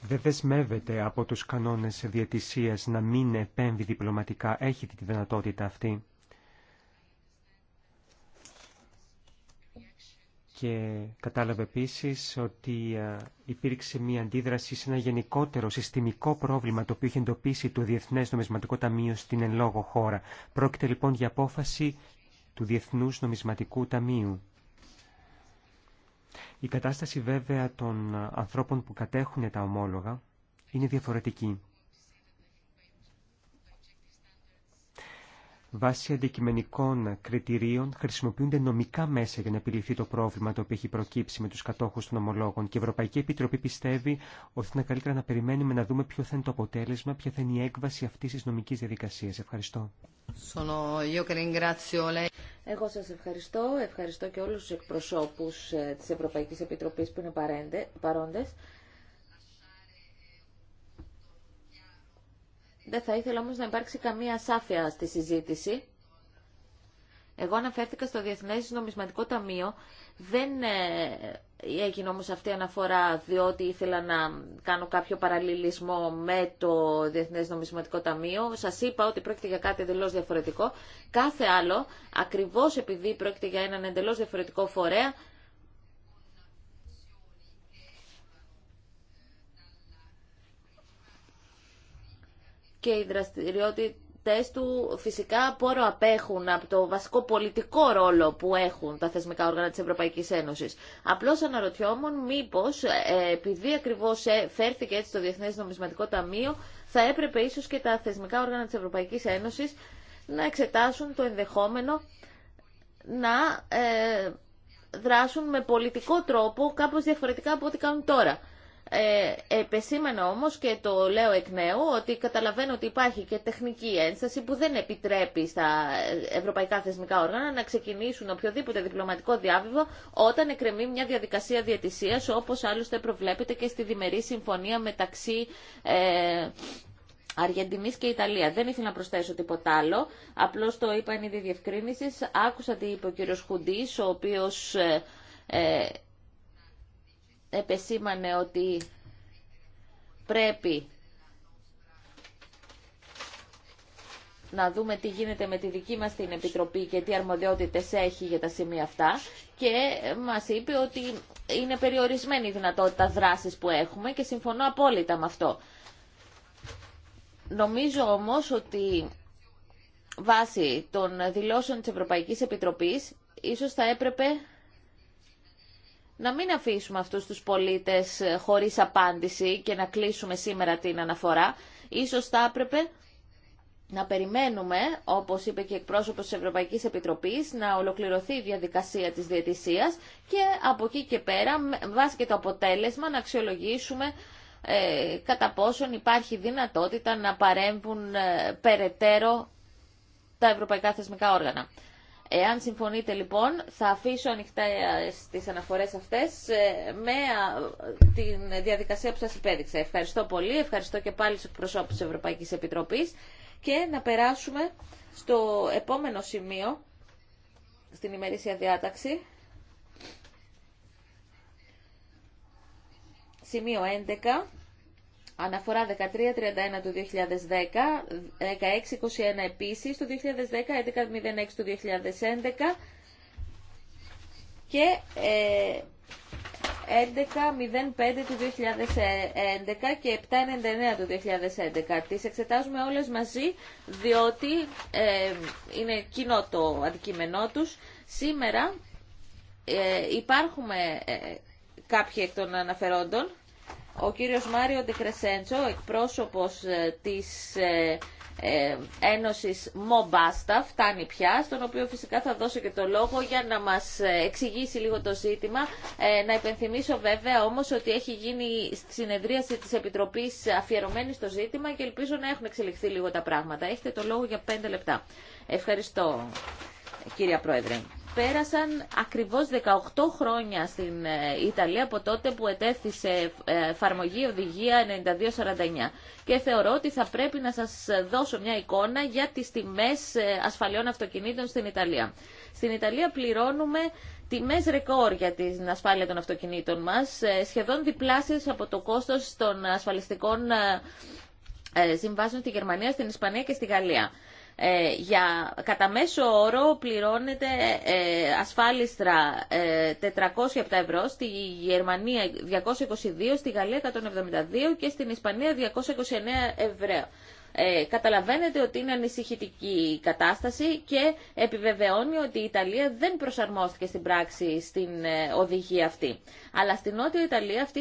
δεν δεσμεύεται από τους κανόνες διατησίας να μην επέμβει διπλωματικά. Έχει τη δυνατότητα αυτή. Και κατάλαβε επίσης ότι υπήρξε μια αντίδραση σε ένα γενικότερο συστημικό πρόβλημα το οποίο είχε εντοπίσει το Διεθνές Νομισματικό Ταμείο στην εν λόγω χώρα. Πρόκειται λοιπόν για απόφαση του Διεθνούς Νομισματικού Ταμείου. Η κατάσταση βέβαια των ανθρώπων που κατέχουν τα ομόλογα είναι διαφορετική. Βάσει αντικειμενικών κριτηρίων χρησιμοποιούνται νομικά μέσα για να επιληθεί το πρόβλημα το οποίο έχει προκύψει με τους κατόχους των ομολόγων και η Ευρωπαϊκή Επιτροπή πιστεύει ότι είναι καλύτερα να περιμένουμε να δούμε ποιο θα είναι το αποτέλεσμα, ποια θα είναι η έκβαση αυτής της νομικής διαδικασίας. Ευχαριστώ. Εγώ σας ευχαριστώ. Ευχαριστώ και όλους τους εκπροσώπους ε, της Ευρωπαϊκής Επιτροπής που είναι παρόντες. Δεν θα ήθελα όμως να υπάρξει καμία σάφια στη συζήτηση. Εγώ αναφέρθηκα στο Διεθνές Νομισματικό Ταμείο. Δεν ε, έγινε όμω αυτή η αναφορά διότι ήθελα να κάνω κάποιο παραλληλισμό με το Διεθνές Νομισματικό Ταμείο. Σας είπα ότι πρόκειται για κάτι εντελώ διαφορετικό. Κάθε άλλο, ακριβώς επειδή πρόκειται για έναν εντελώ διαφορετικό φορέα, και η δραστηριότητα θεσμοθετές του φυσικά πόρο απέχουν από το βασικό πολιτικό ρόλο που έχουν τα θεσμικά όργανα της Ευρωπαϊκής Ένωσης. Απλώς αναρωτιόμουν μήπως ε, επειδή ακριβώς ε, φέρθηκε έτσι το Διεθνές Νομισματικό Ταμείο θα έπρεπε ίσως και τα θεσμικά όργανα της Ευρωπαϊκής Ένωσης να εξετάσουν το ενδεχόμενο να ε, δράσουν με πολιτικό τρόπο κάπως διαφορετικά από ό,τι κάνουν τώρα. Ε, όμως και το λέω εκ νέου ότι καταλαβαίνω ότι υπάρχει και τεχνική ένσταση που δεν επιτρέπει στα ευρωπαϊκά θεσμικά όργανα να ξεκινήσουν οποιοδήποτε διπλωματικό διάβιβο όταν εκκρεμεί μια διαδικασία διατησίας όπως άλλωστε προβλέπεται και στη διμερή συμφωνία μεταξύ ε, Αργεντινή και Ιταλία. Δεν ήθελα να προσθέσω τίποτα άλλο. Απλώ το είπα εν είδη διευκρίνηση. Άκουσα τι είπε ο κύριο Χουντή, ο οποίο ε, ε, επεσήμανε ότι πρέπει να δούμε τι γίνεται με τη δική μας την Επιτροπή και τι αρμοδιότητες έχει για τα σημεία αυτά και μας είπε ότι είναι περιορισμένη η δυνατότητα δράσης που έχουμε και συμφωνώ απόλυτα με αυτό. Νομίζω όμως ότι βάσει των δηλώσεων της Ευρωπαϊκής Επιτροπής ίσως θα έπρεπε να μην αφήσουμε αυτούς τους πολίτες ε, χωρίς απάντηση και να κλείσουμε σήμερα την αναφορά. Ίσως θα έπρεπε να περιμένουμε, όπως είπε και εκπρόσωπος της Ευρωπαϊκής Επιτροπής, να ολοκληρωθεί η διαδικασία της διαιτησίας και από εκεί και πέρα, βάσει και το αποτέλεσμα, να αξιολογήσουμε ε, κατά πόσον υπάρχει δυνατότητα να παρέμβουν ε, περαιτέρω τα ευρωπαϊκά θεσμικά όργανα. Εάν συμφωνείτε λοιπόν, θα αφήσω ανοιχτά ε, τις αναφορές αυτές ε, με τη διαδικασία που σας υπέδειξα. Ευχαριστώ πολύ, ευχαριστώ και πάλι στους προσώπους της Ευρωπαϊκής Επιτροπής και να περάσουμε στο επόμενο σημείο στην ημερήσια διάταξη. Σημείο 11. Αναφορά 1331 του 2010, 1621 επίσης του 2010, 11-06 του 2011 και ε, 05 του 2011 και 7-99 του 2011. Τις εξετάζουμε όλες μαζί διότι ε, είναι κοινό το αντικείμενό τους. Σήμερα ε, υπάρχουμε ε, κάποιοι εκ των αναφερόντων. Ο κύριος Μάριο Ντεκρεσέντσο, εκπρόσωπος ε, της ε, ε, Ένωσης Μομπάστα, φτάνει πια, στον οποίο φυσικά θα δώσω και το λόγο για να μας εξηγήσει λίγο το ζήτημα. Να υπενθυμίσω βέβαια όμως ότι έχει γίνει συνεδρίαση της Επιτροπής αφιερωμένη στο ζήτημα και ελπίζω να έχουν εξελιχθεί λίγο τα πράγματα. Έχετε το λόγο για πέντε λεπτά. Ευχαριστώ, κύρια Πρόεδρε πέρασαν ακριβώς 18 χρόνια στην ε, Ιταλία από τότε που ετέθησε ε, εφαρμογή οδηγία 9249 και θεωρώ ότι θα πρέπει να σας δώσω μια εικόνα για τις τιμές ε, ασφαλιών αυτοκινήτων στην Ιταλία. Στην Ιταλία πληρώνουμε τιμές ρεκόρ για την ασφάλεια των αυτοκινήτων μας, σχεδόν διπλάσιες από το κόστος των ασφαλιστικών συμβάσεων στη Γερμανία, στην Ισπανία και στη Γαλλία. Ε, για, κατά μέσο όρο πληρώνεται ε, ασφάλιστρα ε, 400 ευρώ, στη Γερμανία 222, στη Γαλλία 172 και στην Ισπανία 229 ευρώ. Ε, καταλαβαίνετε ότι είναι ανησυχητική η κατάσταση και επιβεβαιώνει ότι η Ιταλία δεν προσαρμόστηκε στην πράξη στην ε, οδηγία αυτή. Αλλά στην Νότια Ιταλία αυτή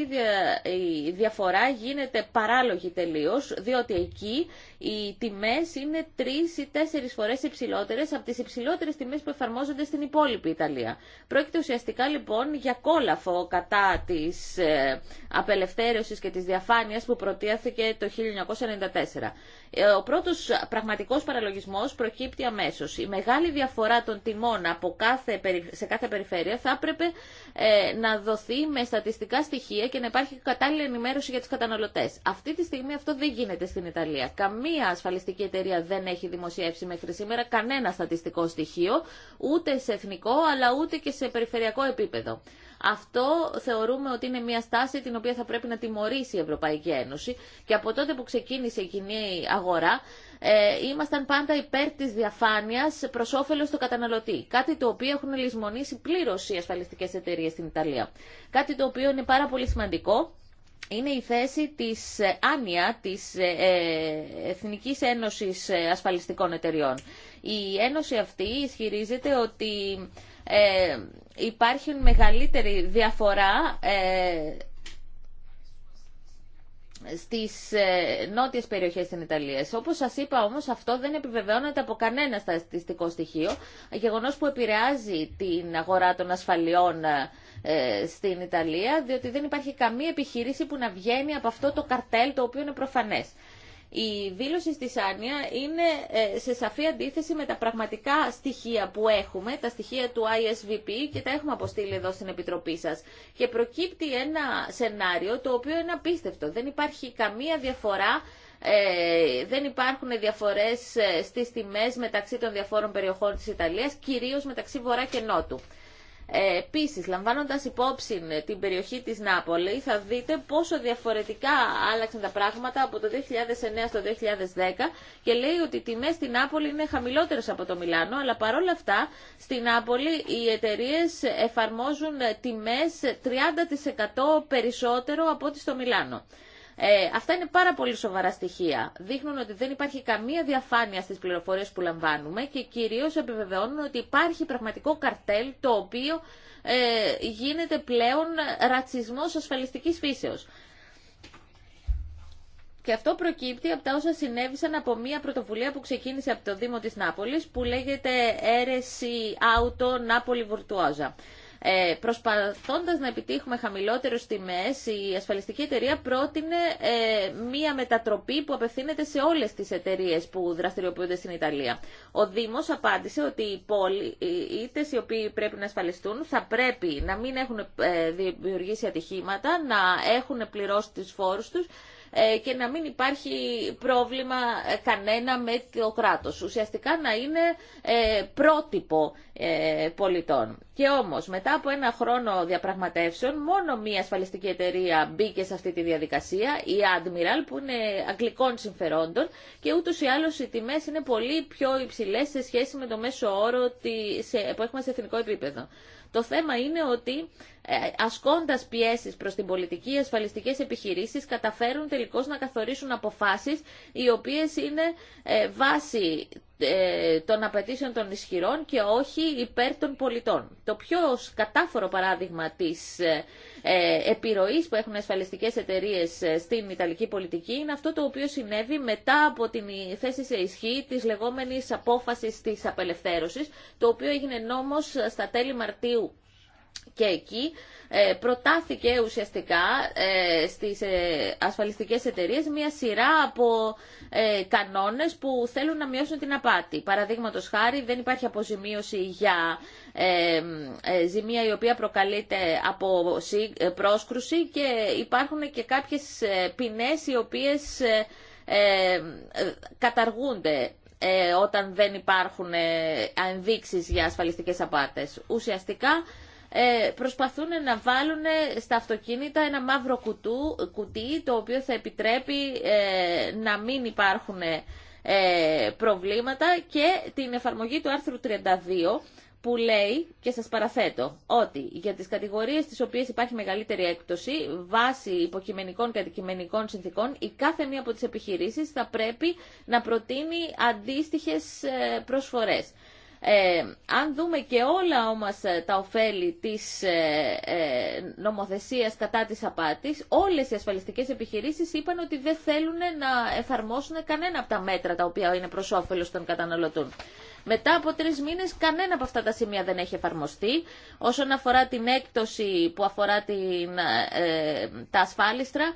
η διαφορά γίνεται παράλογη τελείως, διότι εκεί οι τιμές είναι τρεις ή τέσσερις φορές υψηλότερες από τις υψηλότερες τιμές που εφαρμόζονται στην υπόλοιπη Ιταλία. Πρόκειται ουσιαστικά λοιπόν για κόλαφο κατά της ε, απελευθέρωσης και της διαφάνειας που προτίθεται το 1994. Ε, ο πρώτο πραγματικός παραλογισμός προκύπτει αμέσω. Η μεγάλη διαφορά των τιμών από κάθε, σε κάθε περιφέρεια θα έπρεπε ε, να δοθεί με στατιστικά στοιχεία και να υπάρχει κατάλληλη ενημέρωση για τους καταναλωτέ. Αυτή τη στιγμή αυτό δεν γίνεται στην Ιταλία. Καμία ασφαλιστική εταιρεία δεν έχει δημοσιεύσει μέχρι σήμερα κανένα στατιστικό στοιχείο, ούτε σε εθνικό αλλά ούτε και σε περιφερειακό επίπεδο. Αυτό θεωρούμε ότι είναι μια στάση την οποία θα πρέπει να τιμωρήσει η Ευρωπαϊκή Ένωση και από τότε που ξεκίνησε η κοινή αγορά ε, ήμασταν πάντα υπέρ τη διαφάνεια προ όφελο του καταναλωτή. Κάτι το οποίο έχουν λησμονήσει πλήρω οι ασφαλιστικέ εταιρείε στην Ιταλία. Κάτι το οποίο είναι πάρα πολύ σημαντικό είναι η θέση της ε, Άνια, της ε, ε, Εθνικής Ένωσης Ασφαλιστικών Εταιριών. Η ένωση αυτή ισχυρίζεται ότι ε, υπάρχει μεγαλύτερη διαφορά ε, στις ε, νότιες περιοχές της Ιταλίας. Όπως σας είπα όμως αυτό δεν επιβεβαιώνεται από κανένα στατιστικό στοιχείο, γεγονός που επηρεάζει την αγορά των ασφαλιών ε, στην Ιταλία, διότι δεν υπάρχει καμία επιχείρηση που να βγαίνει από αυτό το καρτέλ το οποίο είναι προφανές. Η δήλωση στη Σάνια είναι ε, σε σαφή αντίθεση με τα πραγματικά στοιχεία που έχουμε, τα στοιχεία του ISVP και τα έχουμε αποστείλει εδώ στην Επιτροπή σας. Και προκύπτει ένα σενάριο το οποίο είναι απίστευτο. Δεν υπάρχει καμία διαφορά ε, δεν υπάρχουν διαφορές ε, στις τιμές μεταξύ των διαφόρων περιοχών της Ιταλίας, κυρίως μεταξύ Βορρά και Νότου. Ε, επίσης, λαμβάνοντας υπόψη ε, την περιοχή της Νάπολη, θα δείτε πόσο διαφορετικά άλλαξαν τα πράγματα από το 2009 στο 2010 και λέει ότι οι τιμές στην Νάπολη είναι χαμηλότερες από το Μιλάνο, αλλά παρόλα αυτά στην Νάπολη οι εταιρείε εφαρμόζουν ε, τιμές 30% περισσότερο από ό,τι στο Μιλάνο. Ε, αυτά είναι πάρα πολύ σοβαρά στοιχεία. Δείχνουν ότι δεν υπάρχει καμία διαφάνεια στις πληροφορίες που λαμβάνουμε και κυρίως επιβεβαιώνουν ότι υπάρχει πραγματικό καρτέλ το οποίο ε, γίνεται πλέον ρατσισμός ασφαλιστικής φύσεως. Και αυτό προκύπτει από τα όσα συνέβησαν από μια πρωτοβουλία που ξεκίνησε από το Δήμο της Νάπολης που λέγεται «Έρεση Άουτο Νάπολη Βουρτουάζα». Ε, προσπαθώντας να επιτύχουμε χαμηλότερες τιμές, η ασφαλιστική εταιρεία πρότεινε ε, μία μετατροπή που απευθύνεται σε όλες τις εταιρείες που δραστηριοποιούνται στην Ιταλία. Ο Δήμος απάντησε ότι οι πολίτες οι οποίοι πρέπει να ασφαλιστούν θα πρέπει να μην έχουν ε, δημιουργήσει ατυχήματα, να έχουν πληρώσει τις φόρους τους ε, και να μην υπάρχει πρόβλημα κανένα με το κράτος. Ουσιαστικά να είναι ε, πρότυπο ε, πολιτών. Και όμως μετά από ένα χρόνο διαπραγματεύσεων μόνο μία ασφαλιστική εταιρεία μπήκε σε αυτή τη διαδικασία, η Admiral που είναι αγγλικών συμφερόντων και ούτως ή άλλως οι τιμές είναι πολύ πιο υψηλές σε σχέση με το μέσο όρο που έχουμε σε εθνικό επίπεδο. Το θέμα είναι ότι ε, ασκώντας πιέσεις προς την πολιτική, οι ασφαλιστικές επιχειρήσεις καταφέρουν τελικώς να καθορίσουν αποφάσεις οι οποίες είναι ε, βάση ε, των απαιτήσεων των ισχυρών και όχι υπέρ των πολιτών. Το πιο κατάφορο παράδειγμα της ε, ε, επιρροής που έχουν ασφαλιστικές εταιρείες στην Ιταλική πολιτική είναι αυτό το οποίο συνέβη μετά από την θέση σε ισχύ της λεγόμενης απόφασης της απελευθέρωσης, το οποίο έγινε νόμος στα τέλη Μαρτίου και εκεί ε, προτάθηκε ουσιαστικά ε, στις ε, ασφαλιστικές εταιρείες μια σειρά από κανόνες που θέλουν να μειώσουν την απάτη. Παραδείγματος χάρη δεν υπάρχει αποζημίωση για ζημία η οποία προκαλείται από πρόσκρουση και υπάρχουν και κάποιες ποινές οι οποίες καταργούνται όταν δεν υπάρχουν ενδείξεις για ασφαλιστικές απάτες. Ουσιαστικά ε, προσπαθούν να βάλουν στα αυτοκίνητα ένα μαύρο κουτί το οποίο θα επιτρέπει ε, να μην υπάρχουν ε, προβλήματα και την εφαρμογή του άρθρου 32 που λέει, και σας παραθέτω, ότι για τις κατηγορίες τις οποίες υπάρχει μεγαλύτερη έκπτωση, βάσει υποκειμενικών και αντικειμενικών συνθήκων, η κάθε μία από τις επιχειρήσεις θα πρέπει να προτείνει αντίστοιχες προσφορές. Ε, αν δούμε και όλα όμως ε, τα ωφέλη της ε, ε, νομοθεσίας κατά της απάτης, όλες οι ασφαλιστικές επιχειρήσεις είπαν ότι δεν θέλουν να εφαρμόσουν κανένα από τα μέτρα τα οποία είναι προς όφελος των καταναλωτών. Μετά από τρεις μήνες κανένα από αυτά τα σημεία δεν έχει εφαρμοστεί. Όσον αφορά την έκπτωση που αφορά τα ασφάλιστρα,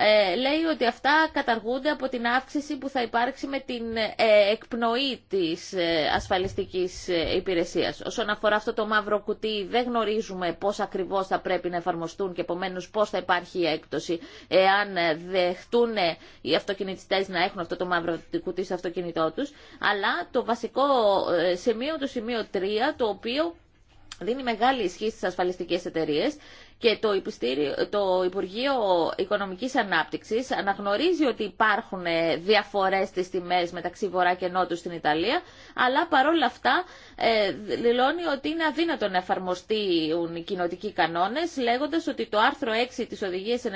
ε, λέει ότι αυτά καταργούνται από την αύξηση που θα υπάρξει με την ε, εκπνοή της ε, ασφαλιστικής υπηρεσίας. Όσον αφορά αυτό το μαύρο κουτί, δεν γνωρίζουμε πώς ακριβώς θα πρέπει να εφαρμοστούν και επομένως πώς θα υπάρχει η έκπτωση εάν δεχτούν οι αυτοκινητιστές να έχουν αυτό το μαύρο κουτί στο αυτοκίνητό τους. Αλλά το βασικό σημείο του σημείο 3, το οποίο δίνει μεγάλη ισχύ στις ασφαλιστικές εταιρείες και το, το Υπουργείο Οικονομικής Ανάπτυξης αναγνωρίζει ότι υπάρχουν ε, διαφορές στις τιμές μεταξύ Βορρά και Νότου στην Ιταλία, αλλά παρόλα αυτά ε, δηλώνει ότι είναι αδύνατο να εφαρμοστούν οι κοινοτικοί κανόνες, λέγοντας ότι το άρθρο 6 της Οδηγίας 9249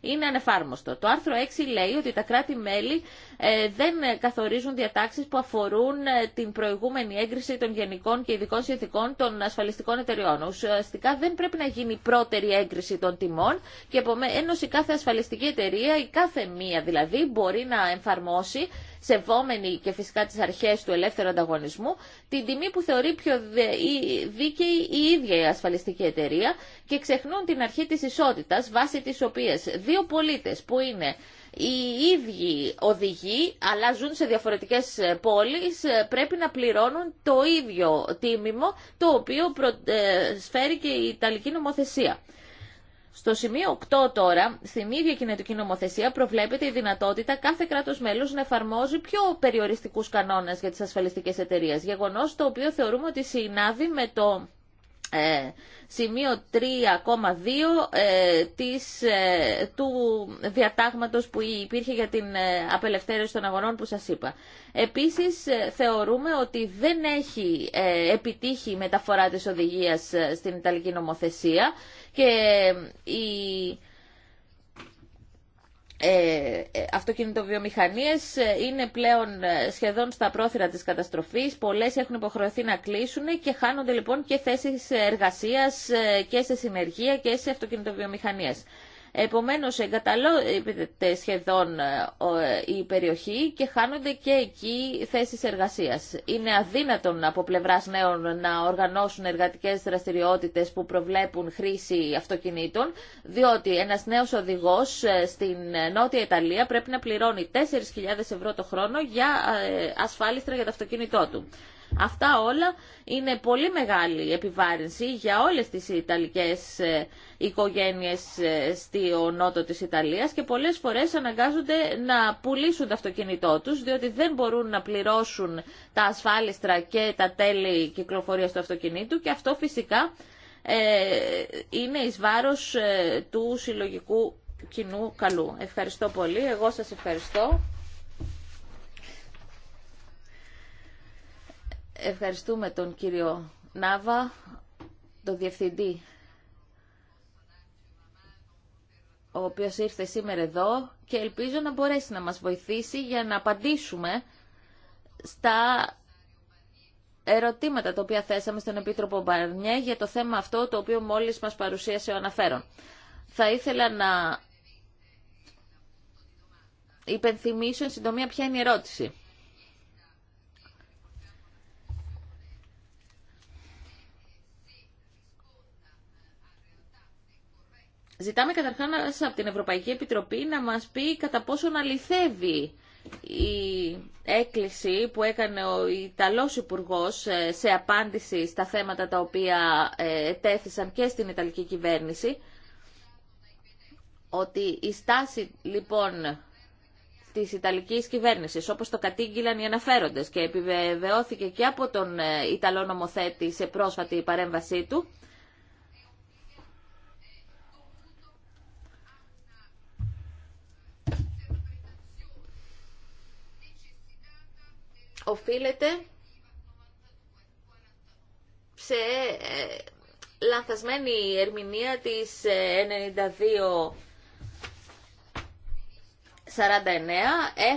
είναι ανεφάρμοστο. Το άρθρο 6 λέει ότι τα κράτη-μέλη ε, δεν καθορίζουν διατάξεις που αφορούν την προηγούμενη έγκριση των γενικών και ειδικών συνθηκών των ασφαλιστικών εταιριών. Ουσιαστικά δεν πρέπει να γίνει η πρώτερη έγκριση των τιμών και επομένω η κάθε ασφαλιστική εταιρεία, η κάθε μία δηλαδή, μπορεί να εφαρμόσει σεβόμενη και φυσικά τις αρχές του ελεύθερου ανταγωνισμού, την τιμή που θεωρεί πιο δίκαιη η ίδια η ασφαλιστική εταιρεία και ξεχνούν την αρχή της ισότητας βάσει της οποίας δύο πολίτες που είναι οι ίδιοι οδηγοί, αλλά ζουν σε διαφορετικές ε, πόλεις, ε, πρέπει να πληρώνουν το ίδιο τίμημο, το οποίο ε, σφέρει και η Ιταλική νομοθεσία. Στο σημείο 8 τώρα, στην ίδια κινητική νομοθεσία προβλέπεται η δυνατότητα κάθε κράτο μέλο να εφαρμόζει πιο περιοριστικού κανόνε για τι ασφαλιστικέ εταιρείε. Γεγονό το οποίο θεωρούμε ότι συνάδει με το ε, σημείο 3,2 ε, ε, του διατάγματος που υπήρχε για την ε, απελευθέρωση των αγορών που σας είπα. Επίσης θεωρούμε ότι δεν έχει επιτύχει η μεταφορά της οδηγίας στην Ιταλική νομοθεσία και η ε, ε, αυτοκινητοβιομηχανίες ε, είναι πλέον ε, σχεδόν στα πρόθυρα της καταστροφής. Πολλές έχουν υποχρεωθεί να κλείσουν και χάνονται λοιπόν και θέσεις εργασίας και σε συνεργεία και σε αυτοκινητοβιομηχανίες. Επομένως εγκαταλείπεται σχεδόν ε, ε, η περιοχή και χάνονται και εκεί θέσεις εργασίας. Είναι αδύνατον από πλευράς νέων να οργανώσουν εργατικές δραστηριότητες που προβλέπουν χρήση αυτοκινήτων, διότι ένας νέος οδηγός ε, στην Νότια Ιταλία πρέπει να πληρώνει 4.000 ευρώ το χρόνο για ασφάλιστρα για το αυτοκίνητό του. Αυτά όλα είναι πολύ μεγάλη επιβάρυνση για όλες τις Ιταλικές ε, οικογένειες ε, στο νότο της Ιταλίας και πολλές φορές αναγκάζονται να πουλήσουν το αυτοκίνητό τους διότι δεν μπορούν να πληρώσουν τα ασφάλιστρα και τα τέλη κυκλοφορίας του αυτοκινήτου και αυτό φυσικά ε, είναι εις βάρος του συλλογικού κοινού καλού. Ευχαριστώ πολύ. Εγώ σας ευχαριστώ. Ευχαριστούμε τον κύριο Νάβα, τον Διευθυντή, ο οποίος ήρθε σήμερα εδώ και ελπίζω να μπορέσει να μας βοηθήσει για να απαντήσουμε στα ερωτήματα τα οποία θέσαμε στον Επίτροπο Μπαρνιέ για το θέμα αυτό το οποίο μόλις μας παρουσίασε ο αναφέρον. Θα ήθελα να υπενθυμίσω εν συντομία ποια είναι η ερώτηση. Ζητάμε καταρχάς από την Ευρωπαϊκή Επιτροπή να μας πει κατά πόσο λυθεύει η έκκληση που έκανε ο Ιταλός υπουργό ε, σε απάντηση στα θέματα τα οποία ε, τέθησαν και στην Ιταλική κυβέρνηση ότι η στάση λοιπόν της Ιταλικής κυβέρνησης όπως το κατήγγυλαν οι αναφέροντες και επιβεβαιώθηκε και από τον ε, Ιταλό νομοθέτη σε πρόσφατη παρέμβασή του οφείλεται σε ε, λανθασμένη ερμηνεία της 92 ε, 49.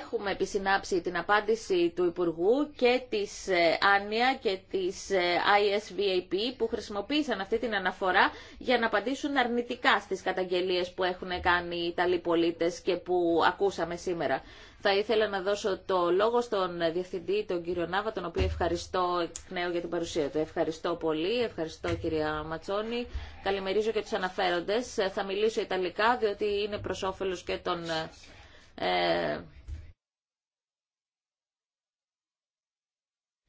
έχουμε επισυνάψει την απάντηση του Υπουργού και της ε, Άνια και της ε, ISVAP που χρησιμοποίησαν αυτή την αναφορά για να απαντήσουν αρνητικά στις καταγγελίες που έχουν κάνει οι Ιταλοί πολίτες και που ακούσαμε σήμερα. Θα ήθελα να δώσω το λόγο στον Διευθυντή, τον κύριο Νάβα, τον οποίο ευχαριστώ εκ νέου για την παρουσία του. Ευχαριστώ πολύ, ευχαριστώ κυρία Ματσόνη. Καλημερίζω και τους αναφέροντες. Θα μιλήσω Ιταλικά, διότι είναι προς όφελος και των ε, ε,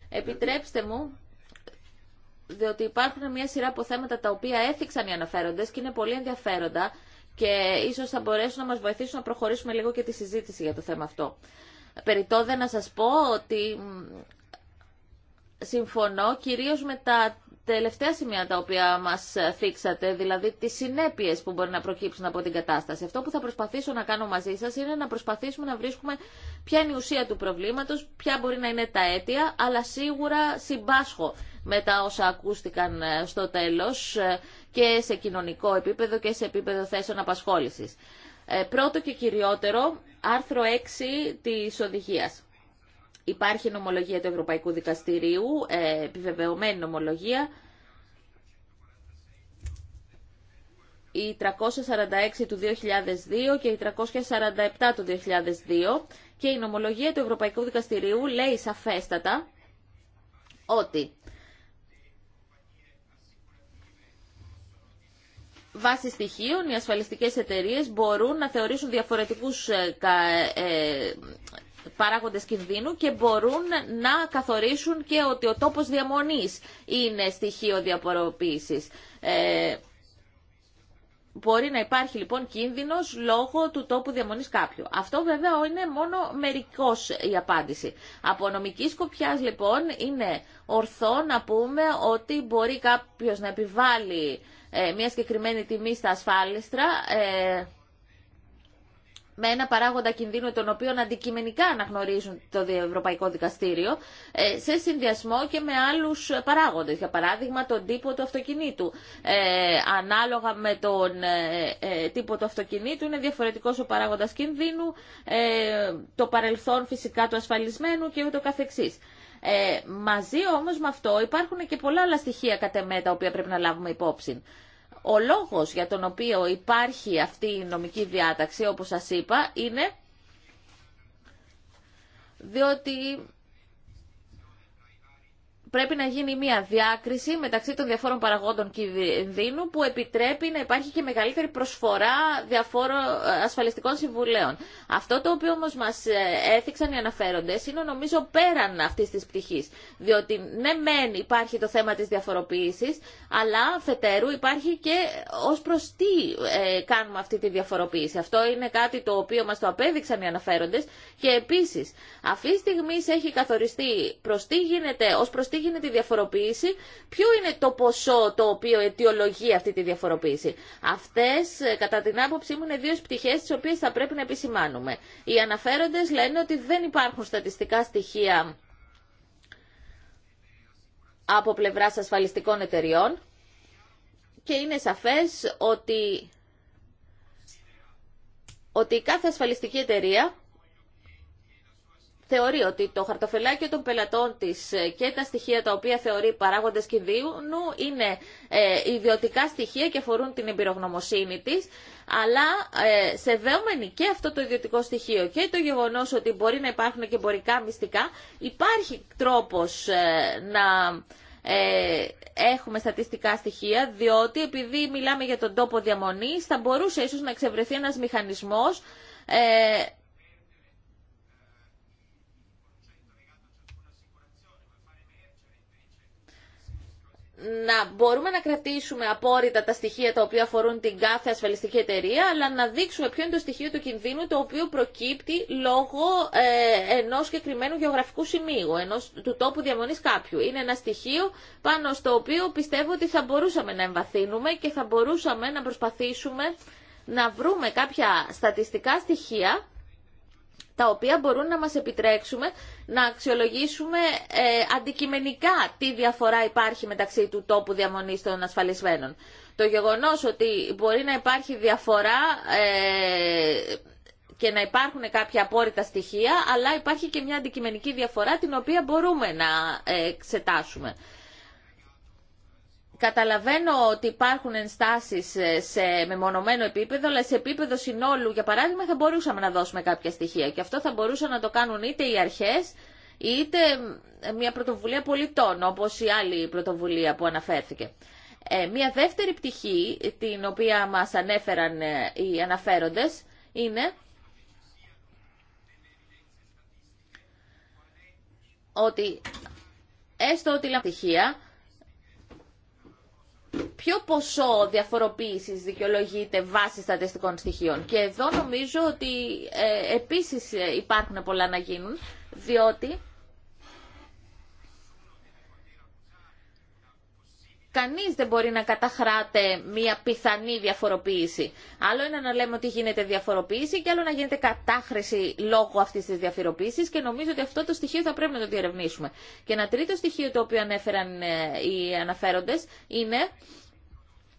επιτρέψτε μου, διότι υπάρχουν μια σειρά από θέματα τα οποία έθιξαν οι αναφέροντες και είναι πολύ ενδιαφέροντα και ίσως θα μπορέσουν να μας βοηθήσουν να προχωρήσουμε λίγο και τη συζήτηση για το θέμα αυτό. δεν να σας πω ότι συμφωνώ κυρίως με τα τελευταία σημεία τα οποία μας θίξατε, δηλαδή τι συνέπειες που μπορεί να προκύψουν από την κατάσταση. Αυτό που θα προσπαθήσω να κάνω μαζί σας είναι να προσπαθήσουμε να βρίσκουμε ποια είναι η ουσία του προβλήματος, ποια μπορεί να είναι τα αίτια, αλλά σίγουρα συμπάσχω με τα όσα ακούστηκαν ε, στο τέλος ε, και σε κοινωνικό επίπεδο και σε επίπεδο θέσεων απασχόληση. Ε, πρώτο και κυριότερο, άρθρο 6 τη οδηγία. Υπάρχει νομολογία του Ευρωπαϊκού Δικαστηρίου, ε, επιβεβαιωμένη νομολογία. Η 346 του 2002 και η 347 του 2002 και η νομολογία του Ευρωπαϊκού Δικαστηρίου λέει σαφέστατα ότι βάσει στοιχείων οι ασφαλιστικές εταιρείες μπορούν να θεωρήσουν διαφορετικούς ε, ε, παράγοντες κινδύνου και μπορούν να καθορίσουν και ότι ο τόπος διαμονής είναι στοιχείο διαφοροποίησης. Ε, μπορεί να υπάρχει λοιπόν κίνδυνος λόγω του τόπου διαμονής κάποιου. Αυτό βέβαια είναι μόνο μερικός η απάντηση. Από νομική σκοπιά λοιπόν είναι ορθό να πούμε ότι μπορεί κάποιος να επιβάλλει ε, μια συγκεκριμένη τιμή στα ασφάλιστρα... Ε, με ένα παράγοντα κινδύνου τον οποίο αντικειμενικά αναγνωρίζουν το Ευρωπαϊκό Δικαστήριο ε, σε συνδυασμό και με άλλους παράγοντες. Για παράδειγμα τον τύπο του αυτοκινήτου. Ε, ανάλογα με τον ε, ε, τύπο του αυτοκινήτου είναι διαφορετικός ο παράγοντας κινδύνου, ε, το παρελθόν φυσικά του ασφαλισμένου και ούτω καθεξής. Ε, μαζί όμως με αυτό υπάρχουν και πολλά άλλα στοιχεία κατεμέτα τα οποία πρέπει να λάβουμε υπόψη ο λόγος για τον οποίο υπάρχει αυτή η νομική διάταξη, όπως σας είπα, είναι διότι πρέπει να γίνει μια διάκριση μεταξύ των διαφόρων παραγόντων κινδύνου που επιτρέπει να υπάρχει και μεγαλύτερη προσφορά διαφόρων ε, ασφαλιστικών συμβουλέων. Αυτό το οποίο όμως μας ε, έθιξαν οι αναφέροντες είναι νομίζω πέραν αυτής της πτυχής. Διότι ναι μεν υπάρχει το θέμα της διαφοροποίησης, αλλά αφετέρου υπάρχει και ως προς τι ε, κάνουμε αυτή τη διαφοροποίηση. Αυτό είναι κάτι το οποίο μας το απέδειξαν οι αναφέροντες και επίσης αυτή τη στιγμή έχει καθοριστεί προς ως γίνεται η διαφοροποίηση, ποιο είναι το ποσό το οποίο αιτιολογεί αυτή τη διαφοροποίηση. Αυτές, κατά την άποψή μου, είναι δύο πτυχέ τις οποίες θα πρέπει να επισημάνουμε. Οι αναφέροντες λένε ότι δεν υπάρχουν στατιστικά στοιχεία από πλευράς ασφαλιστικών εταιριών και είναι σαφές ότι, ότι η κάθε ασφαλιστική εταιρεία θεωρεί ότι το χαρτοφυλάκιο των πελατών της ε, και τα στοιχεία τα οποία θεωρεί παράγοντες κινδύνου είναι ε, ιδιωτικά στοιχεία και αφορούν την εμπειρογνωμοσύνη τη, αλλά σε σεβαίωμενοι και αυτό το ιδιωτικό στοιχείο και το γεγονός ότι μπορεί να υπάρχουν και εμπορικά μυστικά, υπάρχει τρόπος ε, να... έχουμε στατιστικά στοιχεία, διότι επειδή μιλάμε για τον τόπο διαμονής, θα μπορούσε ίσως να εξευρεθεί ένας μηχανισμός να μπορούμε να κρατήσουμε απόρριτα τα στοιχεία τα οποία αφορούν την κάθε ασφαλιστική εταιρεία, αλλά να δείξουμε ποιο είναι το στοιχείο του κινδύνου το οποίο προκύπτει λόγω ε, ενός συγκεκριμένου γεωγραφικού σημείου, ενός, του τόπου διαμονής κάποιου. Είναι ένα στοιχείο πάνω στο οποίο πιστεύω ότι θα μπορούσαμε να εμβαθύνουμε και θα μπορούσαμε να προσπαθήσουμε να βρούμε κάποια στατιστικά στοιχεία τα οποία μπορούν να μας επιτρέξουμε να αξιολογήσουμε ε, αντικειμενικά τι διαφορά υπάρχει μεταξύ του τόπου διαμονής των ασφαλισμένων. Το γεγονός ότι μπορεί να υπάρχει διαφορά ε, και να υπάρχουν κάποια απόρριτα στοιχεία, αλλά υπάρχει και μια αντικειμενική διαφορά την οποία μπορούμε να ε, εξετάσουμε. Καταλαβαίνω ότι υπάρχουν ενστάσεις ε, σε μεμονωμένο επίπεδο, αλλά σε επίπεδο συνόλου, για παράδειγμα, θα μπορούσαμε να δώσουμε κάποια στοιχεία. Και αυτό θα μπορούσαν να το κάνουν είτε οι αρχές, είτε ε, μια πρωτοβουλία πολιτών, όπως η άλλη πρωτοβουλία που αναφέρθηκε. Ε, μια δεύτερη πτυχή, την οποία μας ανέφεραν οι αναφέροντες, είναι ότι έστω ότι λαμπτυχία, στοιχεία, ποιο ποσό διαφοροποίησης δικαιολογείται βάσει στατιστικών στοιχείων. Και εδώ νομίζω ότι ε, επίσης ε, υπάρχουν πολλά να γίνουν, διότι Κανεί δεν μπορεί να καταχράτε μια πιθανή διαφοροποίηση. Άλλο είναι να λέμε ότι γίνεται διαφοροποίηση και άλλο να γίνεται κατάχρηση λόγω αυτής της διαφοροποίηση. και νομίζω ότι αυτό το στοιχείο θα πρέπει να το διερευνήσουμε. Και ένα τρίτο στοιχείο το οποίο ανέφεραν ε, οι αναφέροντες είναι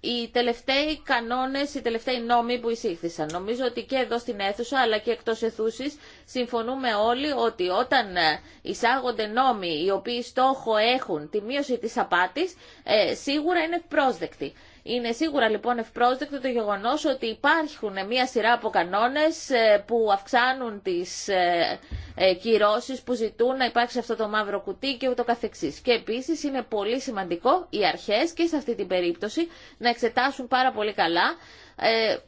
οι τελευταίοι κανόνες, οι τελευταίοι νόμοι που εισήχθησαν. Νομίζω ότι και εδώ στην αίθουσα αλλά και εκτός αιθούση, συμφωνούμε όλοι ότι όταν ε, εισάγονται νόμοι οι οποίοι στόχο έχουν τη μείωση της απάτης, ε, σίγουρα είναι πρόσδεκτοι. Είναι σίγουρα λοιπόν ευπρόσδεκτο το γεγονός ότι υπάρχουν μια σειρά από κανόνες ε, που αυξάνουν τις ε, ε, κυρώσεις που ζητούν να υπάρξει αυτό το μαύρο κουτί και ούτω καθεξής. Και επίσης είναι πολύ σημαντικό οι αρχές και σε αυτή την περίπτωση να εξετάσουν πάρα πολύ καλά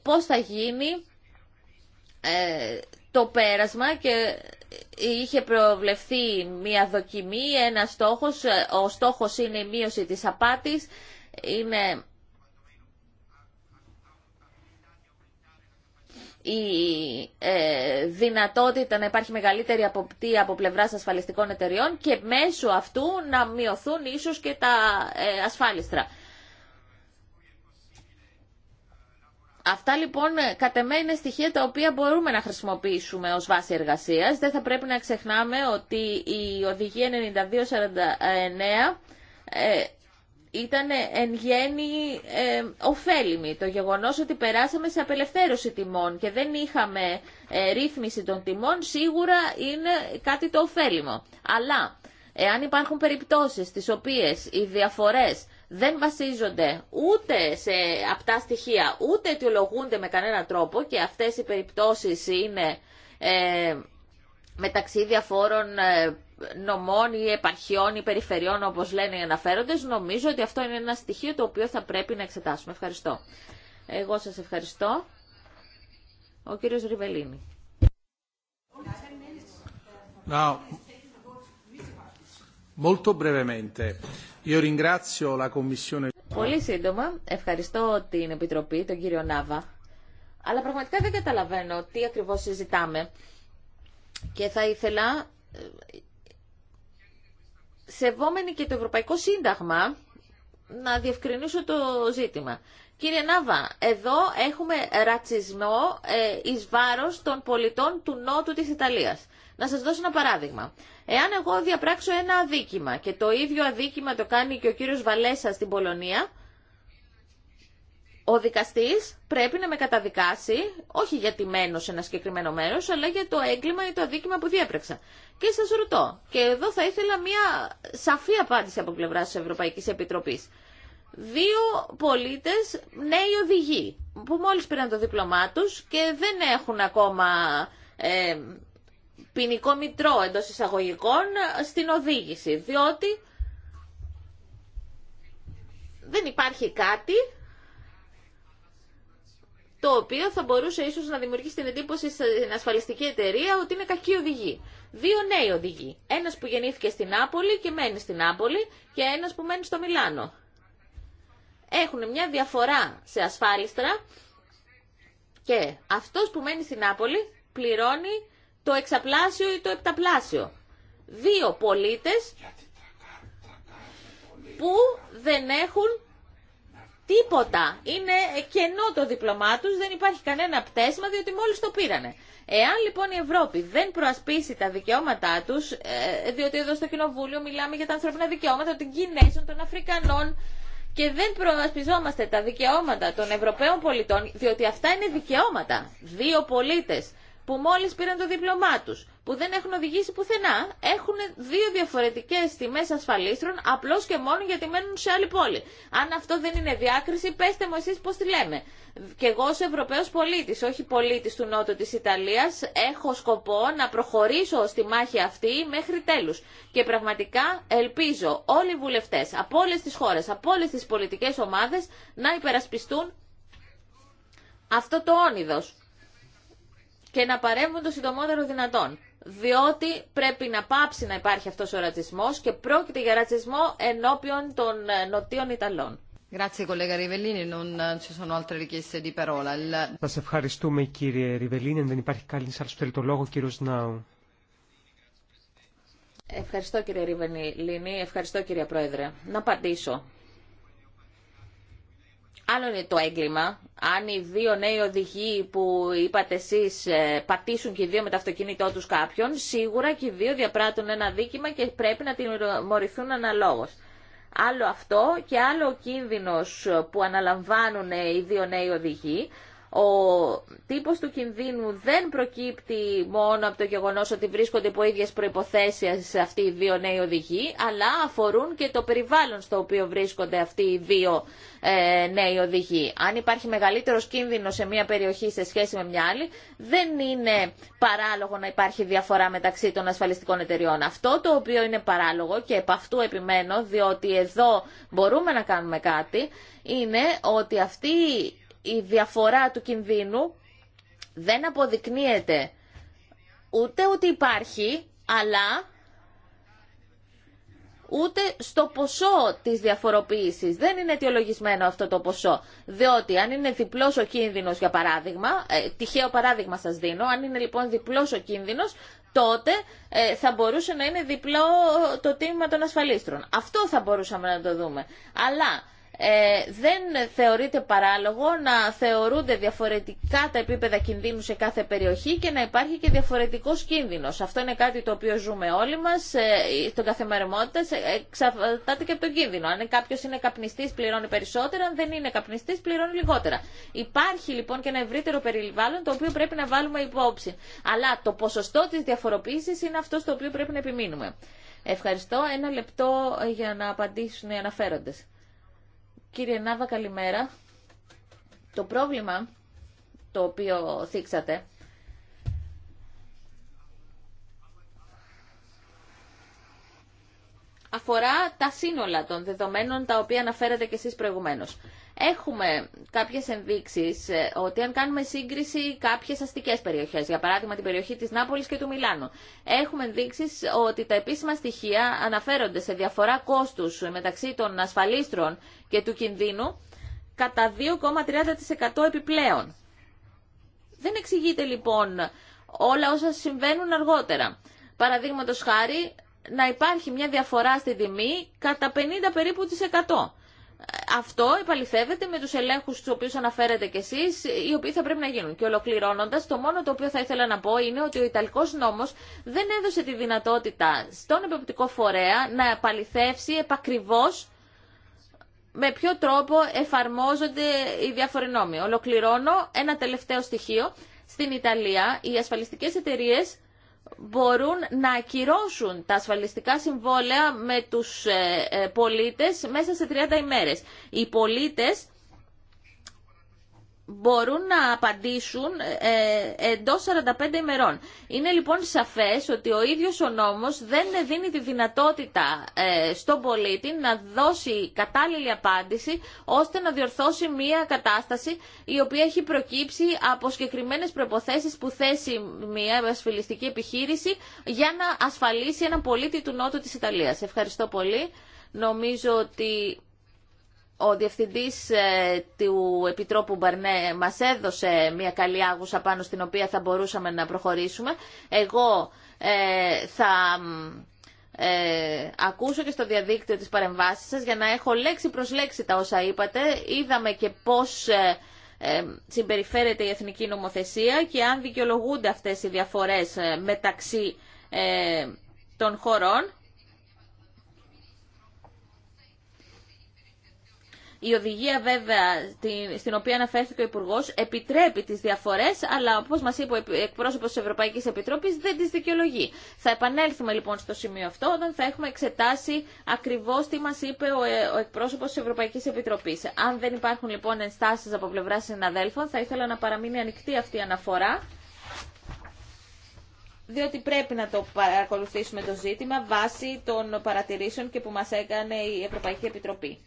πώς θα γίνει το πέρασμα και είχε προβλεφθεί μια δοκιμή, ένα στόχος. Ο στόχος είναι η μείωση της απάτης. Είναι η ε, δυνατότητα να υπάρχει μεγαλύτερη αποπτή από πλευράς ασφαλιστικών εταιριών και μέσω αυτού να μειωθούν ίσως και τα ε, ασφάλιστρα. Αυτά λοιπόν κατ' είναι στοιχεία τα οποία μπορούμε να χρησιμοποιήσουμε ως βάση εργασίας. Δεν θα πρέπει να ξεχνάμε ότι η Οδηγία 9249 ήταν εν γέννη ε, ωφέλιμη. Το γεγονός ότι περάσαμε σε απελευθέρωση τιμών και δεν είχαμε ε, ρύθμιση των τιμών σίγουρα είναι κάτι το ωφέλιμο. Αλλά εάν υπάρχουν περιπτώσεις στις οποίες οι διαφορές δεν βασίζονται ούτε σε αυτά στοιχεία, ούτε αιτιολογούνται με κανένα τρόπο και αυτές οι περιπτώσεις είναι ε, μεταξύ διαφόρων νομών ή επαρχιών ή περιφερειών όπως λένε οι αναφέροντες, νομίζω ότι αυτό είναι ένα στοιχείο το οποίο θα πρέπει να εξετάσουμε. Ευχαριστώ. Εγώ σας ευχαριστώ. Ο κύριος Ριβελίνη. Πολύ σύντομα, ευχαριστώ την Επιτροπή, τον κύριο Νάβα. Αλλά πραγματικά δεν καταλαβαίνω τι ακριβώς συζητάμε. Και θα ήθελα σεβόμενοι και το Ευρωπαϊκό Σύνταγμα, να διευκρινίσω το ζήτημα. Κύριε Νάβα, εδώ έχουμε ρατσισμό ε, εις βάρος των πολιτών του Νότου της Ιταλίας. Να σας δώσω ένα παράδειγμα. Εάν εγώ διαπράξω ένα αδίκημα και το ίδιο αδίκημα το κάνει και ο κύριος Βαλέσα στην Πολωνία, ο δικαστής πρέπει να με καταδικάσει, όχι γιατί μένω σε ένα συγκεκριμένο μέρος, αλλά για το έγκλημα ή το αδίκημα που διέπρεξα. Και σας ρωτώ, και εδώ θα ήθελα μια σαφή απάντηση από πλευρά της Ευρωπαϊκής Επιτροπής. Δύο πολίτες νέοι οδηγοί, που μόλις πήραν το δίπλωμά του και δεν έχουν ακόμα ε, ποινικό μητρό εντό εισαγωγικών στην οδήγηση, διότι δεν υπάρχει κάτι το οποίο θα μπορούσε ίσως να δημιουργήσει την εντύπωση στην ασφαλιστική εταιρεία ότι είναι κακή οδηγή. Δύο νέοι οδηγοί. Ένας που γεννήθηκε στην Νάπολη και μένει στην Νάπολη και ένας που μένει στο Μιλάνο. Έχουν μια διαφορά σε ασφάλιστρα και αυτός που μένει στην Νάπολη πληρώνει το εξαπλάσιο ή το επταπλάσιο. Δύο πολίτε που δεν έχουν τίποτα. Είναι κενό το διπλωμά του, δεν υπάρχει κανένα πτέσμα διότι μόλι το πήρανε. Εάν λοιπόν η Ευρώπη δεν προασπίσει τα δικαιώματά του, ε, διότι εδώ στο Κοινοβούλιο μιλάμε για τα ανθρώπινα δικαιώματα των Κινέζων, των Αφρικανών και δεν προασπιζόμαστε τα δικαιώματα των Ευρωπαίων πολιτών, διότι αυτά είναι δικαιώματα. Δύο πολίτε που μόλις πήραν το δίπλωμά τους, που δεν έχουν οδηγήσει πουθενά, έχουν δύο διαφορετικές τιμές ασφαλίστρων, απλώς και μόνο γιατί μένουν σε άλλη πόλη. Αν αυτό δεν είναι διάκριση, πέστε μου εσείς πώς τη λέμε. Και εγώ ως Ευρωπαίος πολίτης, όχι πολίτης του Νότου της Ιταλίας, έχω σκοπό να προχωρήσω στη μάχη αυτή μέχρι τέλους. Και πραγματικά ελπίζω όλοι οι βουλευτές, από όλες τις χώρες, από όλες τις πολιτικές ομάδες, να υπερασπιστούν αυτό το όνειδος και να παρέμβουν το συντομότερο δυνατόν. Διότι πρέπει να πάψει να υπάρχει αυτός ο ρατσισμός και πρόκειται για ρατσισμό ενώπιον των ε, νοτίων Ιταλών. Ε, Σα ευχαριστούμε κύριε Ριβελίνη. δεν υπάρχει κανεί άλλος που θέλει το λόγο, κύριο Νάου. Ευχαριστώ κύριε Ριβελίνη. Ευχαριστώ κύριε Πρόεδρε. Να απαντήσω Άλλο είναι το έγκλημα. Αν οι δύο νέοι οδηγοί που είπατε εσεί ε, πατήσουν και οι δύο με το αυτοκίνητό του κάποιον, σίγουρα και οι δύο διαπράττουν ένα δίκημα και πρέπει να τιμωρηθούν αναλόγω. Άλλο αυτό και άλλο ο κίνδυνος που αναλαμβάνουν οι δύο νέοι οδηγοί ο τύπος του κινδύνου δεν προκύπτει μόνο από το γεγονός ότι βρίσκονται υπό ίδιες προϋποθέσεις αυτοί οι δύο νέοι οδηγοί, αλλά αφορούν και το περιβάλλον στο οποίο βρίσκονται αυτοί οι δύο ε, νέοι οδηγοί. Αν υπάρχει μεγαλύτερος κίνδυνο σε μια περιοχή σε σχέση με μια άλλη, δεν είναι παράλογο να υπάρχει διαφορά μεταξύ των ασφαλιστικών εταιριών. Αυτό το οποίο είναι παράλογο και επ' αυτού επιμένω, διότι εδώ μπορούμε να κάνουμε κάτι, είναι ότι αυτοί η διαφορά του κινδύνου δεν αποδεικνύεται ούτε ότι υπάρχει, αλλά ούτε στο ποσό της διαφοροποίησης. Δεν είναι αιτιολογισμένο αυτό το ποσό. Διότι αν είναι διπλός ο κίνδυνος, για παράδειγμα, ε, τυχαίο παράδειγμα σας δίνω, αν είναι λοιπόν διπλός ο κίνδυνος, τότε ε, θα μπορούσε να είναι διπλό το τίμημα των ασφαλίστρων. Αυτό θα μπορούσαμε να το δούμε. Αλλά ε, δεν θεωρείται παράλογο να θεωρούνται διαφορετικά τα επίπεδα κινδύνου σε κάθε περιοχή και να υπάρχει και διαφορετικός κίνδυνος. Αυτό είναι κάτι το οποίο ζούμε όλοι μας, ε, στον καθημερινότητα εξαρτάται και από τον κίνδυνο. Αν κάποιος είναι καπνιστής πληρώνει περισσότερα, αν δεν είναι καπνιστής πληρώνει λιγότερα. Υπάρχει λοιπόν και ένα ευρύτερο περιβάλλον το οποίο πρέπει να βάλουμε υπόψη. Αλλά το ποσοστό της διαφοροποίησης είναι αυτό στο οποίο πρέπει να επιμείνουμε. Ευχαριστώ. Ένα λεπτό ε, για να απαντήσουν οι αναφέροντες. Κύριε Νάβα, καλημέρα. Το πρόβλημα το οποίο θίξατε αφορά τα σύνολα των δεδομένων τα οποία αναφέρατε και εσείς προηγουμένως. Έχουμε κάποιες ενδείξεις ε, ότι αν κάνουμε σύγκριση κάποιες αστικές περιοχές, για παράδειγμα την περιοχή της Νάπολης και του Μιλάνου, έχουμε ενδείξεις ότι τα επίσημα στοιχεία αναφέρονται σε διαφορά κόστους μεταξύ των ασφαλίστρων και του κινδύνου κατά 2,30% επιπλέον. Δεν εξηγείται λοιπόν όλα όσα συμβαίνουν αργότερα. Παραδείγματο χάρη, να υπάρχει μια διαφορά στη τιμή κατά 50 περίπου 100. Αυτό επαληθεύεται με τους ελέγχους του οποίους αναφέρετε κι εσείς, οι οποίοι θα πρέπει να γίνουν. Και ολοκληρώνοντας, το μόνο το οποίο θα ήθελα να πω είναι ότι ο Ιταλικός νόμος δεν έδωσε τη δυνατότητα στον Επιπτικό φορέα να επαληθεύσει επακριβώς με ποιο τρόπο εφαρμόζονται οι διάφοροι νόμοι. Ολοκληρώνω ένα τελευταίο στοιχείο. Στην Ιταλία οι ασφαλιστικές εταιρείε μπορούν να ακυρώσουν τα ασφαλιστικά συμβόλαια με τους ε, ε, πολίτες μέσα σε 30 ημέρες. Οι πολίτες μπορούν να απαντήσουν ε, εντός 45 ημερών. Είναι λοιπόν σαφές ότι ο ίδιος ο νόμος δεν δίνει τη δυνατότητα ε, στον πολίτη να δώσει κατάλληλη απάντηση ώστε να διορθώσει μια κατάσταση η οποία έχει προκύψει από συγκεκριμένες προϋποθέσεις που θέσει μια ασφαλιστική επιχείρηση για να ασφαλίσει έναν πολίτη του Νότου της Ιταλίας. Ευχαριστώ πολύ. Νομίζω ότι ο Διευθυντής ε, του Επιτρόπου Μπαρνέ μας έδωσε μια καλή άγουσα πάνω στην οποία θα μπορούσαμε να προχωρήσουμε. Εγώ ε, θα... Ε, ακούσω και στο διαδίκτυο τις παρεμβάσεις σας για να έχω λέξη προς λέξη τα όσα είπατε. Είδαμε και πώς συμπεριφέρεται η εθνική νομοθεσία και αν δικαιολογούνται αυτές οι διαφορές μεταξύ των χωρών. Η οδηγία βέβαια στην οποία αναφέρθηκε ο Υπουργό επιτρέπει τι διαφορέ, αλλά όπω μα είπε ο εκπρόσωπο τη Ευρωπαϊκή Επιτροπή δεν τι δικαιολογεί. Θα επανέλθουμε λοιπόν στο σημείο αυτό όταν θα έχουμε εξετάσει ακριβώ τι μα είπε ο ε, εκπρόσωπο τη Ευρωπαϊκή Επιτροπή. Αν δεν υπάρχουν λοιπόν ενστάσει από πλευρά συναδέλφων, θα ήθελα να παραμείνει ανοιχτή αυτή η αναφορά διότι πρέπει να το παρακολουθήσουμε το ζήτημα βάσει των παρατηρήσεων και που μας έκανε η Ευρωπαϊκή Επιτροπή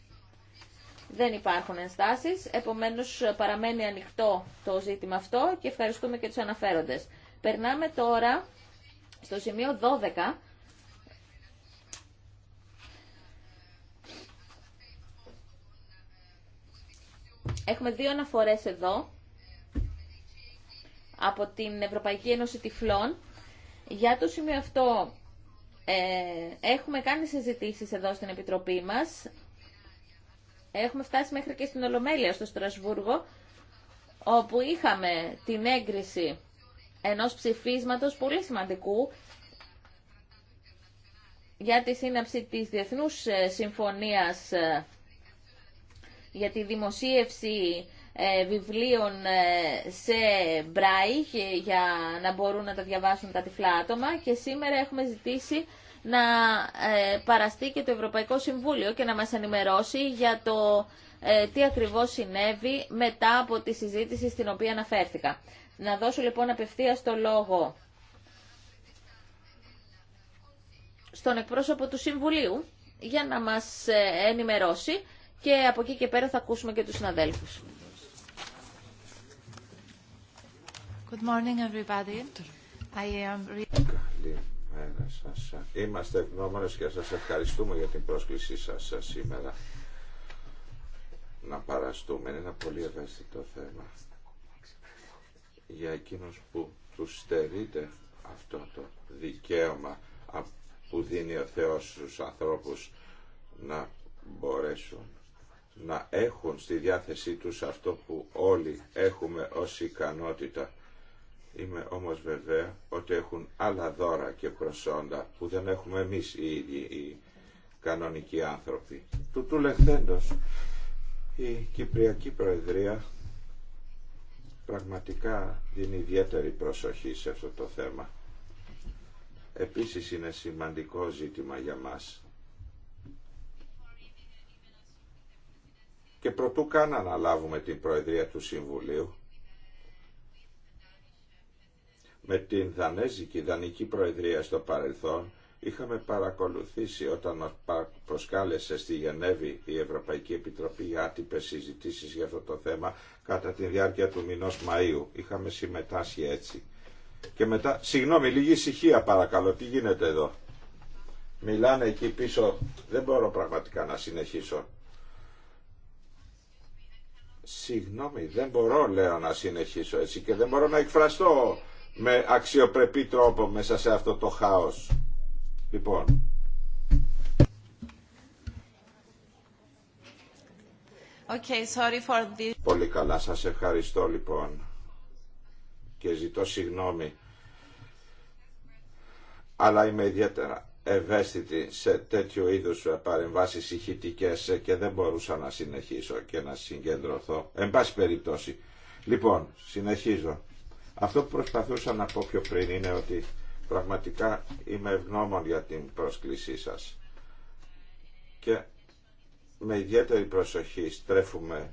δεν υπάρχουν ενστάσεις, επομένως ε, παραμένει ανοιχτό το ζήτημα αυτό και ευχαριστούμε και τους αναφέροντες. Περνάμε τώρα στο σημείο 12. Έχουμε δύο αναφορές εδώ από την Ευρωπαϊκή Ένωση Τυφλών. Για το σημείο αυτό ε, έχουμε κάνει συζητήσεις εδώ στην Επιτροπή μας. Έχουμε φτάσει μέχρι και στην Ολομέλεια στο Στρασβούργο, όπου είχαμε την έγκριση ενός ψηφίσματος πολύ σημαντικού για τη σύναψη της Διεθνούς ε, Συμφωνίας ε, για τη δημοσίευση ε, βιβλίων σε μπράι για να μπορούν να τα διαβάσουν τα τυφλά άτομα και σήμερα έχουμε ζητήσει να ε, παραστεί και το Ευρωπαϊκό Συμβούλιο και να μας ενημερώσει για το ε, τι ακριβώς συνέβη μετά από τη συζήτηση στην οποία αναφέρθηκα. Να δώσω λοιπόν απευθεία το λόγο στον εκπρόσωπο του Συμβουλίου για να μας ε, ενημερώσει και από εκεί και πέρα θα ακούσουμε και τους συναδέλφους. Good morning everybody. I am... Είμαστε ευγνώμονες και σας ευχαριστούμε για την πρόσκλησή σας σήμερα να παραστούμε. Είναι ένα πολύ ευαίσθητο θέμα για εκείνους που τους στερείται αυτό το δικαίωμα που δίνει ο Θεός στους ανθρώπους να μπορέσουν να έχουν στη διάθεσή τους αυτό που όλοι έχουμε ως ικανότητα Είμαι όμως βέβαια ότι έχουν άλλα δώρα και προσόντα που δεν έχουμε εμείς οι ίδιοι οι κανονικοί άνθρωποι. Του του η Κυπριακή Προεδρία πραγματικά δίνει ιδιαίτερη προσοχή σε αυτό το θέμα. Επίσης είναι σημαντικό ζήτημα για μας. Και προτού καν αναλάβουμε την Προεδρία του Συμβουλίου, με την Δανέζικη Δανική Προεδρία στο παρελθόν είχαμε παρακολουθήσει όταν μας προσκάλεσε στη Γενέβη η Ευρωπαϊκή Επιτροπή για άτυπες συζητήσεις για αυτό το θέμα κατά τη διάρκεια του μηνός Μαΐου. Είχαμε συμμετάσχει έτσι. Και μετά, συγγνώμη, λίγη ησυχία παρακαλώ, τι γίνεται εδώ. Μιλάνε εκεί πίσω, δεν μπορώ πραγματικά να συνεχίσω. Συγγνώμη, δεν μπορώ λέω να συνεχίσω έτσι και δεν μπορώ να εκφραστώ με αξιοπρεπή τρόπο μέσα σε αυτό το χάος. Λοιπόν. Okay, sorry for this. Πολύ καλά, σας ευχαριστώ λοιπόν και ζητώ συγγνώμη. Αλλά είμαι ιδιαίτερα ευαίσθητη σε τέτοιου είδους παρεμβάσεις ηχητικές και δεν μπορούσα να συνεχίσω και να συγκεντρωθώ. Εν πάση περιπτώσει. Λοιπόν, συνεχίζω. Αυτό που προσπαθούσα να πω πιο πριν είναι ότι πραγματικά είμαι ευγνώμων για την πρόσκλησή σας και με ιδιαίτερη προσοχή στρέφουμε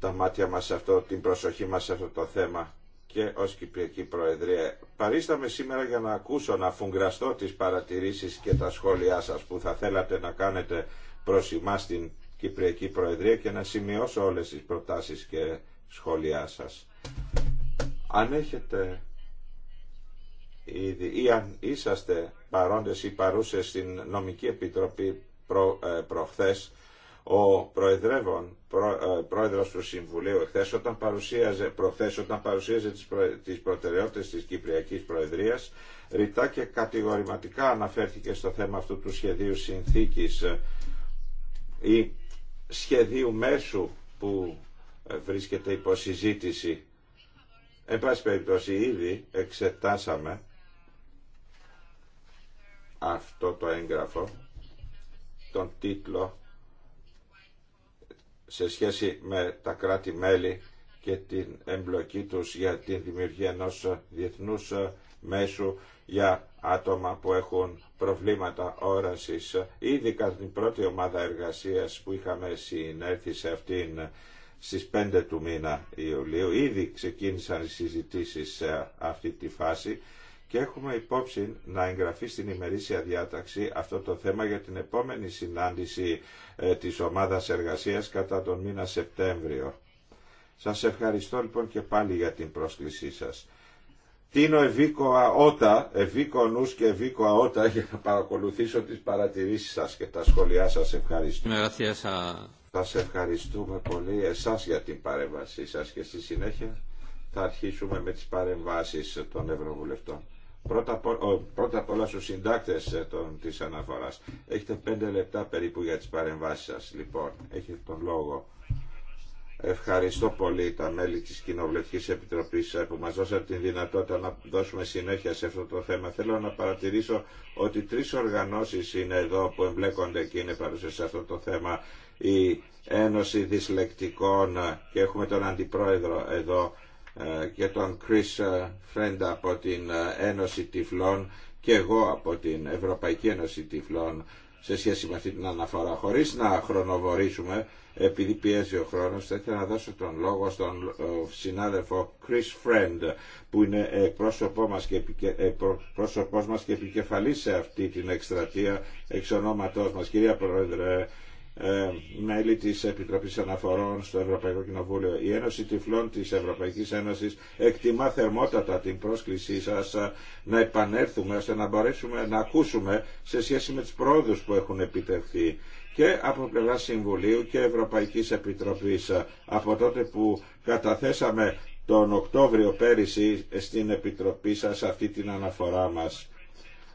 τα μάτια μας σε αυτό, την προσοχή μας σε αυτό το θέμα και ως Κυπριακή Προεδρία. Παρίσταμε σήμερα για να ακούσω, να αφουγκραστώ τις παρατηρήσεις και τα σχόλιά σας που θα θέλατε να κάνετε προς εμάς την Κυπριακή Προεδρία και να σημειώσω όλες τις προτάσεις και σχόλιά σας. Αν έχετε ήδη ή αν είσαστε παρόντες ή παρούσες στην νομική επιτροπή προ, ε, προχθές, ο Προεδρεύων, ε, πρόεδρος του Συμβουλίου χθες όταν παρουσίαζε, προχθές όταν παρουσίαζε τις, προ, τις προτεραιότητες της Κυπριακής Προεδρίας ρητά και κατηγορηματικά αναφέρθηκε στο θέμα αυτού του σχεδίου συνθήκης ε, ή σχεδίου μέσου που ε, βρίσκεται υπό συζήτηση. Εν πάση περιπτώσει ήδη εξετάσαμε αυτό το έγγραφο, τον τίτλο σε σχέση με τα κράτη-μέλη και την εμπλοκή τους για την δημιουργία ενός διεθνούς μέσου για άτομα που έχουν προβλήματα όρασης. Ήδη κατά την πρώτη ομάδα εργασίας που είχαμε συνέρθει σε αυτήν στις 5 του μήνα Ιουλίου. Ήδη ξεκίνησαν οι συζητήσεις σε αυτή τη φάση και έχουμε υπόψη να εγγραφεί στην ημερήσια διάταξη αυτό το θέμα για την επόμενη συνάντηση ε, της ομάδας εργασίας κατά τον μήνα Σεπτέμβριο. Σας ευχαριστώ λοιπόν και πάλι για την πρόσκλησή σας. Τίνω ευήκο αότα, ευήκο νους και ευήκο αότα για να παρακολουθήσω τις παρατηρήσεις σας και τα σχόλιά σας. Ευχαριστώ. Σας ευχαριστούμε πολύ εσάς για την παρέμβασή σας και στη συνέχεια θα αρχίσουμε με τις παρεμβάσεις των Ευρωβουλευτών. Πρώτα, απ' όλα στους συντάκτες ε, των, της αναφοράς. Έχετε πέντε λεπτά περίπου για τις παρεμβάσεις σας. Λοιπόν, έχετε τον λόγο. Ευχαριστώ πολύ τα μέλη της Κοινοβουλευτικής Επιτροπής ε, που μας δώσατε την δυνατότητα να δώσουμε συνέχεια σε αυτό το θέμα. Θέλω να παρατηρήσω ότι τρεις οργανώσεις είναι εδώ που εμπλέκονται και είναι παρούσες σε αυτό το θέμα η Ένωση Δυσλεκτικών και έχουμε τον Αντιπρόεδρο εδώ ε, και τον Chris ε, Friend από την ε, Ένωση Τυφλών και εγώ από την Ευρωπαϊκή Ένωση Τυφλών σε σχέση με αυτή την αναφορά. Χωρίς να χρονοβορήσουμε, επειδή πιέζει ο χρόνος, θα ήθελα να δώσω τον λόγο στον συνάδελφο Chris Friend, που είναι πρόσωπό και, και επικεφαλής σε αυτή την εκστρατεία εξ ονόματός μας. Κυρία Πρόεδρε, ε, μέλη της Επιτροπής Αναφορών στο Ευρωπαϊκό Κοινοβούλιο. Η Ένωση Τυφλών της Ευρωπαϊκής Ένωσης εκτιμά θερμότατα την πρόσκλησή σας ε, να επανέλθουμε ώστε να μπορέσουμε να ακούσουμε σε σχέση με τις πρόοδους που έχουν επιτευχθεί και από πλευρά Συμβουλίου και Ευρωπαϊκής Επιτροπής ε, από τότε που καταθέσαμε τον Οκτώβριο πέρυσι στην Επιτροπή σας αυτή την αναφορά μας.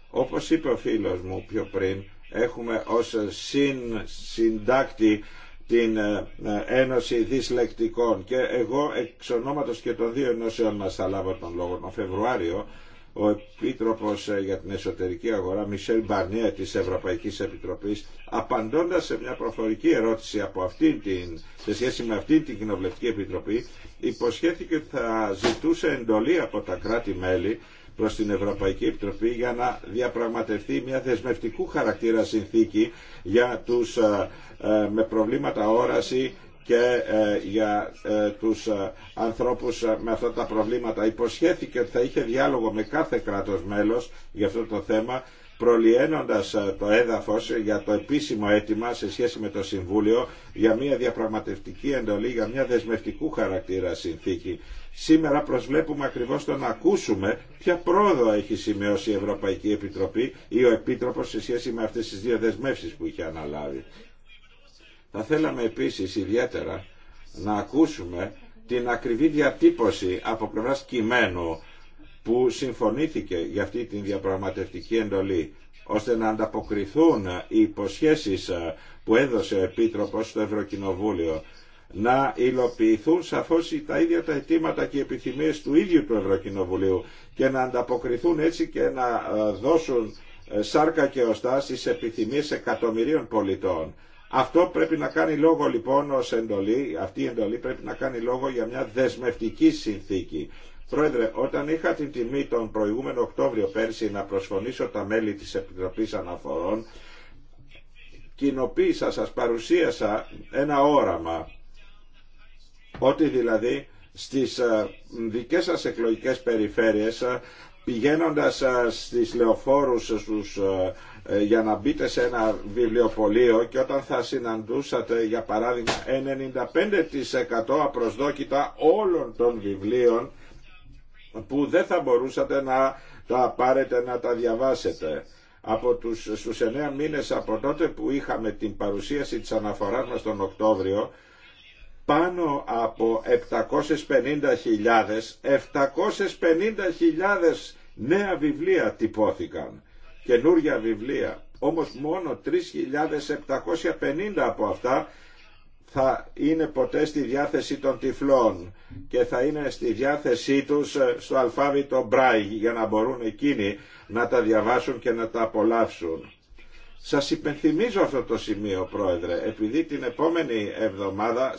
Όπως είπε ο φίλος μου πιο πριν, έχουμε ως συν, συντάκτη την ε, Ένωση Δυσλεκτικών και εγώ εξ ονόματος και των δύο ενώσεων μας θα λάβω τον λόγο τον Φεβρουάριο ο Επίτροπος ε, για την Εσωτερική Αγορά Μισελ Μπαρνία της Ευρωπαϊκής Επιτροπής απαντώντας σε μια προφορική ερώτηση από αυτήν την, σε σχέση με αυτήν την Κοινοβουλευτική Επιτροπή υποσχέθηκε ότι θα ζητούσε εντολή από τα κράτη-μέλη προς την Ευρωπαϊκή Επιτροπή για να διαπραγματευτεί μια δεσμευτικού χαρακτήρα συνθήκη για τους ε, ε, με προβλήματα όραση και ε, για τους ανθρώπους με αυτά τα προβλήματα. Υποσχέθηκε ότι θα είχε διάλογο με κάθε κράτος μέλος για αυτό το θέμα προλιένοντας ε, το έδαφος για το επίσημο αίτημα σε σχέση με το Συμβούλιο για μια διαπραγματευτική εντολή, για μια δεσμευτικού χαρακτήρα συνθήκη. Σήμερα προσβλέπουμε ακριβώς το να ακούσουμε ποια πρόοδο έχει σημειώσει η Ευρωπαϊκή Επιτροπή ή ο Επίτροπος σε σχέση με αυτές τις δύο δεσμεύσεις που είχε αναλάβει. Θα θέλαμε επίσης ιδιαίτερα να ακούσουμε την ακριβή διατύπωση από πλευράς κειμένου που συμφωνήθηκε για αυτή την διαπραγματευτική εντολή ώστε να ανταποκριθούν οι υποσχέσεις ε, που έδωσε ο Επίτροπος στο Ευρωκοινοβούλιο να υλοποιηθούν σαφώς τα ίδια τα αιτήματα και οι επιθυμίες του ίδιου του Ευρωκοινοβουλίου και να ανταποκριθούν έτσι και να ε, δώσουν ε, σάρκα και οστά στις επιθυμίες εκατομμυρίων πολιτών. Αυτό πρέπει να κάνει λόγο λοιπόν ως εντολή, αυτή η εντολή πρέπει να κάνει λόγο για μια δεσμευτική συνθήκη Πρόεδρε, όταν είχα την τιμή τον προηγούμενο Οκτώβριο πέρσι να προσφωνήσω τα μέλη της Επιτροπής Αναφορών, κοινοποίησα, σας παρουσίασα ένα όραμα, ότι δηλαδή στις ε, δικές σας εκλογικές περιφέρειες ε, πηγαίνοντας ε, στις λεωφόρους για να μπείτε σε ένα βιβλιοπωλείο και όταν θα συναντούσατε για παράδειγμα 95% απροσδόκητα όλων των βιβλίων που δεν θα μπορούσατε να τα πάρετε να τα διαβάσετε. Από τους, στους εννέα μήνες από τότε που είχαμε την παρουσίαση της αναφοράς μας τον Οκτώβριο, πάνω από 750.000, 750.000 νέα βιβλία τυπώθηκαν, καινούργια βιβλία. Όμως μόνο 3.750 από αυτά θα είναι ποτέ στη διάθεση των τυφλών και θα είναι στη διάθεσή τους ε, στο αλφάβητο Braille για να μπορούν εκείνοι να τα διαβάσουν και να τα απολαύσουν. Σας υπενθυμίζω αυτό το σημείο πρόεδρε επειδή την επόμενη εβδομάδα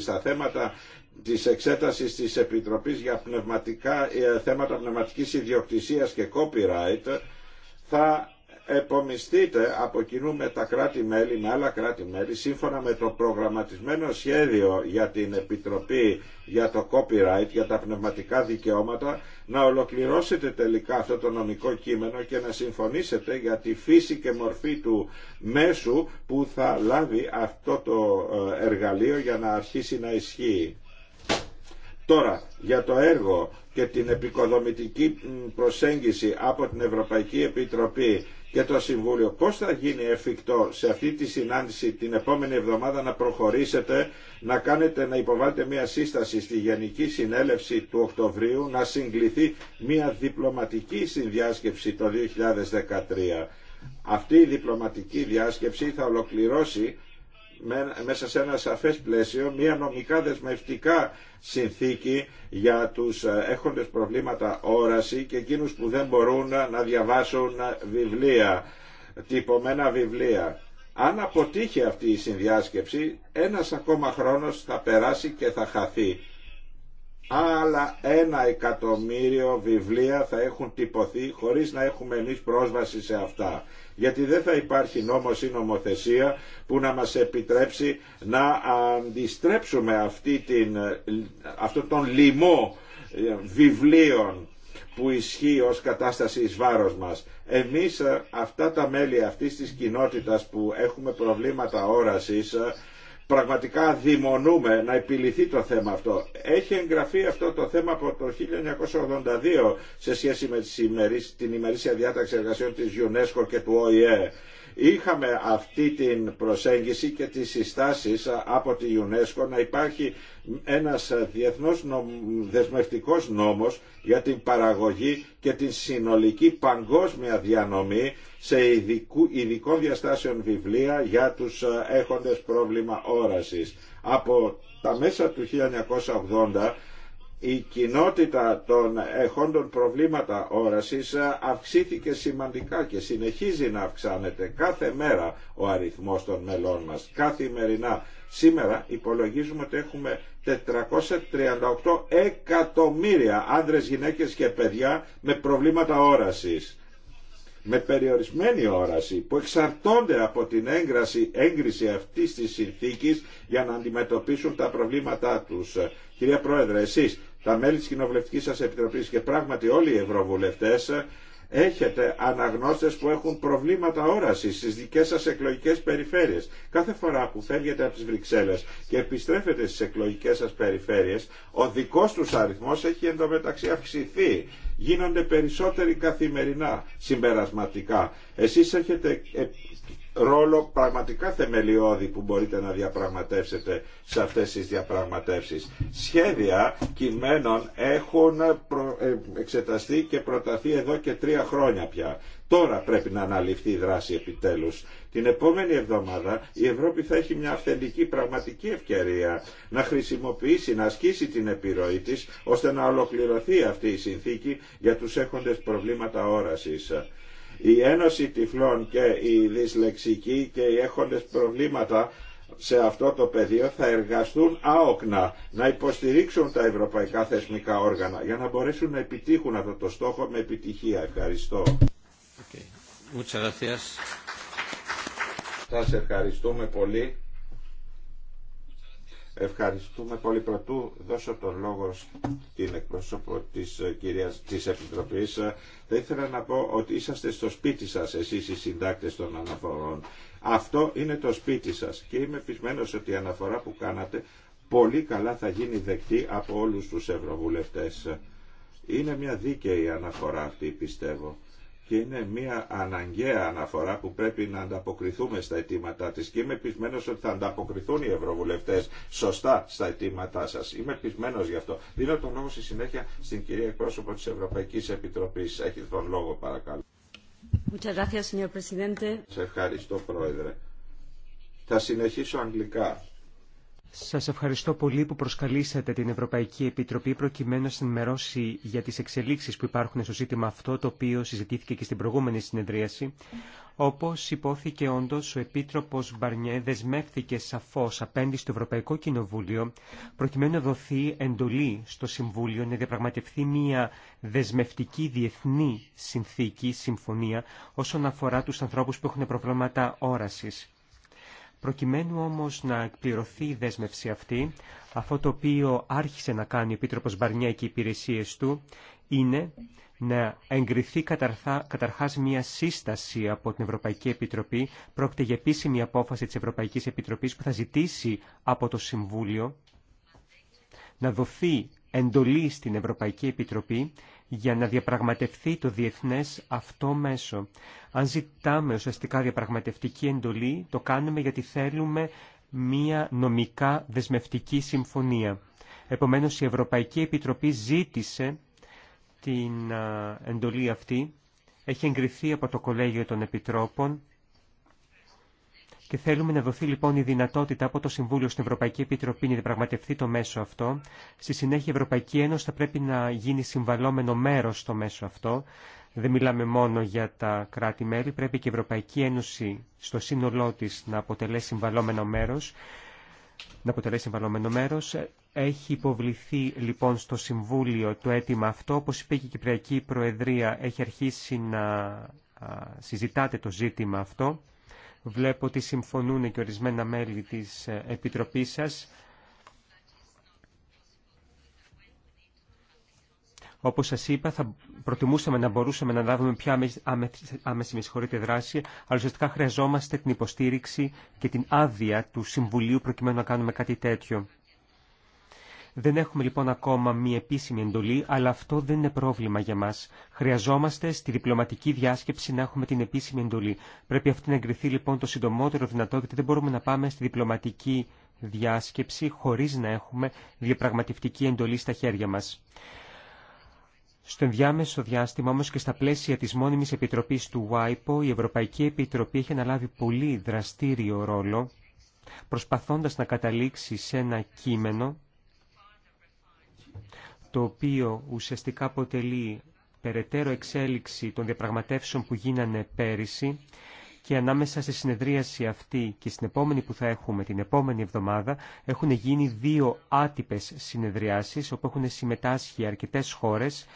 στα θέματα της εξέτασης της Επιτροπής για πνευματικά, ε, θέματα πνευματικής ιδιοκτησίας και copyright θα επομιστείτε από κοινού με τα κράτη-μέλη, με άλλα κράτη-μέλη, σύμφωνα με το προγραμματισμένο σχέδιο για την Επιτροπή για το copyright, για τα πνευματικά δικαιώματα, να ολοκληρώσετε τελικά αυτό το νομικό κείμενο και να συμφωνήσετε για τη φύση και μορφή του μέσου που θα λάβει αυτό το ε, εργαλείο για να αρχίσει να ισχύει. Τώρα, για το έργο και την επικοδομητική προσέγγιση από την Ευρωπαϊκή Επιτροπή και το Συμβούλιο. Πώς θα γίνει εφικτό σε αυτή τη συνάντηση την επόμενη εβδομάδα να προχωρήσετε, να κάνετε να υποβάλλετε μια σύσταση στη Γενική Συνέλευση του Οκτωβρίου, να συγκληθεί μια διπλωματική συνδιάσκεψη το 2013. Αυτή η διπλωματική διάσκεψη θα ολοκληρώσει μέσα σε ένα σαφές πλαίσιο μια νομικά δεσμευτικά συνθήκη για τους ε, έχοντες προβλήματα όραση και εκείνους που δεν μπορούν να διαβάσουν βιβλία, τυπωμένα βιβλία. Αν αποτύχει αυτή η συνδιάσκεψη, ένας ακόμα χρόνος θα περάσει και θα χαθεί άλλα ένα εκατομμύριο βιβλία θα έχουν τυπωθεί χωρίς να έχουμε εμείς πρόσβαση σε αυτά. Γιατί δεν θα υπάρχει νόμος ή νομοθεσία που να μας επιτρέψει να αντιστρέψουμε αυτή την, αυτό τον λοιμό ε, βιβλίων που ισχύει ως κατάσταση εις βάρος μας. Εμείς ε, αυτά τα μέλη αυτής της κοινότητας που έχουμε προβλήματα όρασης ε, πραγματικά δημονούμε να επιληθεί το θέμα αυτό. Έχει εγγραφεί αυτό το θέμα από το 1982 σε σχέση με την ημερήσια διάταξη εργασιών της UNESCO και του ΟΗΕ είχαμε αυτή την προσέγγιση και τις συστάσεις από τη UNESCO να υπάρχει ένας διεθνώς δεσμευτικός νόμος για την παραγωγή και την συνολική παγκόσμια διανομή σε ειδικού, ειδικών διαστάσεων βιβλία για τους ε, έχοντες πρόβλημα όρασης. Από τα μέσα του 1980 η κοινότητα των εχόντων προβλήματα όρασης αυξήθηκε σημαντικά και συνεχίζει να αυξάνεται κάθε μέρα ο αριθμός των μελών μας, καθημερινά. Σήμερα υπολογίζουμε ότι έχουμε 438 εκατομμύρια άνδρες, γυναίκες και παιδιά με προβλήματα όρασης με περιορισμένη όραση που εξαρτώνται από την έγκραση, έγκριση αυτής της συνθήκης για να αντιμετωπίσουν τα προβλήματά τους. Κυρία Πρόεδρε, εσείς τα μέλη της Κοινοβουλευτικής σας Επιτροπής και πράγματι όλοι οι Ευρωβουλευτές ε, έχετε αναγνώστες που έχουν προβλήματα όρασης στις δικές σας εκλογικές περιφέρειες. Κάθε φορά που φεύγετε από τις Βρυξέλλες και επιστρέφετε στις εκλογικές σας περιφέρειες, ο δικός τους αριθμός έχει εντωμεταξύ αυξηθεί. Γίνονται περισσότεροι καθημερινά συμπερασματικά. Εσείς έχετε ε, ρόλο πραγματικά θεμελιώδη που μπορείτε να διαπραγματεύσετε σε αυτές τις διαπραγματεύσεις. Σχέδια κειμένων έχουν ε, εξεταστεί και προταθεί εδώ και τρία χρόνια πια. Τώρα πρέπει να αναλυφθεί η δράση επιτέλους. Την επόμενη εβδομάδα η Ευρώπη θα έχει μια αυθεντική πραγματική ευκαιρία να χρησιμοποιήσει, να ασκήσει την επιρροή της ώστε να ολοκληρωθεί αυτή η συνθήκη για τους έχοντες προβλήματα όρασης. Η Ένωση Τυφλών και οι δυσλεξικοί και οι έχοντες προβλήματα σε αυτό το πεδίο θα εργαστούν άοκνα να υποστηρίξουν τα ευρωπαϊκά θεσμικά όργανα για να μπορέσουν να επιτύχουν αυτό το στόχο με επιτυχία. Ευχαριστώ. Okay. Σας ευχαριστούμε πολύ. Ευχαριστούμε πολύ. Πρωτού δώσω τον λόγο στην εκπρόσωπο της ε, κυρίας της Επιτροπής. Ε, θα ήθελα να πω ότι είσαστε στο σπίτι σας εσείς οι συντάκτες των αναφορών. Αυτό είναι το σπίτι σας και είμαι πεισμένος ότι η αναφορά που κάνατε πολύ καλά θα γίνει δεκτή από όλους τους ευρωβουλευτές. Είναι μια δίκαιη αναφορά αυτή πιστεύω και είναι μια αναγκαία αναφορά που πρέπει να ανταποκριθούμε στα αιτήματά της και είμαι πεισμένος ότι θα ανταποκριθούν οι ευρωβουλευτές σωστά στα αιτήματά σας. Είμαι πεισμένος γι' αυτό. Δίνω τον λόγο στη συνέχεια στην κυρία εκπρόσωπο της Ευρωπαϊκής Επιτροπής. Έχει τον λόγο παρακαλώ. Σε ευχαριστώ πρόεδρε. Θα συνεχίσω αγγλικά σας ευχαριστώ πολύ που προσκαλήσατε την Ευρωπαϊκή Επιτροπή προκειμένου να ενημερώσει για τις εξελίξεις που υπάρχουν στο ζήτημα αυτό, το οποίο συζητήθηκε και στην προηγούμενη συνεδρίαση. Όπως υπόθηκε όντως, ο Επίτροπος Μπαρνιέ δεσμεύθηκε σαφώς απέναντι στο Ευρωπαϊκό Κοινοβούλιο, προκειμένου να δοθεί εντολή στο Συμβούλιο να διαπραγματευτεί μια δεσμευτική διεθνή συνθήκη, συμφωνία, όσον αφορά τους ανθρώπους που έχουν προβλήματα όρασης. Προκειμένου όμως να εκπληρωθεί η δέσμευση αυτή, αυτό το οποίο άρχισε να κάνει ο Επίτροπος Μπαρνιά και οι υπηρεσίες του είναι να εγκριθεί καταρχά, καταρχάς μια σύσταση από την Ευρωπαϊκή Επιτροπή. Πρόκειται για επίσημη απόφαση της Ευρωπαϊκής Επιτροπής που θα ζητήσει από το Συμβούλιο να δοθεί εντολή στην Ευρωπαϊκή Επιτροπή για να διαπραγματευτεί το διεθνές αυτό μέσο. Αν ζητάμε ουσιαστικά διαπραγματευτική εντολή, το κάνουμε γιατί θέλουμε μία νομικά δεσμευτική συμφωνία. Επομένως, η Ευρωπαϊκή Επιτροπή ζήτησε την εντολή αυτή, έχει εγκριθεί από το Κολέγιο των Επιτρόπων και θέλουμε να δοθεί λοιπόν η δυνατότητα από το Συμβούλιο στην Ευρωπαϊκή Επιτροπή να διαπραγματευτεί το μέσο αυτό. Στη συνέχεια η Ευρωπαϊκή Ένωση θα πρέπει να γίνει συμβαλόμενο μέρος στο μέσο αυτό. Δεν μιλάμε μόνο για τα κράτη-μέλη, πρέπει και η Ευρωπαϊκή Ένωση στο σύνολό της να αποτελέσει συμβαλόμενο μέρος. Να αποτελέσει συμβαλόμενο Έχει υποβληθεί λοιπόν στο Συμβούλιο το αίτημα αυτό. όπω είπε και η Κυπριακή Προεδρία έχει αρχίσει να συζητάτε το ζήτημα αυτό. Βλέπω ότι συμφωνούν και ορισμένα μέλη της ε, Επιτροπής σας. Όπως σας είπα, θα προτιμούσαμε να μπορούσαμε να λάβουμε πια άμεση με συγχωρείτε δράση, αλλά ουσιαστικά χρειαζόμαστε την υποστήριξη και την άδεια του Συμβουλίου προκειμένου να κάνουμε κάτι τέτοιο. Δεν έχουμε λοιπόν ακόμα μία επίσημη εντολή, αλλά αυτό δεν είναι πρόβλημα για μας. Χρειαζόμαστε στη διπλωματική διάσκεψη να έχουμε την επίσημη εντολή. Πρέπει αυτή να εγκριθεί λοιπόν το συντομότερο δυνατό, γιατί δεν μπορούμε να πάμε στη διπλωματική διάσκεψη χωρίς να έχουμε διαπραγματευτική εντολή στα χέρια μας. Στο ενδιάμεσο διάστημα όμως και στα πλαίσια της μόνιμης επιτροπής του WIPO, η Ευρωπαϊκή Επιτροπή έχει αναλάβει πολύ δραστήριο ρόλο, προσπαθώντας να καταλήξει σε ένα κείμενο το οποίο ουσιαστικά αποτελεί περαιτέρω εξέλιξη των διαπραγματεύσεων που γίνανε πέρυσι και ανάμεσα στη συνεδρίαση αυτή και στην επόμενη που θα έχουμε την επόμενη εβδομάδα έχουν γίνει δύο άτυπες συνεδριάσεις όπου έχουν συμμετάσχει αρκετές χώρες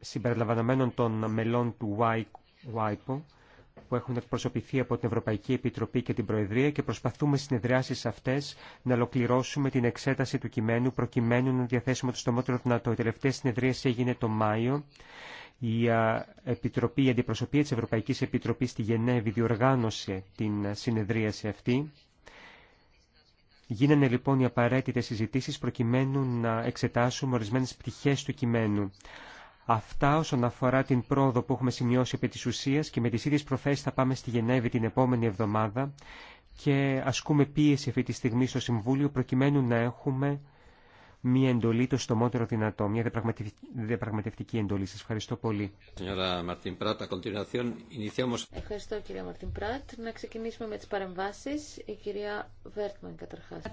συμπεριλαμβανομένων των μελών του WIPO που έχουν εκπροσωπηθεί από την Ευρωπαϊκή Επιτροπή και την Προεδρία και προσπαθούμε στις συνεδριάσεις αυτές να ολοκληρώσουμε την εξέταση του κειμένου προκειμένου να διαθέσουμε το στομότερο δυνατό. Η τελευταία συνεδρίαση έγινε το Μάιο. Η, Επιτροπή, η Αντιπροσωπεία της Ευρωπαϊκής Επιτροπής στη Γενέβη διοργάνωσε την συνεδρίαση αυτή. Γίνανε λοιπόν οι απαραίτητε συζητήσει προκειμένου να εξετάσουμε ορισμένε πτυχέ του κειμένου. Αυτά όσον αφορά την πρόοδο που έχουμε σημειώσει επί της ουσίας και με τις ίδιες προθέσεις θα πάμε στη Γενέβη την επόμενη εβδομάδα και ασκούμε πίεση αυτή τη στιγμή στο Συμβούλιο προκειμένου να έχουμε μία εντολή το στομότερο δυνατό, μία διαπραγματευτική εντολή. Σας ευχαριστώ πολύ. Ευχαριστώ κυρία Μαρτίν Πράτ. Να ξεκινήσουμε με τις παρεμβάσεις. Η κυρία Βέρτμαν καταρχάς. Ε,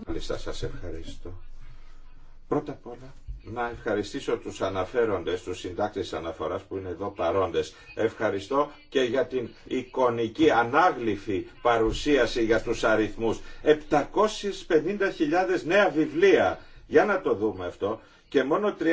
ευχαριστώ, σας Πρώτα απ' όλα να ευχαριστήσω τους αναφέροντες, τους συντάκτες αναφοράς που είναι εδώ παρόντες. Ευχαριστώ και για την εικονική ανάγλυφη παρουσίαση για τους αριθμούς. 750.000 νέα βιβλία. Για να το δούμε αυτό και μόνο 30.750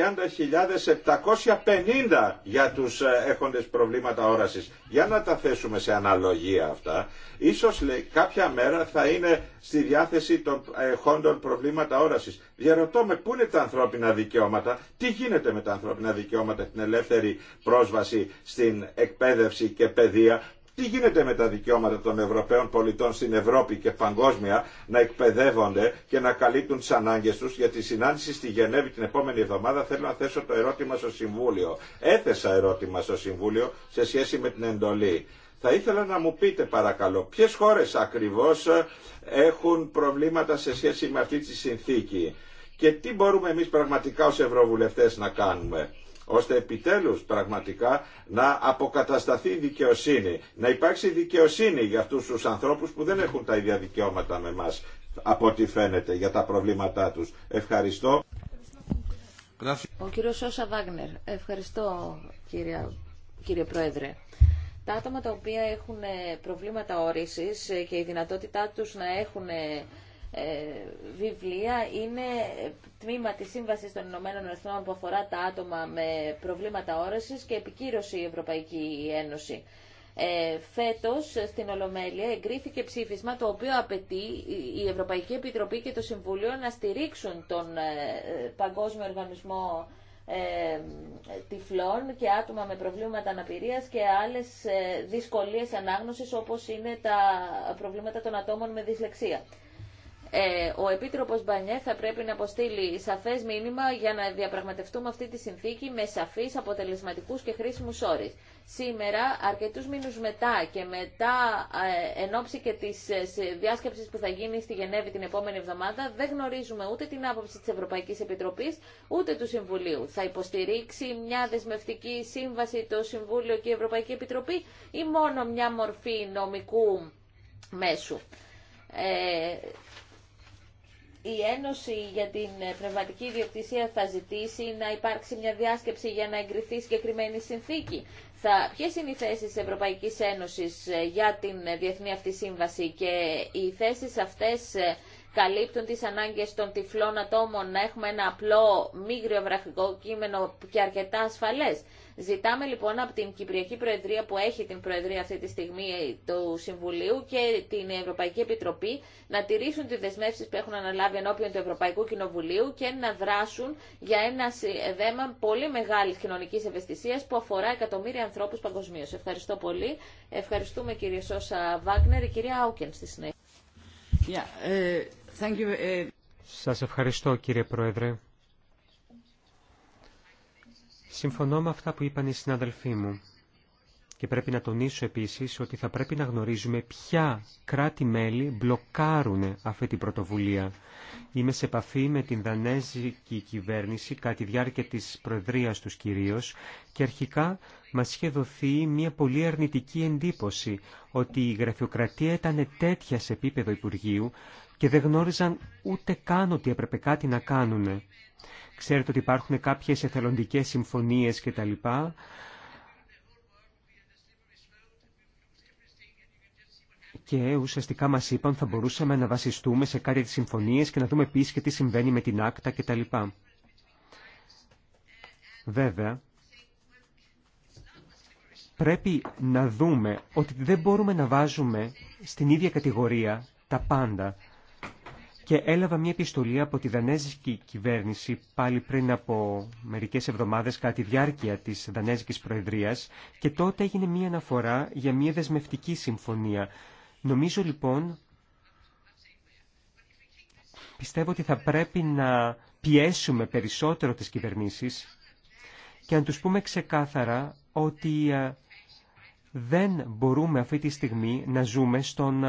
για τους ε, έχοντες προβλήματα όρασης. Για να τα θέσουμε σε αναλογία αυτά, ίσως λέει, κάποια μέρα θα είναι στη διάθεση των ε, έχοντων προβλήματα όρασης. Διαρωτώ με πού είναι τα ανθρώπινα δικαιώματα, τι γίνεται με τα ανθρώπινα δικαιώματα, την ελεύθερη πρόσβαση στην εκπαίδευση και παιδεία, τι γίνεται με τα δικαιώματα των Ευρωπαίων πολιτών στην Ευρώπη και παγκόσμια να εκπαιδεύονται και να καλύπτουν τι ανάγκε του. Για τη συνάντηση στη Γενέβη την επόμενη εβδομάδα θέλω να θέσω το ερώτημα στο Συμβούλιο. Έθεσα ερώτημα στο Συμβούλιο σε σχέση με την εντολή. Θα ήθελα να μου πείτε παρακαλώ ποιες χώρες ακριβώς ε, έχουν προβλήματα σε σχέση με αυτή τη συνθήκη και τι μπορούμε εμείς πραγματικά ως Ευρωβουλευτές να κάνουμε ώστε επιτέλους πραγματικά να αποκατασταθεί η δικαιοσύνη. Να υπάρξει δικαιοσύνη για αυτούς τους ανθρώπους που δεν έχουν τα ίδια δικαιώματα με μας από ό,τι φαίνεται για τα προβλήματά τους. Ευχαριστώ. Ο κύριος Σόσα Βάγνερ. Ευχαριστώ κύριε, κύριε Πρόεδρε. Τα άτομα τα οποία έχουν ε, προβλήματα όρισης ε, και η δυνατότητά τους να έχουν ε, ε, βιβλία είναι τμήμα της Σύμβασης των Ηνωμένων Εθνών που αφορά τα άτομα με προβλήματα όρασης και επικύρωση η Ευρωπαϊκή Ένωση. Ε, φέτος στην Ολομέλεια εγκρίθηκε ψήφισμα το οποίο απαιτεί η Ευρωπαϊκή Επιτροπή και το Συμβούλιο να στηρίξουν τον ε, Παγκόσμιο Οργανισμό ε, τυφλών και άτομα με προβλήματα αναπηρίας και άλλες ε, δυσκολίες ανάγνωσης όπως είναι τα προβλήματα των ατόμων με δυσλεξία. Ε, ο επίτροπο Μπανιέ θα πρέπει να αποστείλει σαφέ μήνυμα για να διαπραγματευτούμε αυτή τη συνθήκη με σαφεί, αποτελεσματικού και χρήσιμου όρου. Σήμερα, αρκετού μήνου μετά και μετά ε, εν ώψη και της ε, διάσκεψης που θα γίνει στη Γενέβη την επόμενη εβδομάδα, δεν γνωρίζουμε ούτε την άποψη τη Ευρωπαϊκή Επιτροπή ούτε του Συμβουλίου. Θα υποστηρίξει μια δεσμευτική σύμβαση το Συμβούλιο και η Ευρωπαϊκή Επιτροπή ή μόνο μια μορφή νομικού μέσου. Ε, η Ένωση για την ε, Πνευματική Ιδιοκτησία θα ζητήσει να υπάρξει μια διάσκεψη για να εγκριθεί συγκεκριμένη συνθήκη. Θα, ποιες είναι οι θέσεις της Ευρωπαϊκής Ένωσης ε, για την ε, διεθνή αυτή σύμβαση και οι θέσεις αυτές καλύπτουν τις ανάγκες των τυφλών ατόμων να έχουμε ένα απλό μίγριο βραχικό κείμενο και αρκετά ασφαλές. Ζητάμε λοιπόν από την Κυπριακή Προεδρία που έχει την Προεδρία αυτή τη στιγμή του Συμβουλίου και την Ευρωπαϊκή Επιτροπή να τηρήσουν τις δεσμεύσεις που έχουν αναλάβει ενώπιον του Ευρωπαϊκού Κοινοβουλίου και να δράσουν για ένα δέμα πολύ μεγάλης κοινωνικής ευαισθησίας που αφορά εκατομμύρια ανθρώπους παγκοσμίω. Ευχαριστώ πολύ. Ευχαριστούμε κύριε Σόσα Βάγνερ, η κυρία Άουκεν στη συνέχεια. Yeah, ε, ε. ευχαριστώ κύριε Πρόεδρε. Συμφωνώ με αυτά που είπαν οι συναδελφοί μου. Και πρέπει να τονίσω επίσης ότι θα πρέπει να γνωρίζουμε ποια κράτη-μέλη μπλοκάρουν αυτή την πρωτοβουλία. Είμαι σε επαφή με την Δανέζικη κυβέρνηση κατά τη διάρκεια της προεδρίας τους κυρίως και αρχικά μας είχε δοθεί μια πολύ αρνητική εντύπωση ότι η γραφειοκρατία ήταν τέτοια σε επίπεδο Υπουργείου και δεν γνώριζαν ούτε καν ότι έπρεπε κάτι να κάνουν Ξέρετε ότι υπάρχουν κάποιες εθελοντικές συμφωνίες κτλ. Και ουσιαστικά μας είπαν θα μπορούσαμε να βασιστούμε σε κάτι τις συμφωνίες και να δούμε επίσης και τι συμβαίνει με την άκτα κτλ. Βέβαια, πρέπει να δούμε ότι δεν μπορούμε να βάζουμε στην ίδια κατηγορία τα πάντα και έλαβα μια επιστολή από τη Δανέζικη κυβέρνηση πάλι πριν από μερικές εβδομάδες κατά τη διάρκεια της Δανέζικης Προεδρίας και τότε έγινε μια αναφορά για μια δεσμευτική συμφωνία. Νομίζω λοιπόν, πιστεύω ότι θα πρέπει να πιέσουμε περισσότερο τις κυβερνήσεις και να τους πούμε ξεκάθαρα ότι ε, δεν μπορούμε αυτή τη στιγμή να ζούμε στον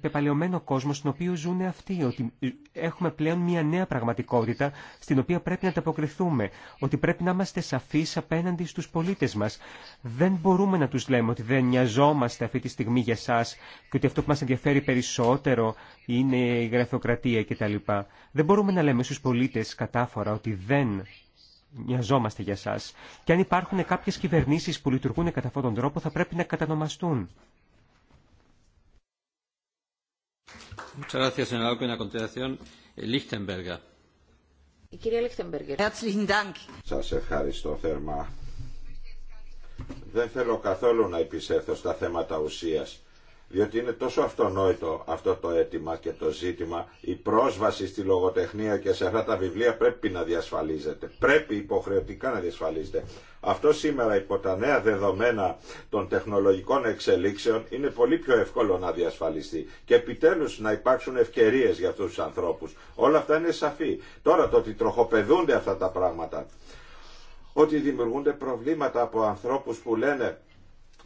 πεπαλαιωμένο κόσμο στον οποίο ζουν αυτοί, ότι έχουμε πλέον μια νέα πραγματικότητα στην οποία πρέπει να ανταποκριθούμε, ότι πρέπει να είμαστε σαφείς απέναντι στους πολίτες μας. Δεν μπορούμε να τους λέμε ότι δεν νοιαζόμαστε αυτή τη στιγμή για σας και ότι αυτό που μας ενδιαφέρει περισσότερο είναι η γραφειοκρατία κτλ. Δεν μπορούμε να λέμε στους πολίτες κατάφορα ότι δεν νοιαζόμαστε για εσά. Και αν υπάρχουν κάποιε κυβερνήσει που λειτουργούν κατά αυτόν τον τρόπο θα πρέπει να κατανομαστούν. Σα eh, Σας ευχαριστώ θερμά. Δεν θέλω καθόλου να επισέλθω στα θέματα ουσίας διότι είναι τόσο αυτονόητο αυτό το αίτημα και το ζήτημα. Η πρόσβαση στη λογοτεχνία και σε αυτά τα βιβλία πρέπει να διασφαλίζεται. Πρέπει υποχρεωτικά να διασφαλίζεται. Αυτό σήμερα υπό τα νέα δεδομένα των τεχνολογικών εξελίξεων είναι πολύ πιο εύκολο να διασφαλιστεί και επιτέλους να υπάρξουν ευκαιρίες για αυτούς τους ανθρώπους. Όλα αυτά είναι σαφή. Τώρα το ότι τροχοπεδούνται αυτά τα πράγματα ότι δημιουργούνται προβλήματα από ανθρώπους που λένε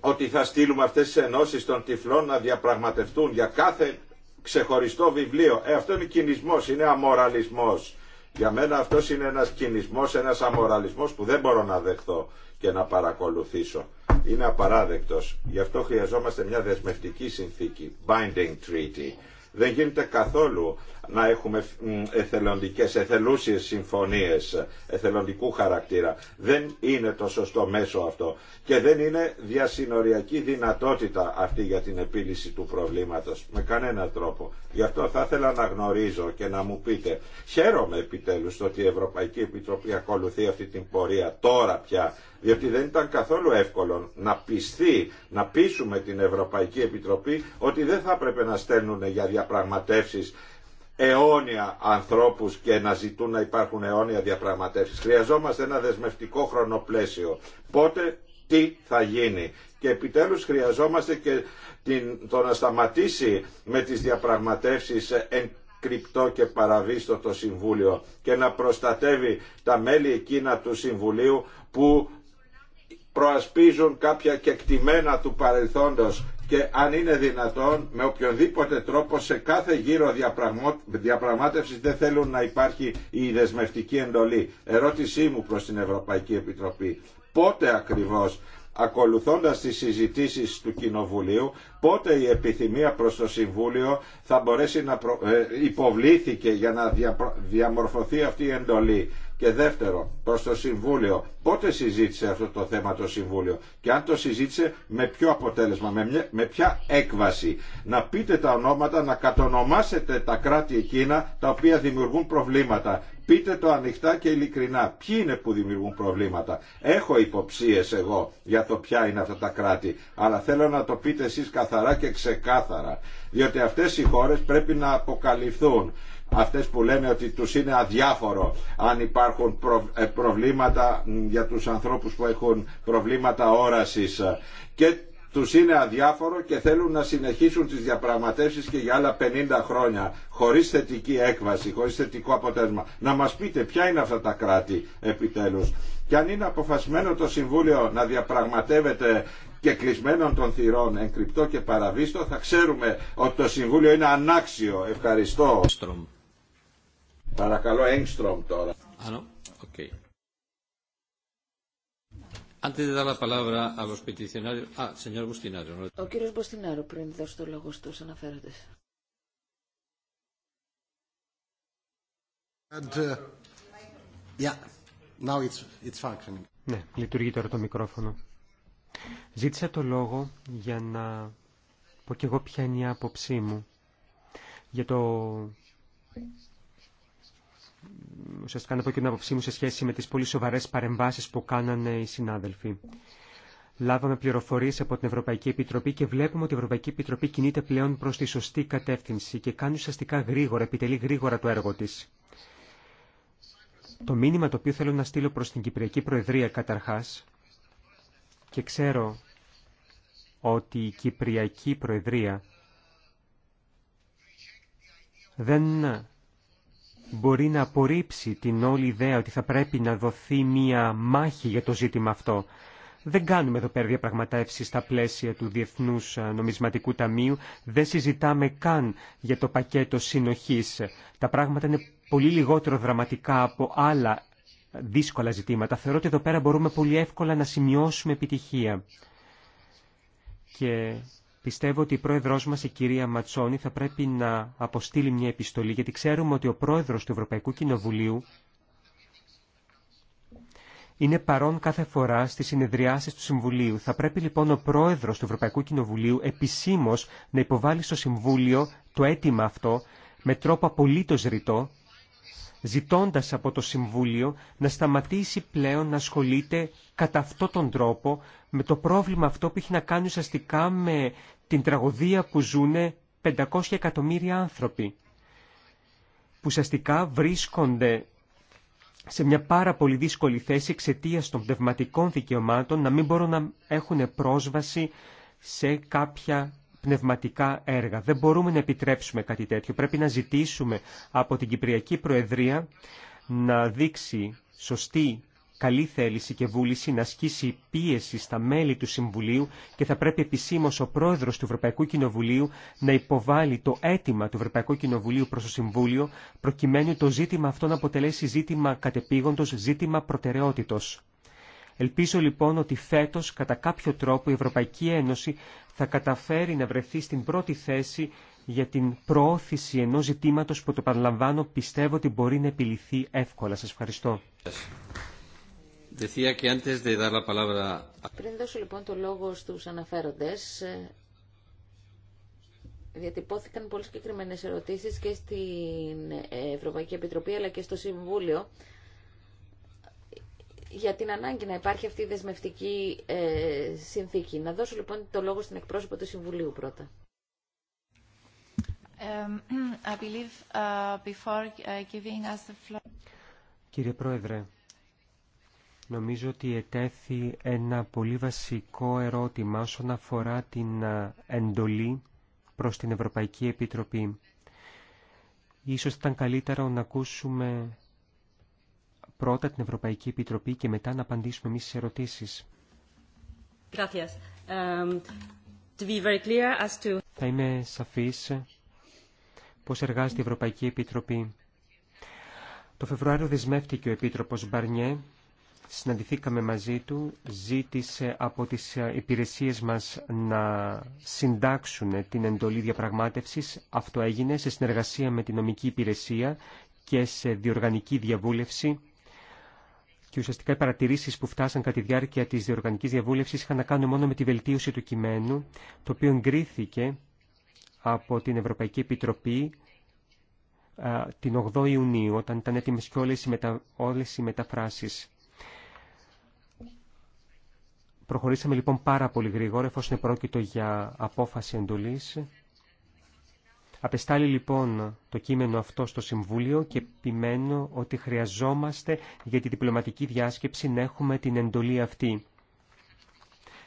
ότι θα στείλουμε αυτές τις ενώσεις των τυφλών να διαπραγματευτούν για κάθε ξεχωριστό βιβλίο. Ε, αυτό είναι κινησμός, είναι αμοραλισμός. Για μένα αυτός είναι ένας κινησμός, ένας αμοραλισμός που δεν μπορώ να δεχθώ και να παρακολουθήσω. Είναι απαράδεκτος. Γι' αυτό χρειαζόμαστε μια δεσμευτική συνθήκη, binding treaty. Δεν γίνεται καθόλου να έχουμε εθελοντικές, εθελούσιες συμφωνίες εθελοντικού χαρακτήρα. Δεν είναι το σωστό μέσο αυτό και δεν είναι διασυνοριακή δυνατότητα αυτή για την επίλυση του προβλήματος με κανένα τρόπο. Γι' αυτό θα ήθελα να γνωρίζω και να μου πείτε χαίρομαι επιτέλους ότι η Ευρωπαϊκή Επιτροπή ακολουθεί αυτή την πορεία τώρα πια διότι δεν ήταν καθόλου εύκολο να πιστεί, να πείσουμε την Ευρωπαϊκή Επιτροπή ότι δεν θα έπρεπε να στέλνουν για διαπραγματεύσεις αιώνια ανθρώπους και να ζητούν να υπάρχουν αιώνια διαπραγματεύσεις. Χρειαζόμαστε ένα δεσμευτικό χρονοπλαίσιο. Πότε τι θα γίνει. Και επιτέλους χρειαζόμαστε και την, το να σταματήσει με τις διαπραγματεύσεις εν κρυπτό και παραβίστο το Συμβούλιο και να προστατεύει τα μέλη εκείνα του Συμβουλίου που προασπίζουν κάποια κεκτημένα του παρελθόντος και αν είναι δυνατόν με οποιονδήποτε τρόπο σε κάθε γύρο διαπραγμάτευση δεν θέλουν να υπάρχει η δεσμευτική εντολή. Ερώτησή μου προς την Ευρωπαϊκή Επιτροπή. Πότε ακριβώς ακολουθώντας τις συζητήσεις του Κοινοβουλίου, πότε η επιθυμία προς το Συμβούλιο θα μπορέσει να προ... Ε, υποβλήθηκε για να διαμορφωθεί αυτή η εντολή. Και δεύτερο, προς το Συμβούλιο. Πότε συζήτησε αυτό το θέμα το Συμβούλιο και αν το συζήτησε με ποιο αποτέλεσμα, με, με ποια έκβαση. Να πείτε τα ονόματα, να κατονομάσετε τα κράτη εκείνα τα οποία δημιουργούν προβλήματα. Πείτε το ανοιχτά και ειλικρινά. Ποιοι είναι που δημιουργούν προβλήματα. Έχω υποψίες εγώ για το ποια είναι αυτά τα κράτη. Αλλά θέλω να το πείτε εσεί καθαρά και ξεκάθαρα. Διότι αυτέ οι χώρε πρέπει να αποκαλυφθούν αυτές που λένε ότι τους είναι αδιάφορο αν υπάρχουν ε, προβλήματα για τους ανθρώπους που έχουν προβλήματα όρασης και τους είναι αδιάφορο και θέλουν να συνεχίσουν τις διαπραγματεύσεις και για άλλα 50 χρόνια χωρίς θετική έκβαση, χωρίς θετικό αποτέλεσμα. Να μας πείτε ποια είναι αυτά τα κράτη επιτέλους. Και αν είναι αποφασισμένο το Συμβούλιο να διαπραγματεύεται και κλεισμένων των θυρών εγκρυπτό και παραβίστο, θα ξέρουμε ότι το Συμβούλιο είναι ανάξιο. Ευχαριστώ. Παρακαλώ, Έγκστρομ τώρα. Ανώ, οκ. Okay. Antes de dar la palabra a los peticionarios... Ah, Ο κύριος Μποστινάρο πριν δώσει το λόγο στους αναφέροντες. And, uh, yeah, now it's, it's functioning. Ναι, λειτουργεί τώρα το μικρόφωνο. Ζήτησα το λόγο για να πω κι εγώ ποια είναι η άποψή μου για το ουσιαστικά να πω και την άποψή μου σε σχέση με τις πολύ σοβαρές παρεμβάσεις που κάνανε οι συνάδελφοι. Λάβαμε πληροφορίες από την Ευρωπαϊκή Επιτροπή και βλέπουμε ότι η Ευρωπαϊκή Επιτροπή κινείται πλέον προς τη σωστή κατεύθυνση και κάνει ουσιαστικά γρήγορα, επιτελεί γρήγορα το έργο της. Το μήνυμα το οποίο θέλω να στείλω προς την Κυπριακή Προεδρία καταρχάς και ξέρω ότι η Κυπριακή Προεδρία δεν μπορεί να απορρίψει την όλη ιδέα ότι θα πρέπει να δοθεί μία μάχη για το ζήτημα αυτό. Δεν κάνουμε εδώ πέρα διαπραγματεύσει στα πλαίσια του Διεθνού ε, Νομισματικού Ταμείου. Δεν συζητάμε καν για το πακέτο συνοχή. Τα πράγματα είναι πολύ λιγότερο δραματικά από άλλα ε, δύσκολα ζητήματα. Θεωρώ ότι εδώ πέρα μπορούμε πολύ εύκολα να σημειώσουμε επιτυχία. Και Πιστεύω ότι η πρόεδρός μας, η κυρία Ματσόνη, θα πρέπει να αποστείλει μια επιστολή, γιατί ξέρουμε ότι ο πρόεδρος του Ευρωπαϊκού Κοινοβουλίου είναι παρόν κάθε φορά στις συνεδριάσεις του Συμβουλίου. Θα πρέπει λοιπόν ο πρόεδρος του Ευρωπαϊκού Κοινοβουλίου επισήμως να υποβάλει στο Συμβούλιο το αίτημα αυτό με τρόπο απολύτως ρητό ζητώντας από το Συμβούλιο να σταματήσει πλέον να ασχολείται κατά αυτό τον τρόπο με το πρόβλημα αυτό που έχει να κάνει ουσιαστικά με την τραγωδία που ζουν 500 εκατομμύρια άνθρωποι, που ουσιαστικά βρίσκονται σε μια πάρα πολύ δύσκολη θέση εξαιτία των πνευματικών δικαιωμάτων να μην μπορούν να έχουν πρόσβαση σε κάποια πνευματικά έργα. Δεν μπορούμε να επιτρέψουμε κάτι τέτοιο. Πρέπει να ζητήσουμε από την Κυπριακή Προεδρία να δείξει σωστή καλή θέληση και βούληση να ασκήσει πίεση στα μέλη του Συμβουλίου και θα πρέπει επισήμω ο πρόεδρο του Ευρωπαϊκού Κοινοβουλίου να υποβάλει το αίτημα του Ευρωπαϊκού Κοινοβουλίου προ το Συμβούλιο, προκειμένου το ζήτημα αυτό να αποτελέσει ζήτημα κατεπήγοντο, ζήτημα προτεραιότητο. Ελπίζω λοιπόν ότι φέτος κατά κάποιο τρόπο η Ευρωπαϊκή Ένωση θα καταφέρει να βρεθεί στην πρώτη θέση για την προώθηση ενός ζητήματος που το παραλαμβάνω πιστεύω ότι μπορεί να επιληθεί εύκολα. Σας ευχαριστώ. Πριν δώσω λοιπόν το λόγο στους αναφέροντες, ε, διατυπώθηκαν πολύ συγκεκριμένε ερωτήσεις και στην Ευρωπαϊκή Επιτροπή αλλά και στο Συμβούλιο για την ανάγκη να υπάρχει αυτή η δεσμευτική ε, συνθήκη. Να δώσω λοιπόν το λόγο στην εκπρόσωπο του Συμβουλίου πρώτα. I believe, uh, before uh, giving us the floor... Κύριε Πρόεδρε, νομίζω ότι ετέθη ένα πολύ βασικό ερώτημα όσον αφορά την ε, εντολή προς την Ευρωπαϊκή Επιτροπή. Ίσως ήταν καλύτερο να ακούσουμε πρώτα την Ευρωπαϊκή Επιτροπή και μετά να απαντήσουμε εμείς στις ερωτήσεις. Um, to be very clear as to... Θα είμαι σαφής πώς εργάζεται η Ευρωπαϊκή Επιτροπή. Το Φεβρουάριο δεσμεύτηκε ο Επίτροπος Μπαρνιέ, συναντηθήκαμε μαζί του, ζήτησε από τις υπηρεσίες μας να συντάξουν την εντολή διαπραγμάτευσης. Αυτό έγινε σε συνεργασία με την νομική υπηρεσία και σε διοργανική διαβούλευση και ουσιαστικά οι παρατηρήσεις που φτάσαν κατά τη διάρκεια τη διοργανικής διαβούλευση είχαν να κάνουν μόνο με τη βελτίωση του κειμένου, το οποίο εγκρίθηκε από την Ευρωπαϊκή Επιτροπή την 8η Ιουνίου, όταν ήταν έτοιμε και όλε οι, μετα... μεταφράσεις. Προχωρήσαμε λοιπόν πάρα πολύ γρήγορα, εφόσον πρόκειτο για απόφαση εντολής. Απεστάλλει λοιπόν το κείμενο αυτό στο Συμβούλιο και επιμένω ότι χρειαζόμαστε για τη διπλωματική διάσκεψη να έχουμε την εντολή αυτή.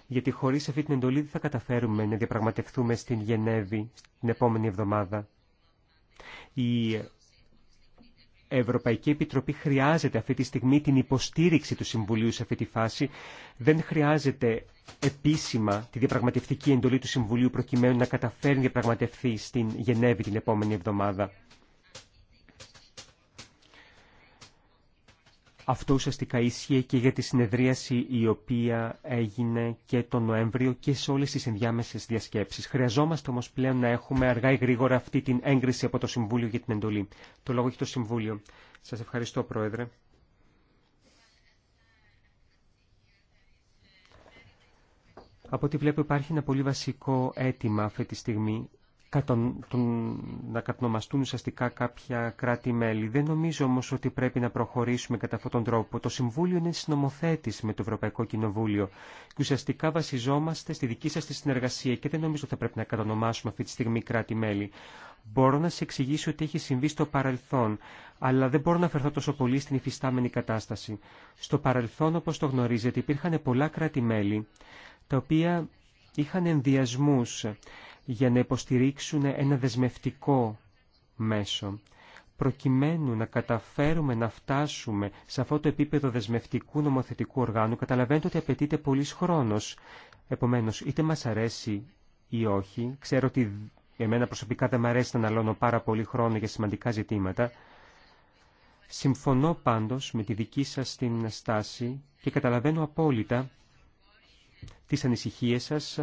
Γιατί χωρίς αυτή την εντολή δεν θα καταφέρουμε να διαπραγματευτούμε στην Γενέβη την επόμενη εβδομάδα. Ευρωπαϊκή Επιτροπή χρειάζεται αυτή τη στιγμή την υποστήριξη του Συμβουλίου σε αυτή τη φάση. Δεν χρειάζεται επίσημα τη διαπραγματευτική εντολή του Συμβουλίου προκειμένου να καταφέρει να διαπραγματευτεί στην Γενέβη την επόμενη εβδομάδα. Αυτό ουσιαστικά ίσχυε και για τη συνεδρίαση η οποία έγινε και τον Νοέμβριο και σε όλες τις ενδιάμεσες διασκέψεις. Χρειαζόμαστε όμως πλέον να έχουμε αργά ή γρήγορα αυτή την έγκριση από το Συμβούλιο για την εντολή. Το λόγο έχει το Συμβούλιο. Σας ευχαριστώ Πρόεδρε. Από ό,τι βλέπω υπάρχει ένα πολύ βασικό αίτημα αυτή τη στιγμή να κατονομαστούν ουσιαστικά κάποια κράτη-μέλη. Δεν νομίζω όμως ότι πρέπει να προχωρήσουμε κατά αυτόν τον τρόπο. Το Συμβούλιο είναι συνομοθέτης με το Ευρωπαϊκό Κοινοβούλιο και ουσιαστικά βασιζόμαστε στη δική σας τη συνεργασία και δεν νομίζω ότι θα πρέπει να κατονομάσουμε αυτή τη στιγμή κράτη-μέλη. Μπορώ να σε εξηγήσω ότι έχει συμβεί στο παρελθόν, αλλά δεν μπορώ να αφαιρθώ τόσο πολύ στην υφιστάμενη κατάσταση. Στο παρελθόν, όπως το γνωρίζετε, υπήρχαν πολλά κράτη-μέλη τα οποία είχαν ενδιασμούς για να υποστηρίξουν ένα δεσμευτικό μέσο. Προκειμένου να καταφέρουμε να φτάσουμε σε αυτό το επίπεδο δεσμευτικού νομοθετικού οργάνου, καταλαβαίνετε ότι απαιτείται πολύς χρόνος. Επομένως, είτε μας αρέσει ή όχι, ξέρω ότι εμένα προσωπικά δεν μου αρέσει να αναλώνω πάρα πολύ χρόνο για σημαντικά ζητήματα, Συμφωνώ πάντως με τη δική σας την στάση και καταλαβαίνω απόλυτα τις ανησυχίες σας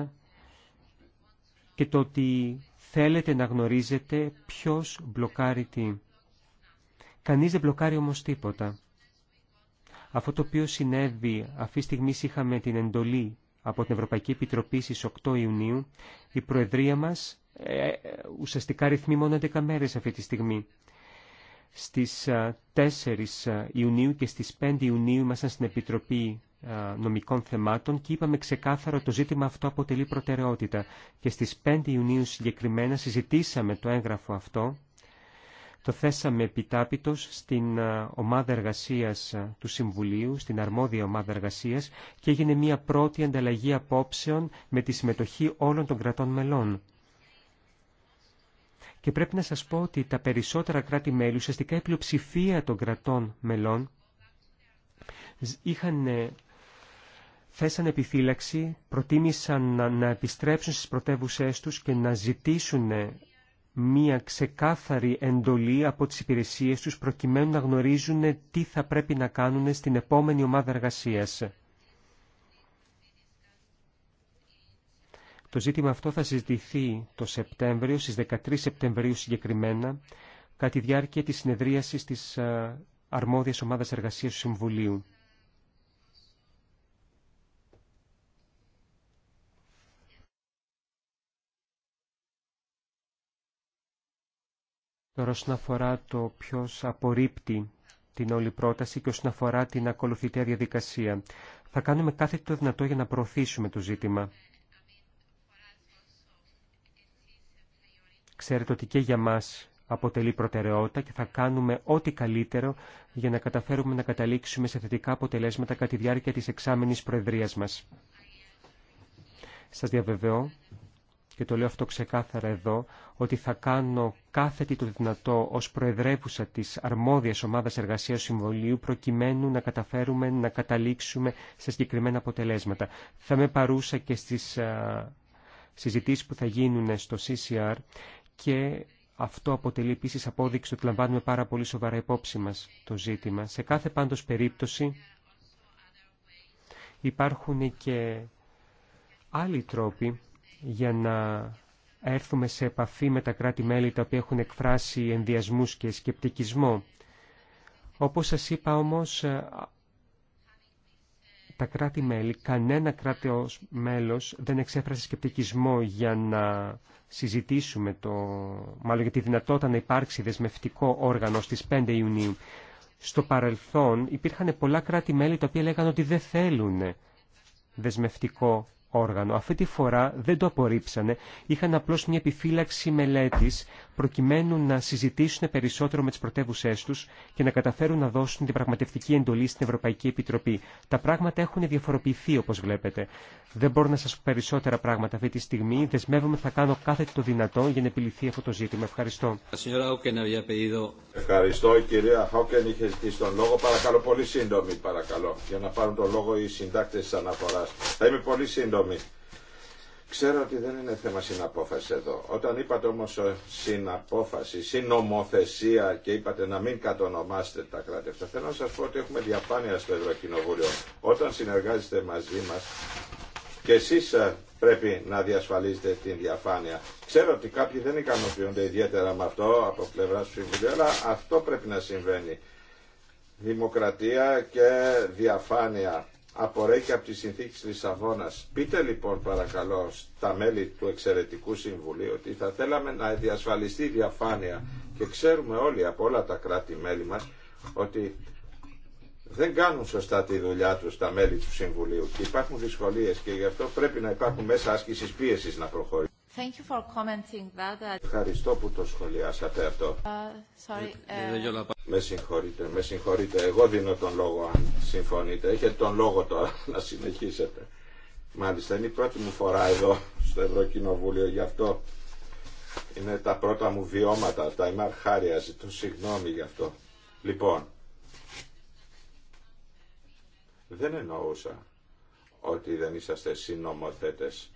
και το ότι θέλετε να γνωρίζετε ποιος μπλοκάρει τι. Κανείς δεν μπλοκάρει όμως τίποτα. Αυτό το οποίο συνέβη, αυτή τη στιγμή είχαμε την εντολή από την Ευρωπαϊκή Επιτροπή στις 8 Ιουνίου, η Προεδρία μας ε, ε ουσιαστικά ρυθμεί μόνο 11 μέρες αυτή τη στιγμή. Στις 4 ε, ε, Ιουνίου και στις 5 Ιουνίου ήμασταν στην Επιτροπή ε, νομικών θεμάτων και είπαμε ξεκάθαρο ότι το ζήτημα αυτό αποτελεί προτεραιότητα. Και στις 5 Ιουνίου συγκεκριμένα συζητήσαμε το έγγραφο αυτό, το θέσαμε επιτάπητος στην ε, ομάδα εργασίας ε, του Συμβουλίου, στην αρμόδια ομάδα εργασίας και έγινε μια πρώτη ανταλλαγή απόψεων με τη συμμετοχή όλων των κρατών μελών. Και πρέπει να σας πω ότι τα περισσότερα κράτη-μέλη, ουσιαστικά η πλειοψηφία των κρατών μελών, είχαν θέσαν επιφύλαξη, προτίμησαν να, επιστρέψουν στις πρωτεύουσές τους και να ζητήσουν μία ξεκάθαρη εντολή από τις υπηρεσίες τους προκειμένου να γνωρίζουν τι θα πρέπει να κάνουν στην επόμενη ομάδα εργασίας. Το ζήτημα αυτό θα συζητηθεί το Σεπτέμβριο, στις 13 Σεπτεμβρίου συγκεκριμένα, κατά τη διάρκεια της συνεδρίασης της ε, αρμόδιας ομάδας εργασίας του Συμβουλίου. Τώρα όσον αφορά το ποιος απορρίπτει την όλη πρόταση και όσον αφορά την ακολουθητέα διαδικασία. Θα κάνουμε κάθε το δυνατό για να προωθήσουμε το ζήτημα. Ξέρετε ότι και για μας αποτελεί προτεραιότητα και θα κάνουμε ό,τι καλύτερο για να καταφέρουμε να καταλήξουμε σε θετικά αποτελέσματα κατά τη διάρκεια της εξάμενης προεδρίας μας. Σας διαβεβαιώ και το λέω αυτό ξεκάθαρα εδώ, ότι θα κάνω κάθε τι το δυνατό ως προεδρεύουσα της αρμόδιας ομάδας εργασίας συμβολίου προκειμένου να καταφέρουμε να καταλήξουμε σε συγκεκριμένα αποτελέσματα. Θα με παρούσα και στις συζητήσεις που θα γίνουν στο CCR και αυτό αποτελεί επίση απόδειξη ότι λαμβάνουμε πάρα πολύ σοβαρά υπόψη μα το ζήτημα. Σε κάθε πάντως περίπτωση υπάρχουν και άλλοι τρόποι για να έρθουμε σε επαφή με τα κράτη-μέλη τα οποία έχουν εκφράσει ενδιασμούς και σκεπτικισμό. Όπως σας είπα όμως, ε, τα κράτη-μέλη, κανένα κράτος μέλος δεν εξέφρασε σκεπτικισμό για να συζητήσουμε το, μάλλον για τη δυνατότητα να υπάρξει δεσμευτικό όργανο στις 5 Ιουνίου. Στο παρελθόν υπήρχαν πολλά κράτη-μέλη τα οποία λέγανε ότι δεν θέλουν δεσμευτικό όργανο. Αυτή τη φορά δεν το απορρίψανε. Είχαν απλώς μια επιφύλαξη μελέτης προκειμένου να συζητήσουν περισσότερο με τις πρωτεύουσέ τους και να καταφέρουν να δώσουν την πραγματευτική εντολή στην Ευρωπαϊκή Επιτροπή. Τα πράγματα έχουν διαφοροποιηθεί όπως βλέπετε. Δεν μπορώ να σας πω περισσότερα πράγματα αυτή τη στιγμή. Δεσμεύομαι θα κάνω κάθε το δυνατό για να επιληθεί αυτό το ζήτημα. Ευχαριστώ. Ευχαριστώ η κυρία Χόκεν είχε ζητήσει τον λόγο. Παρακαλώ πολύ σύντομη παρακαλώ για να πάρουν τον λόγο οι συντάκτες της αναφοράς. Θα είμαι πολύ σύντομη Ξέρω ότι δεν είναι θέμα συναπόφαση εδώ. Όταν είπατε όμως ε, συναπόφαση, συνομοθεσία και είπατε να μην κατονομάσετε τα κράτη αυτά, θέλω να σα πω ότι έχουμε διαφάνεια στο Ευρωκοινοβούλιο. Όταν συνεργάζεστε μαζί μα και εσεί ε, πρέπει να διασφαλίζετε την διαφάνεια. Ξέρω ότι κάποιοι δεν ικανοποιούνται ιδιαίτερα με αυτό από πλευρά του Συμβουλίου, αλλά αυτό πρέπει να συμβαίνει. Δημοκρατία και διαφάνεια απορρέει και από τη συνθήκη της Λισαβόνας. Πείτε λοιπόν παρακαλώ στα μέλη του Εξαιρετικού Συμβουλίου ότι θα θέλαμε να διασφαλιστεί η διαφάνεια και ξέρουμε όλοι από όλα τα κράτη-μέλη μας ότι δεν κάνουν σωστά τη δουλειά τους τα μέλη του Συμβουλίου και υπάρχουν δυσκολίες και γι' αυτό πρέπει να υπάρχουν μέσα άσκησης πίεσης να προχωρήσουν. Ευχαριστώ που το σχολιάσατε αυτό. Uh, sorry, ε, ε- Με συγχωρείτε, με συγχωρείτε. Εγώ δίνω τον λόγο αν συμφωνείτε. Έχετε τον λόγο τώρα να συνεχίσετε. Μάλιστα είναι η πρώτη μου φορά εδώ στο Ευρωκοινοβούλιο γι' αυτό. Είναι τα πρώτα μου βιώματα αυτά. Είμαι αρχάρια, ζητώ συγγνώμη γι' αυτό. Λοιπόν, δεν εννοούσα ότι δεν είσαστε συνομοθέτες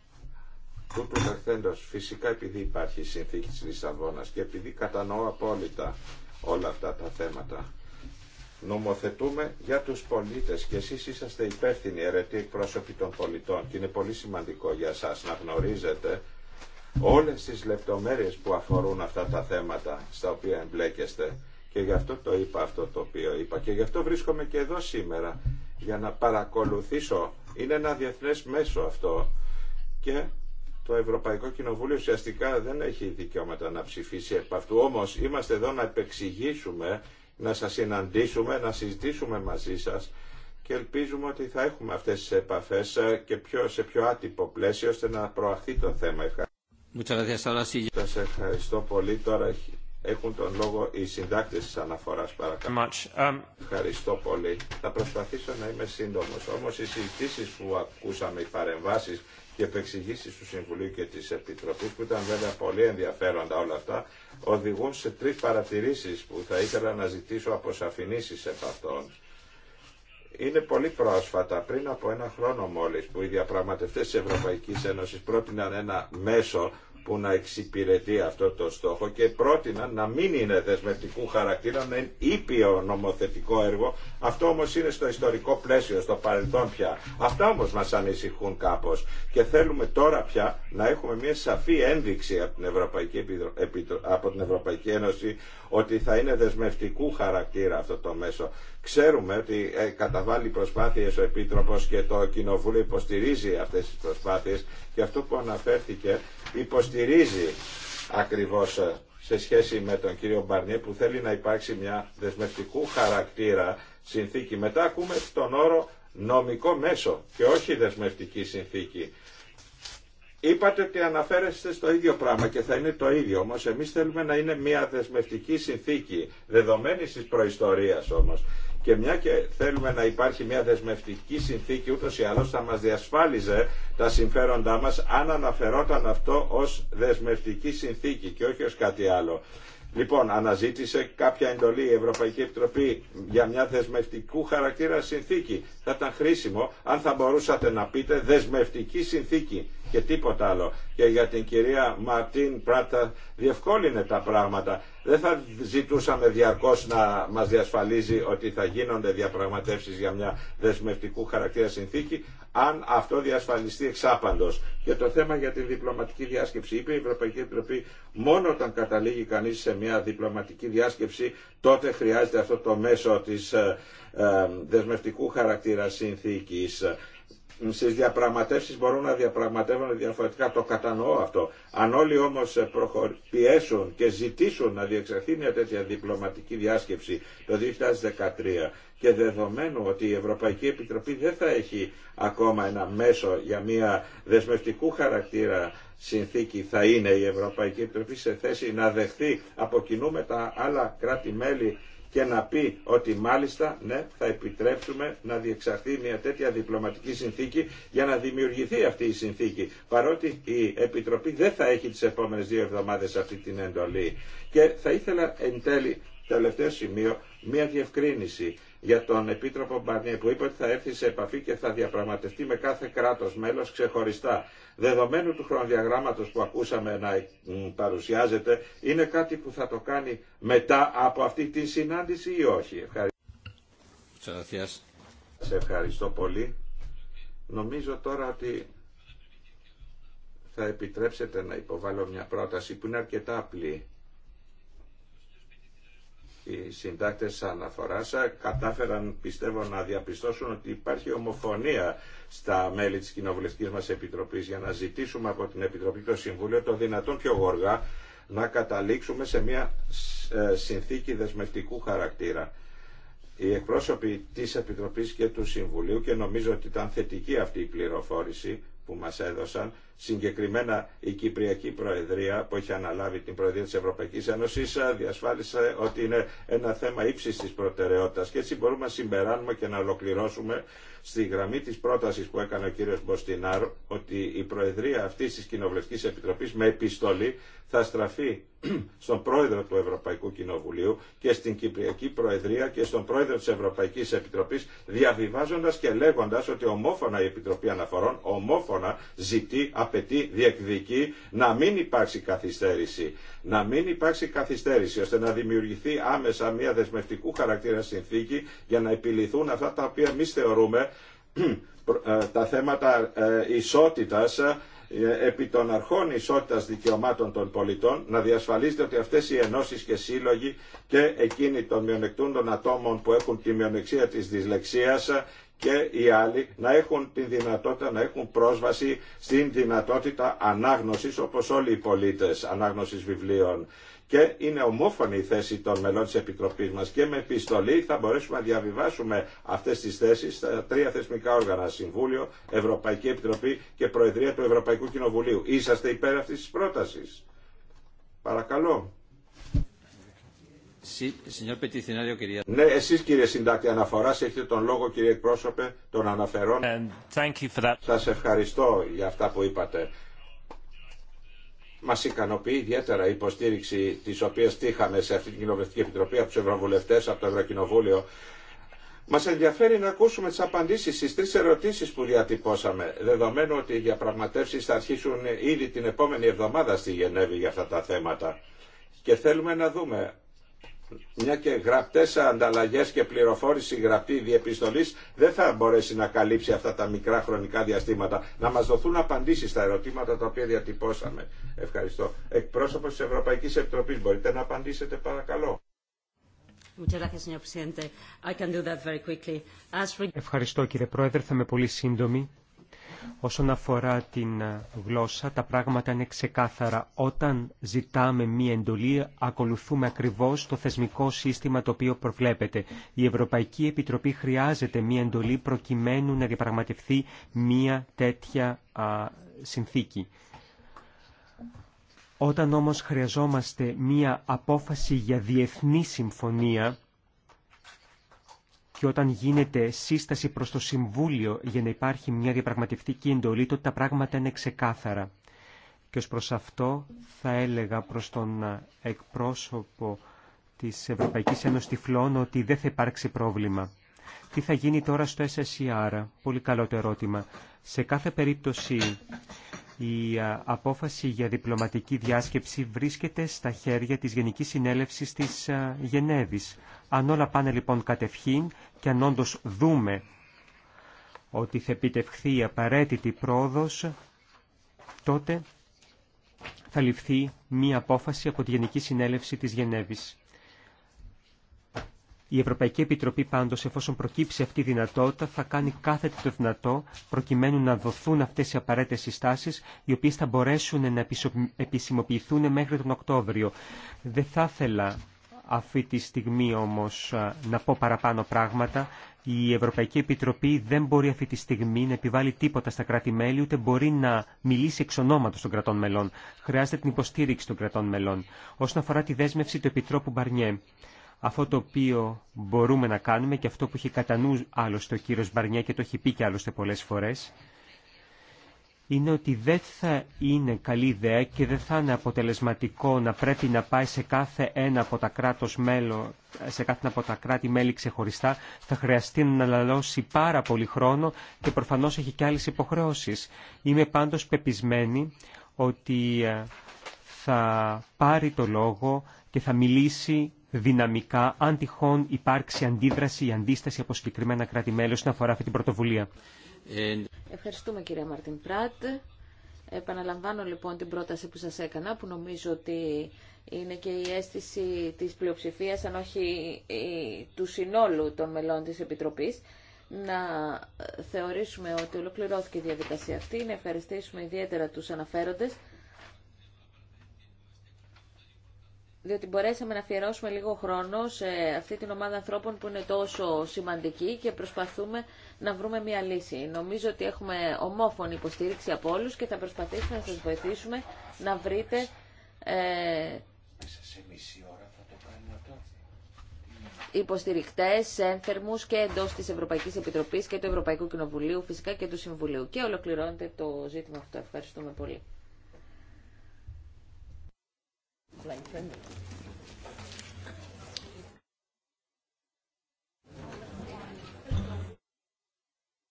Τούτου καθέντος, φυσικά επειδή υπάρχει η συνθήκη τη Λισαβόνα και επειδή κατανοώ απόλυτα όλα αυτά τα θέματα, νομοθετούμε για του πολίτε και εσεί είσαστε υπεύθυνοι αιρετοί εκπρόσωποι των πολιτών και είναι πολύ σημαντικό για εσά να γνωρίζετε όλες τις λεπτομέρειες που αφορούν αυτά τα θέματα στα οποία εμπλέκεστε και γι' αυτό το είπα αυτό το οποίο είπα και γι' αυτό βρίσκομαι και εδώ σήμερα για να παρακολουθήσω είναι ένα διεθνέ μέσο αυτό και το Ευρωπαϊκό Κοινοβούλιο ουσιαστικά δεν έχει δικαιώματα να ψηφίσει επ' αυτού. Όμως είμαστε εδώ να επεξηγήσουμε, να σας συναντήσουμε, να συζητήσουμε μαζί σας και ελπίζουμε ότι θα έχουμε αυτές τις επαφές ε, και πιο, σε πιο άτυπο πλαίσιο ώστε να προαχθεί το θέμα. Ευχαριστώ. ευχαριστώ πολύ. Τώρα έχουν τον λόγο οι συντάκτες της αναφοράς παρακαλώ. Um... Ευχαριστώ πολύ. Θα προσπαθήσω να είμαι σύντομος. Όμως οι συζητήσεις που ακούσαμε, οι παρεμβάσεις και επεξηγήσει του Συμβουλίου και τη Επίτροπή, που ήταν βέβαια πολύ ενδιαφέροντα όλα αυτά οδηγούν σε τρεις παρατηρήσεις που θα ήθελα να ζητήσω αποσαφηνήσεις επ' αυτών. Είναι πολύ πρόσφατα, πριν από ένα χρόνο μόλις, που οι διαπραγματευτέ της Ευρωπαϊκής Ένωσης πρότειναν ένα μέσο που να εξυπηρετεί αυτό το στόχο και πρότειναν να μην είναι δεσμευτικού χαρακτήρα, να είναι ήπιο νομοθετικό έργο. Αυτό όμως είναι στο ιστορικό πλαίσιο, στο παρελθόν πια. Αυτά όμως μας ανησυχούν κάπως και θέλουμε τώρα πια να έχουμε μια σαφή ένδειξη από την Ευρωπαϊκή, από την Ευρωπαϊκή Ένωση ότι θα είναι δεσμευτικού χαρακτήρα αυτό το μέσο Ξέρουμε ότι ε, καταβάλει προσπάθειες ο Επίτροπος και το Κοινοβούλιο υποστηρίζει αυτές τις προσπάθειες και αυτό που αναφέρθηκε υποστηρίζει ακριβώς ε, σε σχέση με τον κύριο Μπαρνιέ που θέλει να υπάρξει μια δεσμευτικού χαρακτήρα συνθήκη. Μετά ακούμε τον όρο νομικό μέσο και όχι δεσμευτική συνθήκη. Είπατε ότι αναφέρεστε στο ίδιο πράγμα και θα είναι το ίδιο, όμως εμείς θέλουμε να είναι μια δεσμευτική συνθήκη, δεδομένη της προϊστορίας όμως και μια και θέλουμε να υπάρχει μια δεσμευτική συνθήκη ούτως ή άλλως θα μας διασφάλιζε τα συμφέροντά μας αν αναφερόταν αυτό ως δεσμευτική συνθήκη και όχι ως κάτι άλλο. Λοιπόν, αναζήτησε κάποια εντολή η Ευρωπαϊκή Επιτροπή για μια δεσμευτικού χαρακτήρα συνθήκη. Θα ήταν χρήσιμο αν θα μπορούσατε να πείτε δεσμευτική συνθήκη και τίποτα άλλο. Και για την κυρία Μαρτίν Πράτα διευκόλυνε τα πράγματα. Δεν θα ζητούσαμε διαρκώς να μας διασφαλίζει ότι θα γίνονται διαπραγματεύσεις για μια δεσμευτικού χαρακτήρα συνθήκη, αν αυτό διασφαλιστεί εξάπαντος. Και το θέμα για την διπλωματική διάσκεψη. Είπε η Ευρωπαϊκή Επιτροπή, μόνο όταν καταλήγει κανείς σε μια διπλωματική διάσκεψη, τότε χρειάζεται αυτό το μέσο της ε, ε, δεσμευτικού χαρακτήρα συνθήκης Στι διαπραγματεύσει μπορούν να διαπραγματεύονται διαφορετικά. Το κατανοώ αυτό. Αν όλοι όμως ε, πιέσουν και ζητήσουν να διεξαχθεί μια τέτοια διπλωματική διάσκεψη το 2013 και δεδομένου ότι η Ευρωπαϊκή Επιτροπή δεν θα έχει ακόμα ένα μέσο για μια δεσμευτικού χαρακτήρα συνθήκη θα είναι η Ευρωπαϊκή Επιτροπή σε θέση να δεχθεί από κοινού με τα άλλα κράτη-μέλη και να πει ότι μάλιστα ναι, θα επιτρέψουμε να διεξαχθεί μια τέτοια διπλωματική συνθήκη για να δημιουργηθεί αυτή η συνθήκη. Παρότι η Επιτροπή δεν θα έχει τις επόμενες δύο εβδομάδες αυτή την εντολή. Και θα ήθελα εν τέλει, τελευταίο σημείο, μια διευκρίνηση για τον Επίτροπο Μπαρνιέ που είπε ότι θα έρθει σε επαφή και θα διαπραγματευτεί με κάθε κράτος μέλος ξεχωριστά. Δεδομένου του χρονοδιαγράμματος που ακούσαμε να παρουσιάζεται, είναι κάτι που θα το κάνει μετά από αυτή τη συνάντηση ή όχι. Ευχαριστώ. Σε ευχαριστώ πολύ. Νομίζω τώρα ότι θα επιτρέψετε να υποβάλω μια πρόταση που είναι αρκετά απλή οι συντάκτες αναφοράς κατάφεραν πιστεύω να διαπιστώσουν ότι υπάρχει ομοφωνία στα μέλη της Κοινοβουλευτικής μας Επιτροπής για να ζητήσουμε από την Επιτροπή και το Συμβούλιο το δυνατόν πιο γοργά να καταλήξουμε σε μια ε, συνθήκη δεσμευτικού χαρακτήρα. Οι εκπρόσωποι της Επιτροπής και του Συμβουλίου και νομίζω ότι ήταν θετική αυτή η πληροφόρηση που μας έδωσαν Συγκεκριμένα η Κυπριακή Προεδρία που έχει αναλάβει την Προεδρία της Ευρωπαϊκής Ένωσης ε, διασφάλισε ότι είναι ένα θέμα ύψης της προτεραιότητας και έτσι μπορούμε να συμπεράνουμε και να ολοκληρώσουμε στη γραμμή της πρότασης που έκανε ο κύριος Μποστινάρ ότι η Προεδρία αυτής της Κοινοβουλευτικής Επιτροπής με επιστολή θα στραφεί στον πρόεδρο του Ευρωπαϊκού Κοινοβουλίου και στην Κυπριακή Προεδρία και στον πρόεδρο της Ευρωπαϊκής Επιτροπής διαβιβάζοντας και λέγοντας ότι ομόφωνα η Επιτροπή Αναφορών ομόφωνα ζητεί απαιτεί, διεκδικεί να μην υπάρξει καθυστέρηση. Να μην υπάρξει καθυστέρηση ώστε να δημιουργηθεί άμεσα μια δεσμευτικού χαρακτήρα συνθήκη για να επιληθούν αυτά τα οποία εμεί θεωρούμε ε, τα θέματα ε, ισότητας ε, επί των αρχών ισότητας δικαιωμάτων των πολιτών να διασφαλίζεται ότι αυτές οι ενώσεις και σύλλογοι και εκείνοι των μειονεκτούντων ατόμων που έχουν τη μειονεξία της δυσλεξίας και οι άλλοι να έχουν την δυνατότητα να έχουν πρόσβαση στην δυνατότητα ανάγνωσης όπως όλοι οι πολίτες ανάγνωσης βιβλίων. Και είναι ομόφωνη η θέση των μελών της Επιτροπής μας και με επιστολή θα μπορέσουμε να διαβιβάσουμε αυτές τις θέσεις στα τρία θεσμικά όργανα, Συμβούλιο, Ευρωπαϊκή Επιτροπή και Προεδρία του Ευρωπαϊκού Κοινοβουλίου. Είσαστε υπέρ αυτής της πρότασης. Παρακαλώ. Ναι, εσείς κύριε συντάκτη αναφοράς έχετε τον λόγο κύριε εκπρόσωπε των αναφερών. Thank Σας ευχαριστώ για αυτά που είπατε. Μας ικανοποιεί ιδιαίτερα η υποστήριξη της οποίας τύχαμε σε αυτή την Κοινοβουλευτική Επιτροπή από τους Ευρωβουλευτές, από το Ευρωκοινοβούλιο. Μας ενδιαφέρει να ακούσουμε τις απαντήσεις στις τρεις ερωτήσεις που διατυπώσαμε, δεδομένου ότι οι διαπραγματεύσεις θα αρχίσουν ήδη την επόμενη εβδομάδα στη Γενέβη για αυτά τα θέματα. Και θέλουμε να δούμε μια και γραπτέ ανταλλαγές και πληροφόρηση γραπτή διεπιστολή δεν θα μπορέσει να καλύψει αυτά τα μικρά χρονικά διαστήματα. Να μας δοθούν απαντήσει στα ερωτήματα τα οποία διατυπώσαμε. Ευχαριστώ. Εκπρόσωπος τη Ευρωπαϊκής Επιτροπής, μπορείτε να απαντήσετε παρακαλώ. Ευχαριστώ κύριε Πρόεδρε, θα είμαι πολύ σύντομη. Όσον αφορά την ε, γλώσσα, τα πράγματα είναι ξεκάθαρα. Όταν ζητάμε μία εντολή, ακολουθούμε ακριβώς το θεσμικό σύστημα το οποίο προβλέπεται. Η Ευρωπαϊκή Επιτροπή χρειάζεται μία εντολή προκειμένου να διαπραγματευθεί μία τέτοια συνθήκη. Όταν όμως χρειαζόμαστε μία απόφαση για διεθνή συμφωνία, και όταν γίνεται σύσταση προς το Συμβούλιο για να υπάρχει μια διαπραγματευτική εντολή, τότε τα πράγματα είναι ξεκάθαρα. Και ως προς αυτό θα έλεγα προς τον εκπρόσωπο της Ευρωπαϊκής Ένωσης Τυφλών ότι δεν θα υπάρξει πρόβλημα. Τι θα γίνει τώρα στο SSER, πολύ καλό το ερώτημα. Σε κάθε περίπτωση η απόφαση για διπλωματική διάσκεψη βρίσκεται στα χέρια της Γενικής Συνέλευσης της Γενέβης. Αν όλα πάνε λοιπόν κατευχήν και αν όντως δούμε ότι θα επιτευχθεί η απαραίτητη πρόοδος, τότε θα ληφθεί μία απόφαση από τη Γενική Συνέλευση της Γενέβης. Η Ευρωπαϊκή Επιτροπή πάντως, εφόσον προκύψει αυτή η δυνατότητα, θα κάνει κάθε το δυνατό προκειμένου να δοθούν αυτές οι απαραίτητες συστάσεις, οι οποίες θα μπορέσουν να επισημοποιηθούν μέχρι τον Οκτώβριο. Δεν θα ήθελα αυτή τη στιγμή όμως να πω παραπάνω πράγματα. Η Ευρωπαϊκή Επιτροπή δεν μπορεί αυτή τη στιγμή να επιβάλλει τίποτα στα κράτη-μέλη, ούτε μπορεί να μιλήσει εξ ονόματος των κρατών μελών. Χρειάζεται την υποστήριξη των κρατών μελών. Όσον αφορά τη δέσμευση του Επιτρόπου Μπαρνιέ, αυτό το οποίο μπορούμε να κάνουμε και αυτό που έχει κατά νου άλλωστε ο κύριος Μπαρνιέ και το έχει πει και άλλωστε πολλές φορές, είναι ότι δεν θα είναι καλή ιδέα και δεν θα είναι αποτελεσματικό να πρέπει να πάει σε κάθε ένα από τα, κράτος μέλο, σε κάθε ένα από τα κράτη μέλη ξεχωριστά. Θα χρειαστεί να αναλώσει πάρα πολύ χρόνο και προφανώς έχει και άλλες υποχρεώσεις. Είμαι πάντως πεπισμένη ότι ε, θα πάρει το λόγο και θα μιλήσει δυναμικά αν τυχόν υπάρξει αντίδραση ή αντίσταση από συγκεκριμένα κράτη-μέλη όσον αφορά αυτή την πρωτοβουλία. Ευχαριστούμε κυρία Μαρτίν Πράτ. Επαναλαμβάνω λοιπόν την πρόταση που σας έκανα, που νομίζω ότι είναι και η αίσθηση της πλειοψηφίας, αν όχι του συνόλου των μελών της Επιτροπής, να θεωρήσουμε ότι ολοκληρώθηκε η διαδικασία αυτή, να ευχαριστήσουμε ιδιαίτερα τους αναφέροντες, διότι μπορέσαμε να αφιερώσουμε λίγο χρόνο σε αυτή την ομάδα ανθρώπων που είναι τόσο σημαντική και προσπαθούμε να βρούμε μια λύση. Νομίζω ότι έχουμε ομόφωνη υποστήριξη από όλου και θα προσπαθήσουμε να σα βοηθήσουμε να βρείτε... Ε, υποστηρικτέ, ένθερμου και εντό τη Ευρωπαϊκή Επιτροπή και του Ευρωπαϊκού Κοινοβουλίου, φυσικά και του Συμβουλίου. Και ολοκληρώνεται το ζήτημα αυτό. Ευχαριστούμε πολύ.